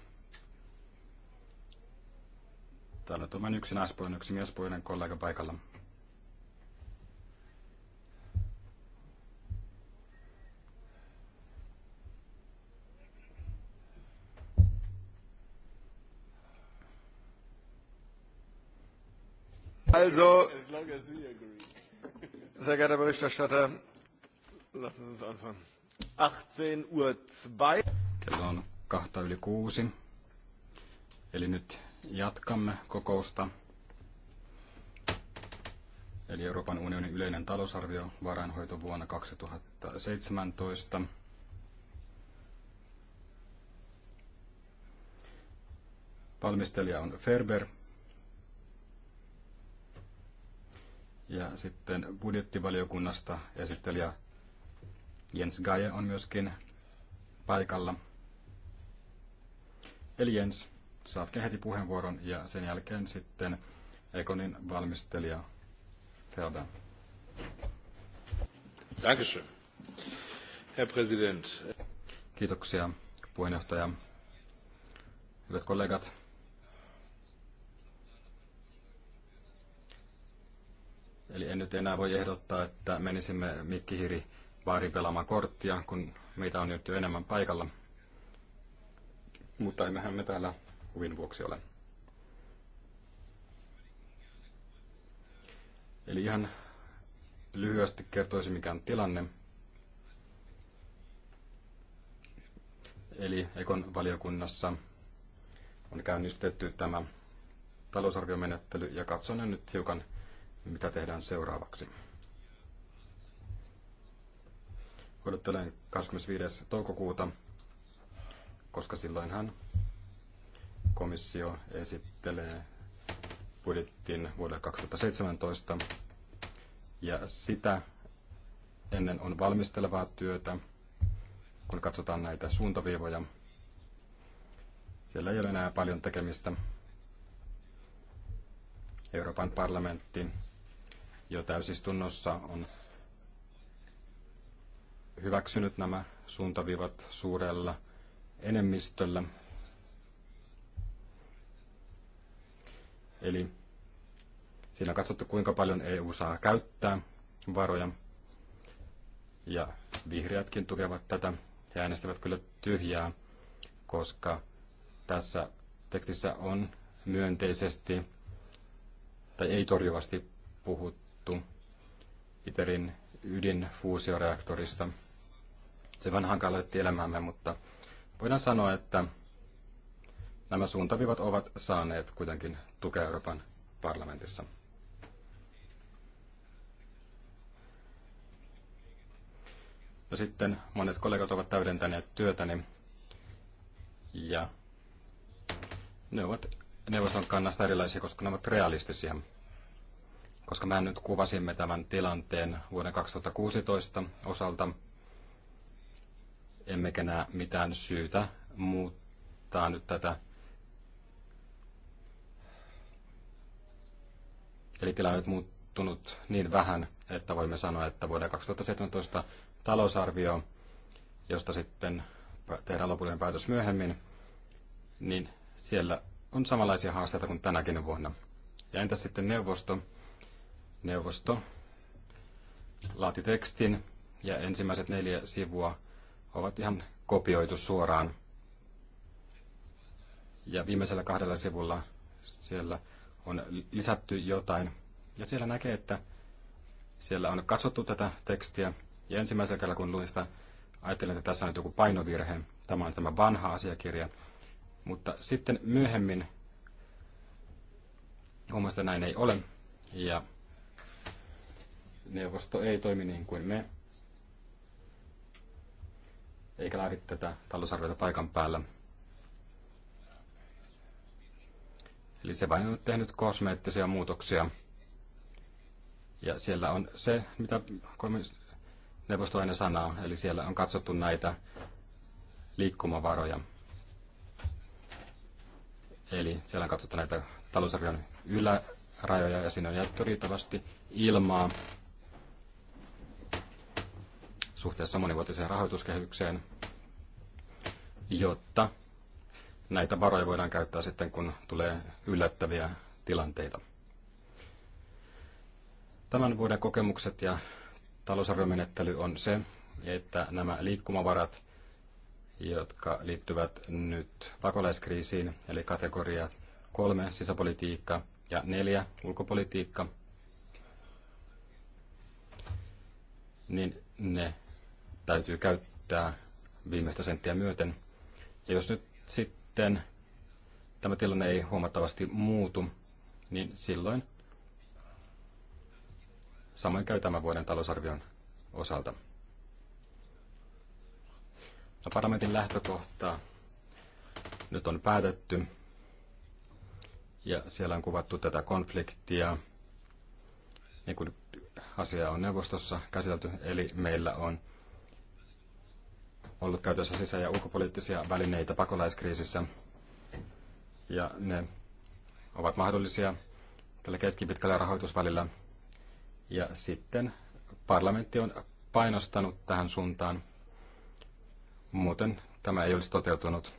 [SPEAKER 2] täällä on vain yksi naispuolinen, yksi miespuolinen kollega paikalla.
[SPEAKER 1] Also, sehr geehrter Berichterstatter, lassen Sie uns anfangen. 18 Uhr 2. Kello on
[SPEAKER 2] kahta yli kuusi. Eli nyt jatkamme kokousta. Eli Euroopan unionin yleinen talousarvio varainhoito vuonna 2017. Valmistelija on Ferber Ja sitten budjettivaliokunnasta esittelijä Jens Gaie on myöskin paikalla. Eli Jens, saatkin heti puheenvuoron ja sen jälkeen sitten Ekonin valmistelija Felda.
[SPEAKER 1] Dankeschön. Herr Präsident.
[SPEAKER 2] Kiitoksia puheenjohtaja. Hyvät kollegat, Eli en nyt enää voi ehdottaa, että menisimme Hiri baariin pelaamaan korttia, kun meitä on nyt jo enemmän paikalla. Mutta emmehän me täällä huvin vuoksi ole. Eli ihan lyhyesti kertoisin, mikä on tilanne. Eli Ekon valiokunnassa on käynnistetty tämä talousarviomenettely ja katson nyt hiukan mitä tehdään seuraavaksi. Odottelen 25. toukokuuta, koska silloinhan komissio esittelee budjettin vuodelle 2017 ja sitä ennen on valmistelevaa työtä, kun katsotaan näitä suuntaviivoja. Siellä ei ole enää paljon tekemistä. Euroopan parlamentti jo täysistunnossa on hyväksynyt nämä suuntavivat suurella enemmistöllä. Eli siinä on katsottu, kuinka paljon EU saa käyttää varoja. Ja vihreätkin tukevat tätä. He äänestävät kyllä tyhjää, koska tässä tekstissä on myönteisesti tai ei torjuvasti puhut, puhuttu ITERin ydinfuusioreaktorista. Se vain hankaloitti elämäämme, mutta voidaan sanoa, että nämä suuntavivat ovat saaneet kuitenkin tukea Euroopan parlamentissa. No sitten monet kollegat ovat täydentäneet työtäni ja ne ovat neuvoston kannasta erilaisia, koska ne ovat realistisia koska mä nyt kuvasimme tämän tilanteen vuoden 2016 osalta, emmekä näe mitään syytä muuttaa nyt tätä. Eli tilanne on nyt muuttunut niin vähän, että voimme sanoa, että vuoden 2017 talousarvio, josta sitten tehdään lopullinen päätös myöhemmin, niin siellä on samanlaisia haasteita kuin tänäkin vuonna. Ja entäs sitten neuvosto? neuvosto laati tekstin ja ensimmäiset neljä sivua ovat ihan kopioitu suoraan. Ja viimeisellä kahdella sivulla siellä on lisätty jotain. Ja siellä näkee, että siellä on katsottu tätä tekstiä. Ja ensimmäisellä kerralla kun luin sitä, ajattelin, että tässä on nyt joku painovirhe. Tämä on tämä vanha asiakirja. Mutta sitten myöhemmin huomasin, että näin ei ole. Ja neuvosto ei toimi niin kuin me, eikä laadi tätä talousarvioita paikan päällä. Eli se vain on tehnyt kosmeettisia muutoksia. Ja siellä on se, mitä neuvosto aina sanaa, eli siellä on katsottu näitä liikkumavaroja. Eli siellä on katsottu näitä talousarvion ylärajoja ja siinä on jätetty riittävästi ilmaa suhteessa monivuotiseen rahoituskehykseen, jotta näitä varoja voidaan käyttää sitten, kun tulee yllättäviä tilanteita. Tämän vuoden kokemukset ja talousarviomenettely on se, että nämä liikkumavarat, jotka liittyvät nyt pakolaiskriisiin, eli kategoriat kolme sisäpolitiikka ja neljä ulkopolitiikka, niin ne täytyy käyttää viimeistä senttiä myöten. Ja jos nyt sitten tämä tilanne ei huomattavasti muutu, niin silloin samoin käy tämän vuoden talousarvion osalta. No, parlamentin lähtökohta nyt on päätetty ja siellä on kuvattu tätä konfliktia, niin kuin asia on neuvostossa käsitelty, eli meillä on ollut käytössä sisä- ja ulkopoliittisia välineitä pakolaiskriisissä. Ja ne ovat mahdollisia tällä keskipitkällä rahoitusvälillä. Ja sitten parlamentti on painostanut tähän suuntaan. Muuten tämä ei olisi toteutunut.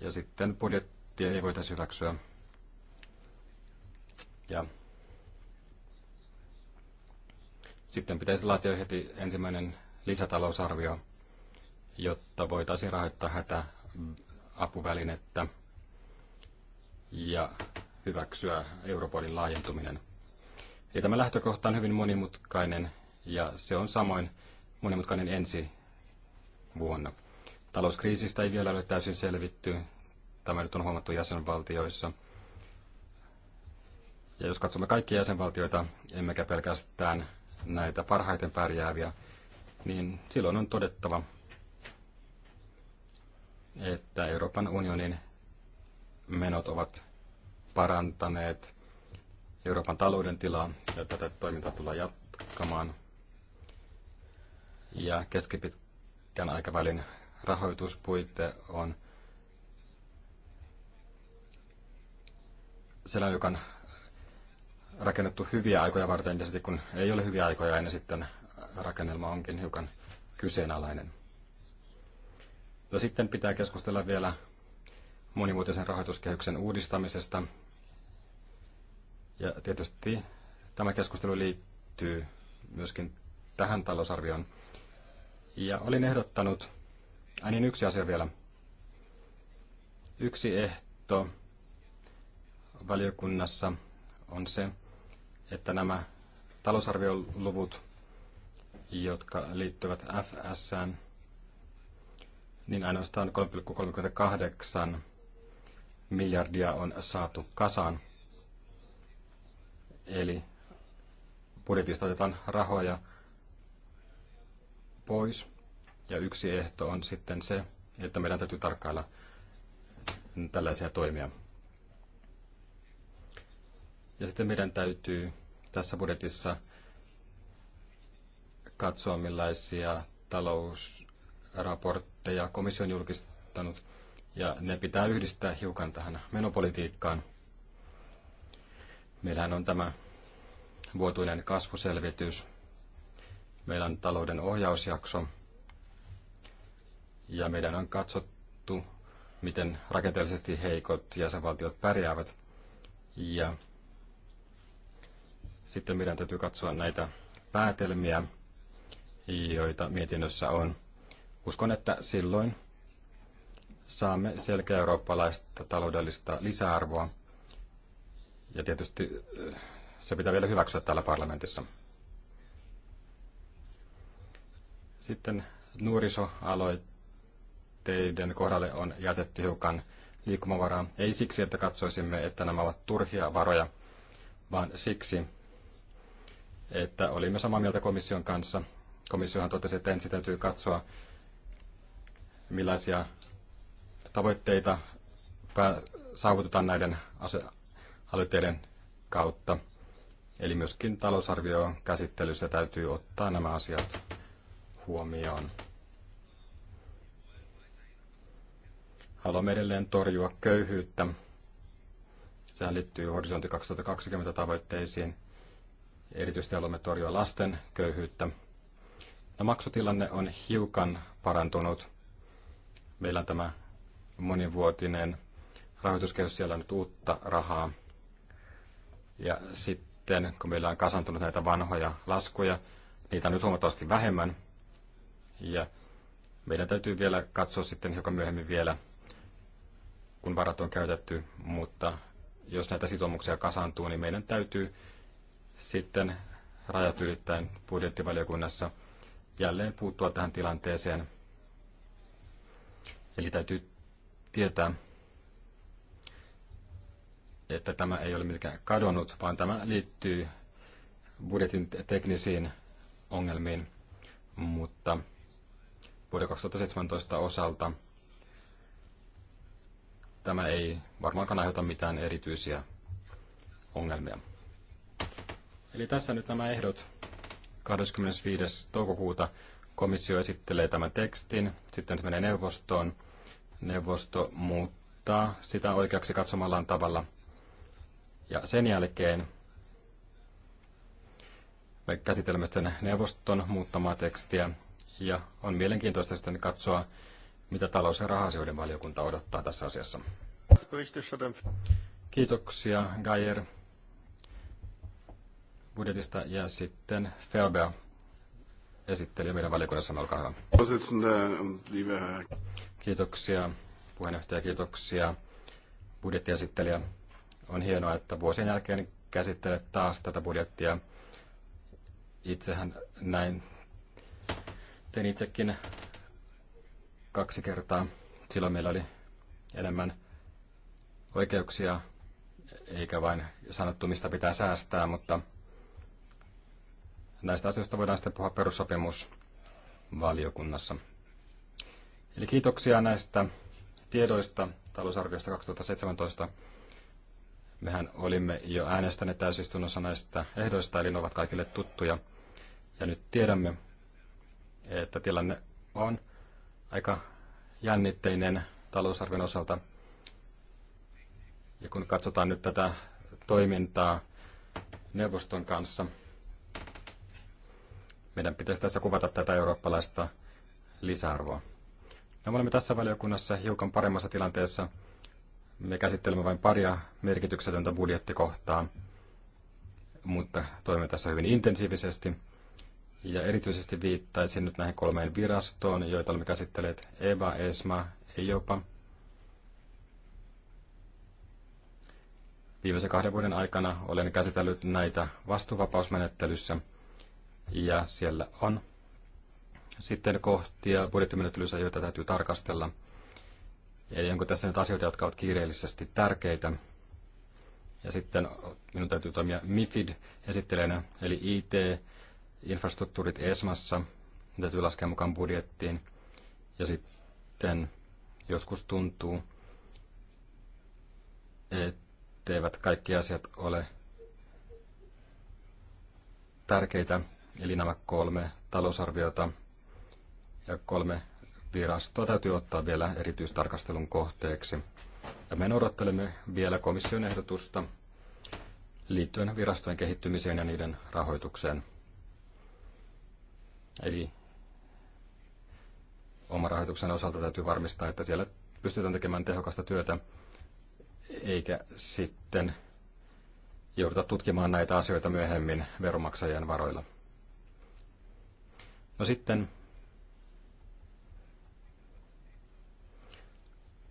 [SPEAKER 2] Ja sitten budjettia ei voitaisiin hyväksyä. Ja sitten pitäisi laatia heti ensimmäinen lisätalousarvio jotta voitaisiin rahoittaa hätäapuvälinettä ja hyväksyä Europolin laajentuminen. Eli tämä lähtökohta on hyvin monimutkainen ja se on samoin monimutkainen ensi vuonna. Talouskriisistä ei vielä ole täysin selvitty. Tämä nyt on huomattu jäsenvaltioissa. Ja jos katsomme kaikkia jäsenvaltioita, emmekä pelkästään näitä parhaiten pärjääviä, niin silloin on todettava, että Euroopan unionin menot ovat parantaneet Euroopan talouden tilaa ja tätä toimintaa tullaan jatkamaan. Ja keskipitkän aikavälin rahoituspuitte on sellainen, joka on rakennettu hyviä aikoja varten, ja sitten kun ei ole hyviä aikoja, niin sitten rakennelma onkin hiukan kyseenalainen. Ja sitten pitää keskustella vielä monivuotisen rahoituskehyksen uudistamisesta. Ja tietysti tämä keskustelu liittyy myöskin tähän talousarvioon. Ja olin ehdottanut, ai niin yksi asia vielä. Yksi ehto valiokunnassa on se, että nämä talousarvioluvut, jotka liittyvät FSään, niin ainoastaan 3,38 miljardia on saatu kasaan. Eli budjetista otetaan rahoja pois. Ja yksi ehto on sitten se, että meidän täytyy tarkkailla tällaisia toimia. Ja sitten meidän täytyy tässä budjetissa katsoa, millaisia talousraportteja raportteja komissio on julkistanut, ja ne pitää yhdistää hiukan tähän menopolitiikkaan. Meillähän on tämä vuotuinen kasvuselvitys, meillä on talouden ohjausjakso, ja meidän on katsottu, miten rakenteellisesti heikot jäsenvaltiot pärjäävät. Ja sitten meidän täytyy katsoa näitä päätelmiä, joita mietinnössä on. Uskon, että silloin saamme selkeä eurooppalaista taloudellista lisäarvoa. Ja tietysti eh, se pitää vielä hyväksyä täällä parlamentissa. Sitten nuorisoaloitteiden kohdalle on jätetty hiukan liikkumavaraa. Ei siksi, että katsoisimme, että nämä ovat turhia varoja, vaan siksi, että olimme samaa mieltä komission kanssa. Komissiohan totesi, että ensin täytyy katsoa, millaisia tavoitteita saavutetaan näiden aloitteiden kautta. Eli myöskin talousarvioon käsittelyssä täytyy ottaa nämä asiat huomioon. Haluamme edelleen torjua köyhyyttä. Sehän liittyy horisontti 2020 tavoitteisiin. Erityisesti haluamme torjua lasten köyhyyttä. No, maksutilanne on hiukan parantunut Meillä on tämä monivuotinen rahoituskehys, siellä on nyt uutta rahaa. Ja sitten, kun meillä on kasantunut näitä vanhoja laskuja, niitä on nyt huomattavasti vähemmän. Ja meidän täytyy vielä katsoa sitten hiukan myöhemmin vielä, kun varat on käytetty, mutta jos näitä sitoumuksia kasaantuu, niin meidän täytyy sitten rajat ylittäen budjettivaliokunnassa jälleen puuttua tähän tilanteeseen. Eli täytyy tietää, että tämä ei ole mitenkään kadonnut, vaan tämä liittyy budjetin teknisiin ongelmiin, mutta vuoden 2017 osalta tämä ei varmaankaan aiheuta mitään erityisiä ongelmia. Eli tässä nyt nämä ehdot. 25. toukokuuta komissio esittelee tämän tekstin, sitten se menee neuvostoon neuvosto muuttaa sitä oikeaksi katsomallaan tavalla. Ja sen jälkeen me käsitelemme sitten neuvoston muuttamaa tekstiä ja on mielenkiintoista sitten katsoa, mitä talous- ja rahasioiden valiokunta odottaa tässä asiassa. Kiitoksia, Geier budjetista ja sitten Felbea esittelijä meidän valiokunnassamme, Olkaa hyvä. Eh, kiitoksia puheenjohtaja, kiitoksia budjettiesittelijä. On hienoa, että vuosien jälkeen käsittelet taas tätä budjettia. Itsehän näin tein itsekin kaksi kertaa. Silloin meillä oli enemmän oikeuksia, eikä vain sanottu, mistä pitää säästää, mutta – näistä asioista voidaan sitten puhua perussopimusvaliokunnassa. Eli kiitoksia näistä tiedoista talousarviosta 2017. Mehän olimme jo äänestäneet täysistunnossa näistä ehdoista, eli ne ovat kaikille tuttuja. Ja nyt tiedämme, että tilanne on aika jännitteinen talousarvion osalta. Ja kun katsotaan nyt tätä toimintaa neuvoston kanssa, meidän pitäisi tässä kuvata tätä eurooppalaista lisäarvoa. No, me olemme tässä valiokunnassa hiukan paremmassa tilanteessa. Me käsittelemme vain paria merkityksetöntä budjettikohtaa, mutta toimimme tässä hyvin intensiivisesti. Ja erityisesti viittaisin nyt näihin kolmeen virastoon, joita olemme käsitteleet: EBA, ESMA, EIOPA. Viimeisen kahden vuoden aikana olen käsitellyt näitä vastuuvapausmenettelyssä – ja siellä on sitten kohtia budjettimenettelyssä, joita täytyy tarkastella. Eli onko tässä nyt asioita, jotka ovat kiireellisesti tärkeitä. Ja sitten minun täytyy toimia MIFID-esittelijänä, eli IT-infrastruktuurit ESMassa, ne täytyy laskea mukaan budjettiin. Ja sitten joskus tuntuu, etteivät kaikki asiat ole tärkeitä Eli nämä kolme talousarviota ja kolme virastoa täytyy ottaa vielä erityistarkastelun kohteeksi. Ja me odottelemme vielä komission ehdotusta liittyen virastojen kehittymiseen ja niiden rahoitukseen. Eli oman rahoituksen osalta täytyy varmistaa, että siellä pystytään tekemään tehokasta työtä, eikä sitten jouduta tutkimaan näitä asioita myöhemmin veronmaksajien varoilla. No sitten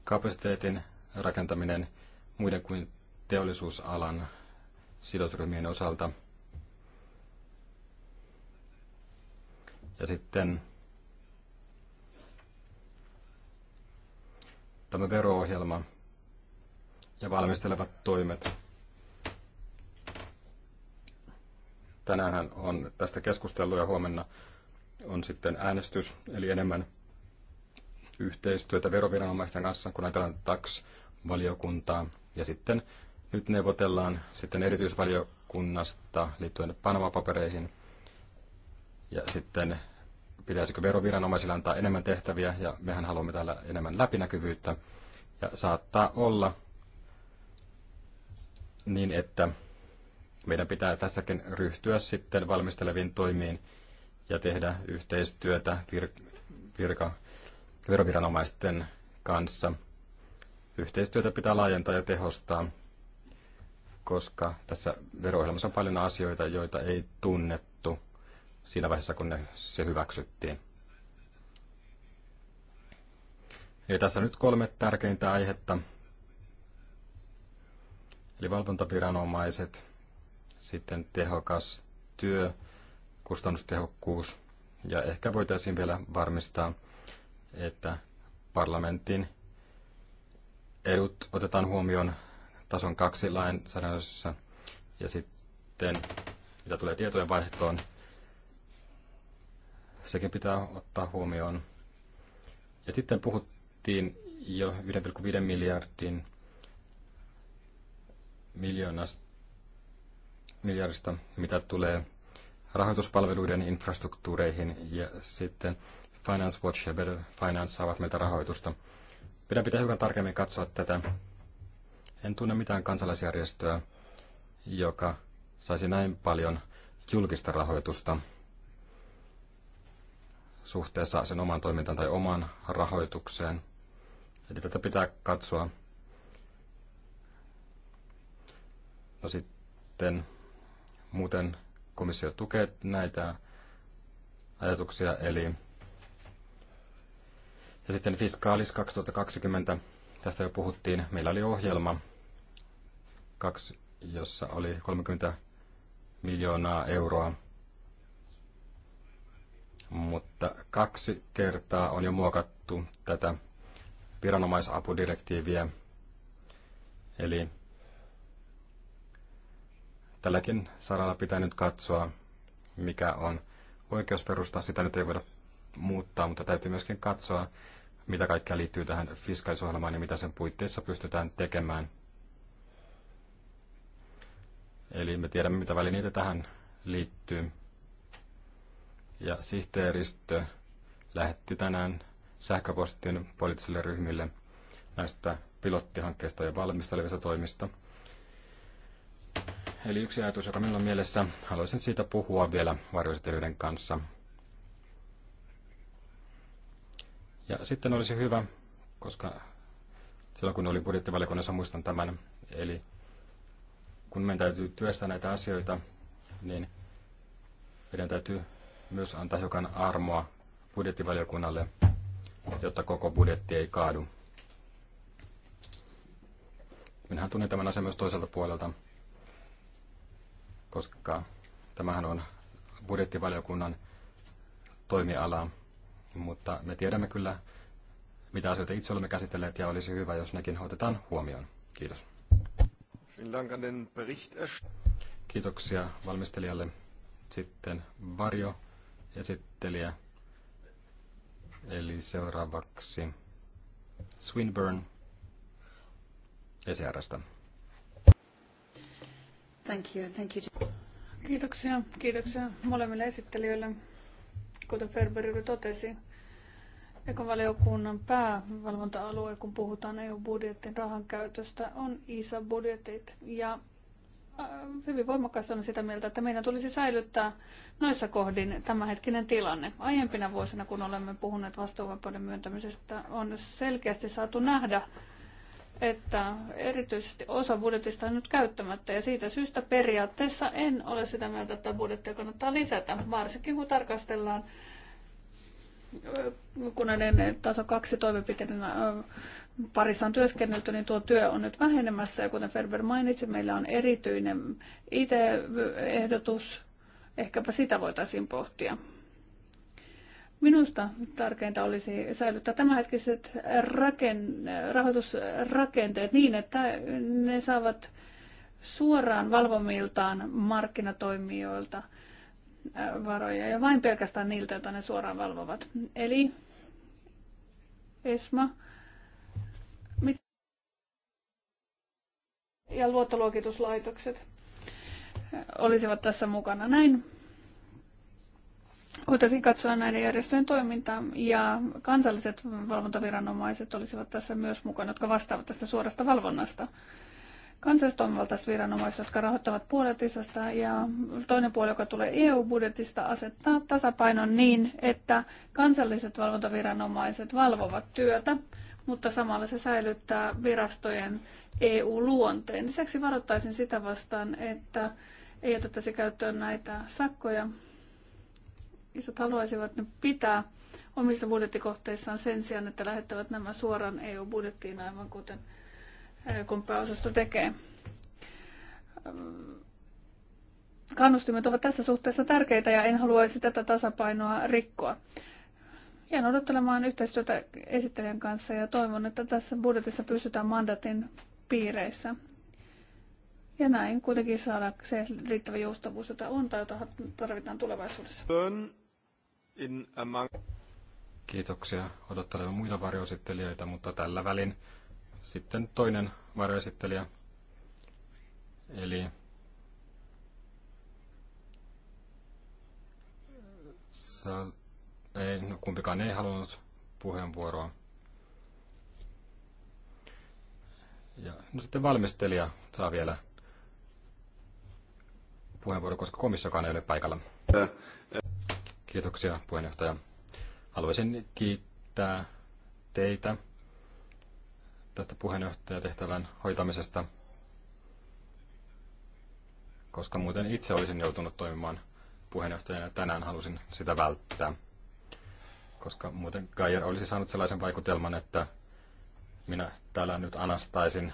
[SPEAKER 2] kapasiteetin rakentaminen muiden kuin teollisuusalan sidosryhmien osalta. Ja sitten tämä veroohjelma ja valmistelevat toimet. Tänään on tästä keskustellut ja huomenna on sitten äänestys, eli enemmän yhteistyötä veroviranomaisten kanssa, kun ajatellaan TAX-valiokuntaa. Ja sitten nyt neuvotellaan sitten erityisvaliokunnasta liittyen Panama-papereihin. Ja sitten pitäisikö veroviranomaisille antaa enemmän tehtäviä, ja mehän haluamme täällä enemmän läpinäkyvyyttä. Ja saattaa olla niin, että meidän pitää tässäkin ryhtyä sitten valmisteleviin toimiin, ja tehdä yhteistyötä vir- virka- veroviranomaisten kanssa. Yhteistyötä pitää laajentaa ja tehostaa, koska tässä vero on paljon asioita, joita ei tunnettu siinä vaiheessa, kun ne, se hyväksyttiin. Eli tässä nyt kolme tärkeintä aihetta. Eli valvontaviranomaiset, sitten tehokas työ kustannustehokkuus. Ja ehkä voitaisiin vielä varmistaa, että parlamentin edut otetaan huomioon tason kaksi lainsäädännössä ja sitten mitä tulee tietojen vaihtoon, sekin pitää ottaa huomioon. Ja sitten puhuttiin jo 1,5 miljardin miljoonasta, miljardista, mitä tulee rahoituspalveluiden infrastruktuureihin ja sitten Finance Watch ja Better Finance saavat meiltä rahoitusta. Meidän pitää hiukan tarkemmin katsoa tätä. En tunne mitään kansalaisjärjestöä, joka saisi näin paljon julkista rahoitusta suhteessa sen omaan toimintaan tai omaan rahoitukseen. Eli tätä pitää katsoa. No sitten muuten komissio tukee näitä ajatuksia, eli ja sitten Fiskaalis 2020, tästä jo puhuttiin, meillä oli ohjelma, kaksi, jossa oli 30 miljoonaa euroa, mutta kaksi kertaa on jo muokattu tätä viranomaisapudirektiiviä, eli tälläkin saralla pitää nyt katsoa, mikä on oikeusperusta. Sitä nyt ei voida muuttaa, mutta täytyy myöskin katsoa, mitä kaikkea liittyy tähän fiskaisohjelmaan ja mitä sen puitteissa pystytään tekemään. Eli me tiedämme, mitä välineitä tähän liittyy. Ja sihteeristö lähetti tänään sähköpostin poliittisille ryhmille näistä pilottihankkeista ja valmistelevista toimista – Eli yksi ajatus, joka minulla on mielessä, haluaisin siitä puhua vielä varjoesittelyiden kanssa. Ja sitten olisi hyvä, koska silloin kun oli budjettivaliokunnassa, muistan tämän, eli kun meidän täytyy työstää näitä asioita, niin meidän täytyy myös antaa hiukan armoa budjettivaliokunnalle, jotta koko budjetti ei kaadu. Minähän tunnen tämän asian myös toiselta puolelta koska tämähän on budjettivaliokunnan toimiala, mutta me tiedämme kyllä, mitä asioita itse olemme käsitelleet ja olisi hyvä, jos nekin otetaan huomioon. Kiitos. Kiitoksia valmistelijalle. Sitten Varjo, esittelijä. Eli seuraavaksi Swinburne ECRstä.
[SPEAKER 3] Kiitoksia, kiitoksia molemmille esittelijöille. Kuten Ferber totesi, ekovaliokunnan päävalvonta-alue, kun puhutaan EU-budjetin rahan käytöstä, on ISA-budjetit. Ja äh, hyvin voimakkaasti on sitä mieltä, että meidän tulisi säilyttää noissa kohdin tämänhetkinen tilanne. Aiempina vuosina, kun olemme puhuneet vastuuvapauden myöntämisestä, on selkeästi saatu nähdä, että erityisesti osa budjetista on nyt käyttämättä ja siitä syystä periaatteessa en ole sitä mieltä, että budjettia kannattaa lisätä, varsinkin kun tarkastellaan kun näiden taso kaksi toimenpiteiden parissa on työskennelty, niin tuo työ on nyt vähenemässä ja kuten Ferber mainitsi, meillä on erityinen IT-ehdotus, ehkäpä sitä voitaisiin pohtia. Minusta tärkeintä olisi säilyttää tämänhetkiset raken, rahoitusrakenteet niin, että ne saavat suoraan valvomiltaan markkinatoimijoilta äh, varoja ja vain pelkästään niiltä, joita ne suoraan valvovat. Eli ESMA ja luottoluokituslaitokset äh, olisivat tässä mukana. Näin voitaisiin katsoa näiden järjestöjen toimintaa ja kansalliset valvontaviranomaiset olisivat tässä myös mukana, jotka vastaavat tästä suorasta valvonnasta. Kansalliset toimivaltaiset viranomaiset, jotka rahoittavat puolet isästä ja toinen puoli, joka tulee EU-budjetista, asettaa tasapainon niin, että kansalliset valvontaviranomaiset valvovat työtä, mutta samalla se säilyttää virastojen EU-luonteen. Lisäksi varoittaisin sitä vastaan, että ei otettaisi käyttöön näitä sakkoja, Isot haluaisivat nyt pitää omissa budjettikohteissaan sen sijaan, että lähettävät nämä suoraan EU-budjettiin, aivan kuten eh, kun pääosasto tekee. Kannustimet ovat tässä suhteessa tärkeitä ja en haluaisi tätä tasapainoa rikkoa. Jään odottelemaan yhteistyötä esittelijän kanssa ja toivon, että tässä budjetissa pysytään mandatin piireissä. Ja näin kuitenkin saada se riittävä joustavuus, jota on tai jota tarvitaan tulevaisuudessa.
[SPEAKER 1] Burn in among...
[SPEAKER 2] Kiitoksia. Odottelemme muita varjoesittelijöitä, mutta tällä välin sitten toinen varjoesittelijä. Eli Sä... ei, no kumpikaan ei halunnut puheenvuoroa. Ja, no sitten valmistelija saa vielä puheenvuoro, koska komissiokaan ei ole paikalla. Äh, Kiitoksia puheenjohtaja. Haluaisin kiittää teitä tästä puheenjohtajatehtävän hoitamisesta, koska muuten itse olisin joutunut toimimaan puheenjohtajana tänään halusin sitä välttää, koska muuten Gaier olisi saanut sellaisen vaikutelman, että minä täällä nyt anastaisin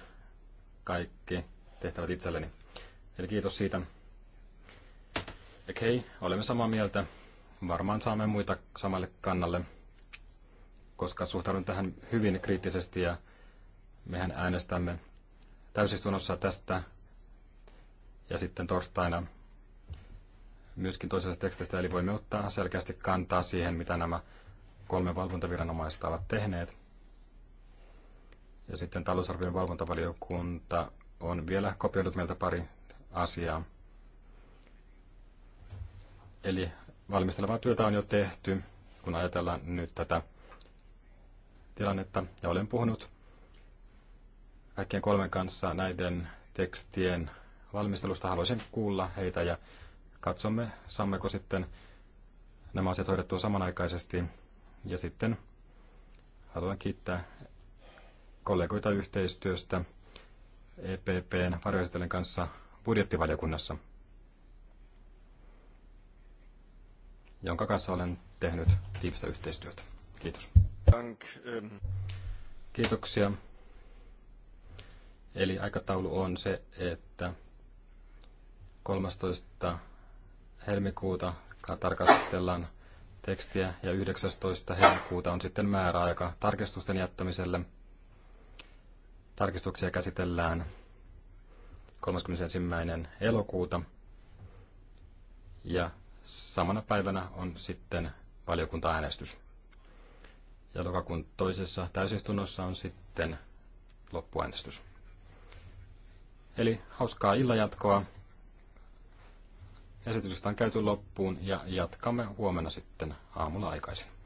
[SPEAKER 2] kaikki tehtävät itselleni. Eli kiitos siitä. Okei, okay, olemme samaa mieltä varmaan saamme muita samalle kannalle, koska suhtaudun tähän hyvin kriittisesti ja mehän äänestämme täysistunnossa tästä ja sitten torstaina myöskin toisesta tekstistä, eli voimme ottaa selkeästi kantaa siihen, mitä nämä kolme valvontaviranomaista ovat tehneet. Ja sitten talousarvion valvontavaliokunta on vielä kopioinut meiltä pari asiaa. Eli valmistelevaa työtä on jo tehty, kun ajatellaan nyt tätä tilannetta. Ja olen puhunut kaikkien kolmen kanssa näiden tekstien valmistelusta. Haluaisin kuulla heitä ja katsomme, saammeko sitten nämä asiat hoidettua samanaikaisesti. Ja sitten haluan kiittää kollegoita yhteistyöstä EPPn varjoesitellen kanssa budjettivaliokunnassa. jonka kanssa olen tehnyt tiivistä yhteistyötä. Kiitos.
[SPEAKER 1] Dank, ähm.
[SPEAKER 2] Kiitoksia. Eli aikataulu on se, että 13. helmikuuta tarkastellaan tekstiä ja 19. helmikuuta on sitten määräaika tarkistusten jättämiselle. Tarkistuksia käsitellään 31. elokuuta ja samana päivänä on sitten valiokuntaäänestys. Ja lokakuun toisessa täysistunnossa on sitten loppuäänestys. Eli hauskaa illanjatkoa. Esitystä on käyty loppuun ja jatkamme huomenna sitten
[SPEAKER 1] aamulla aikaisin.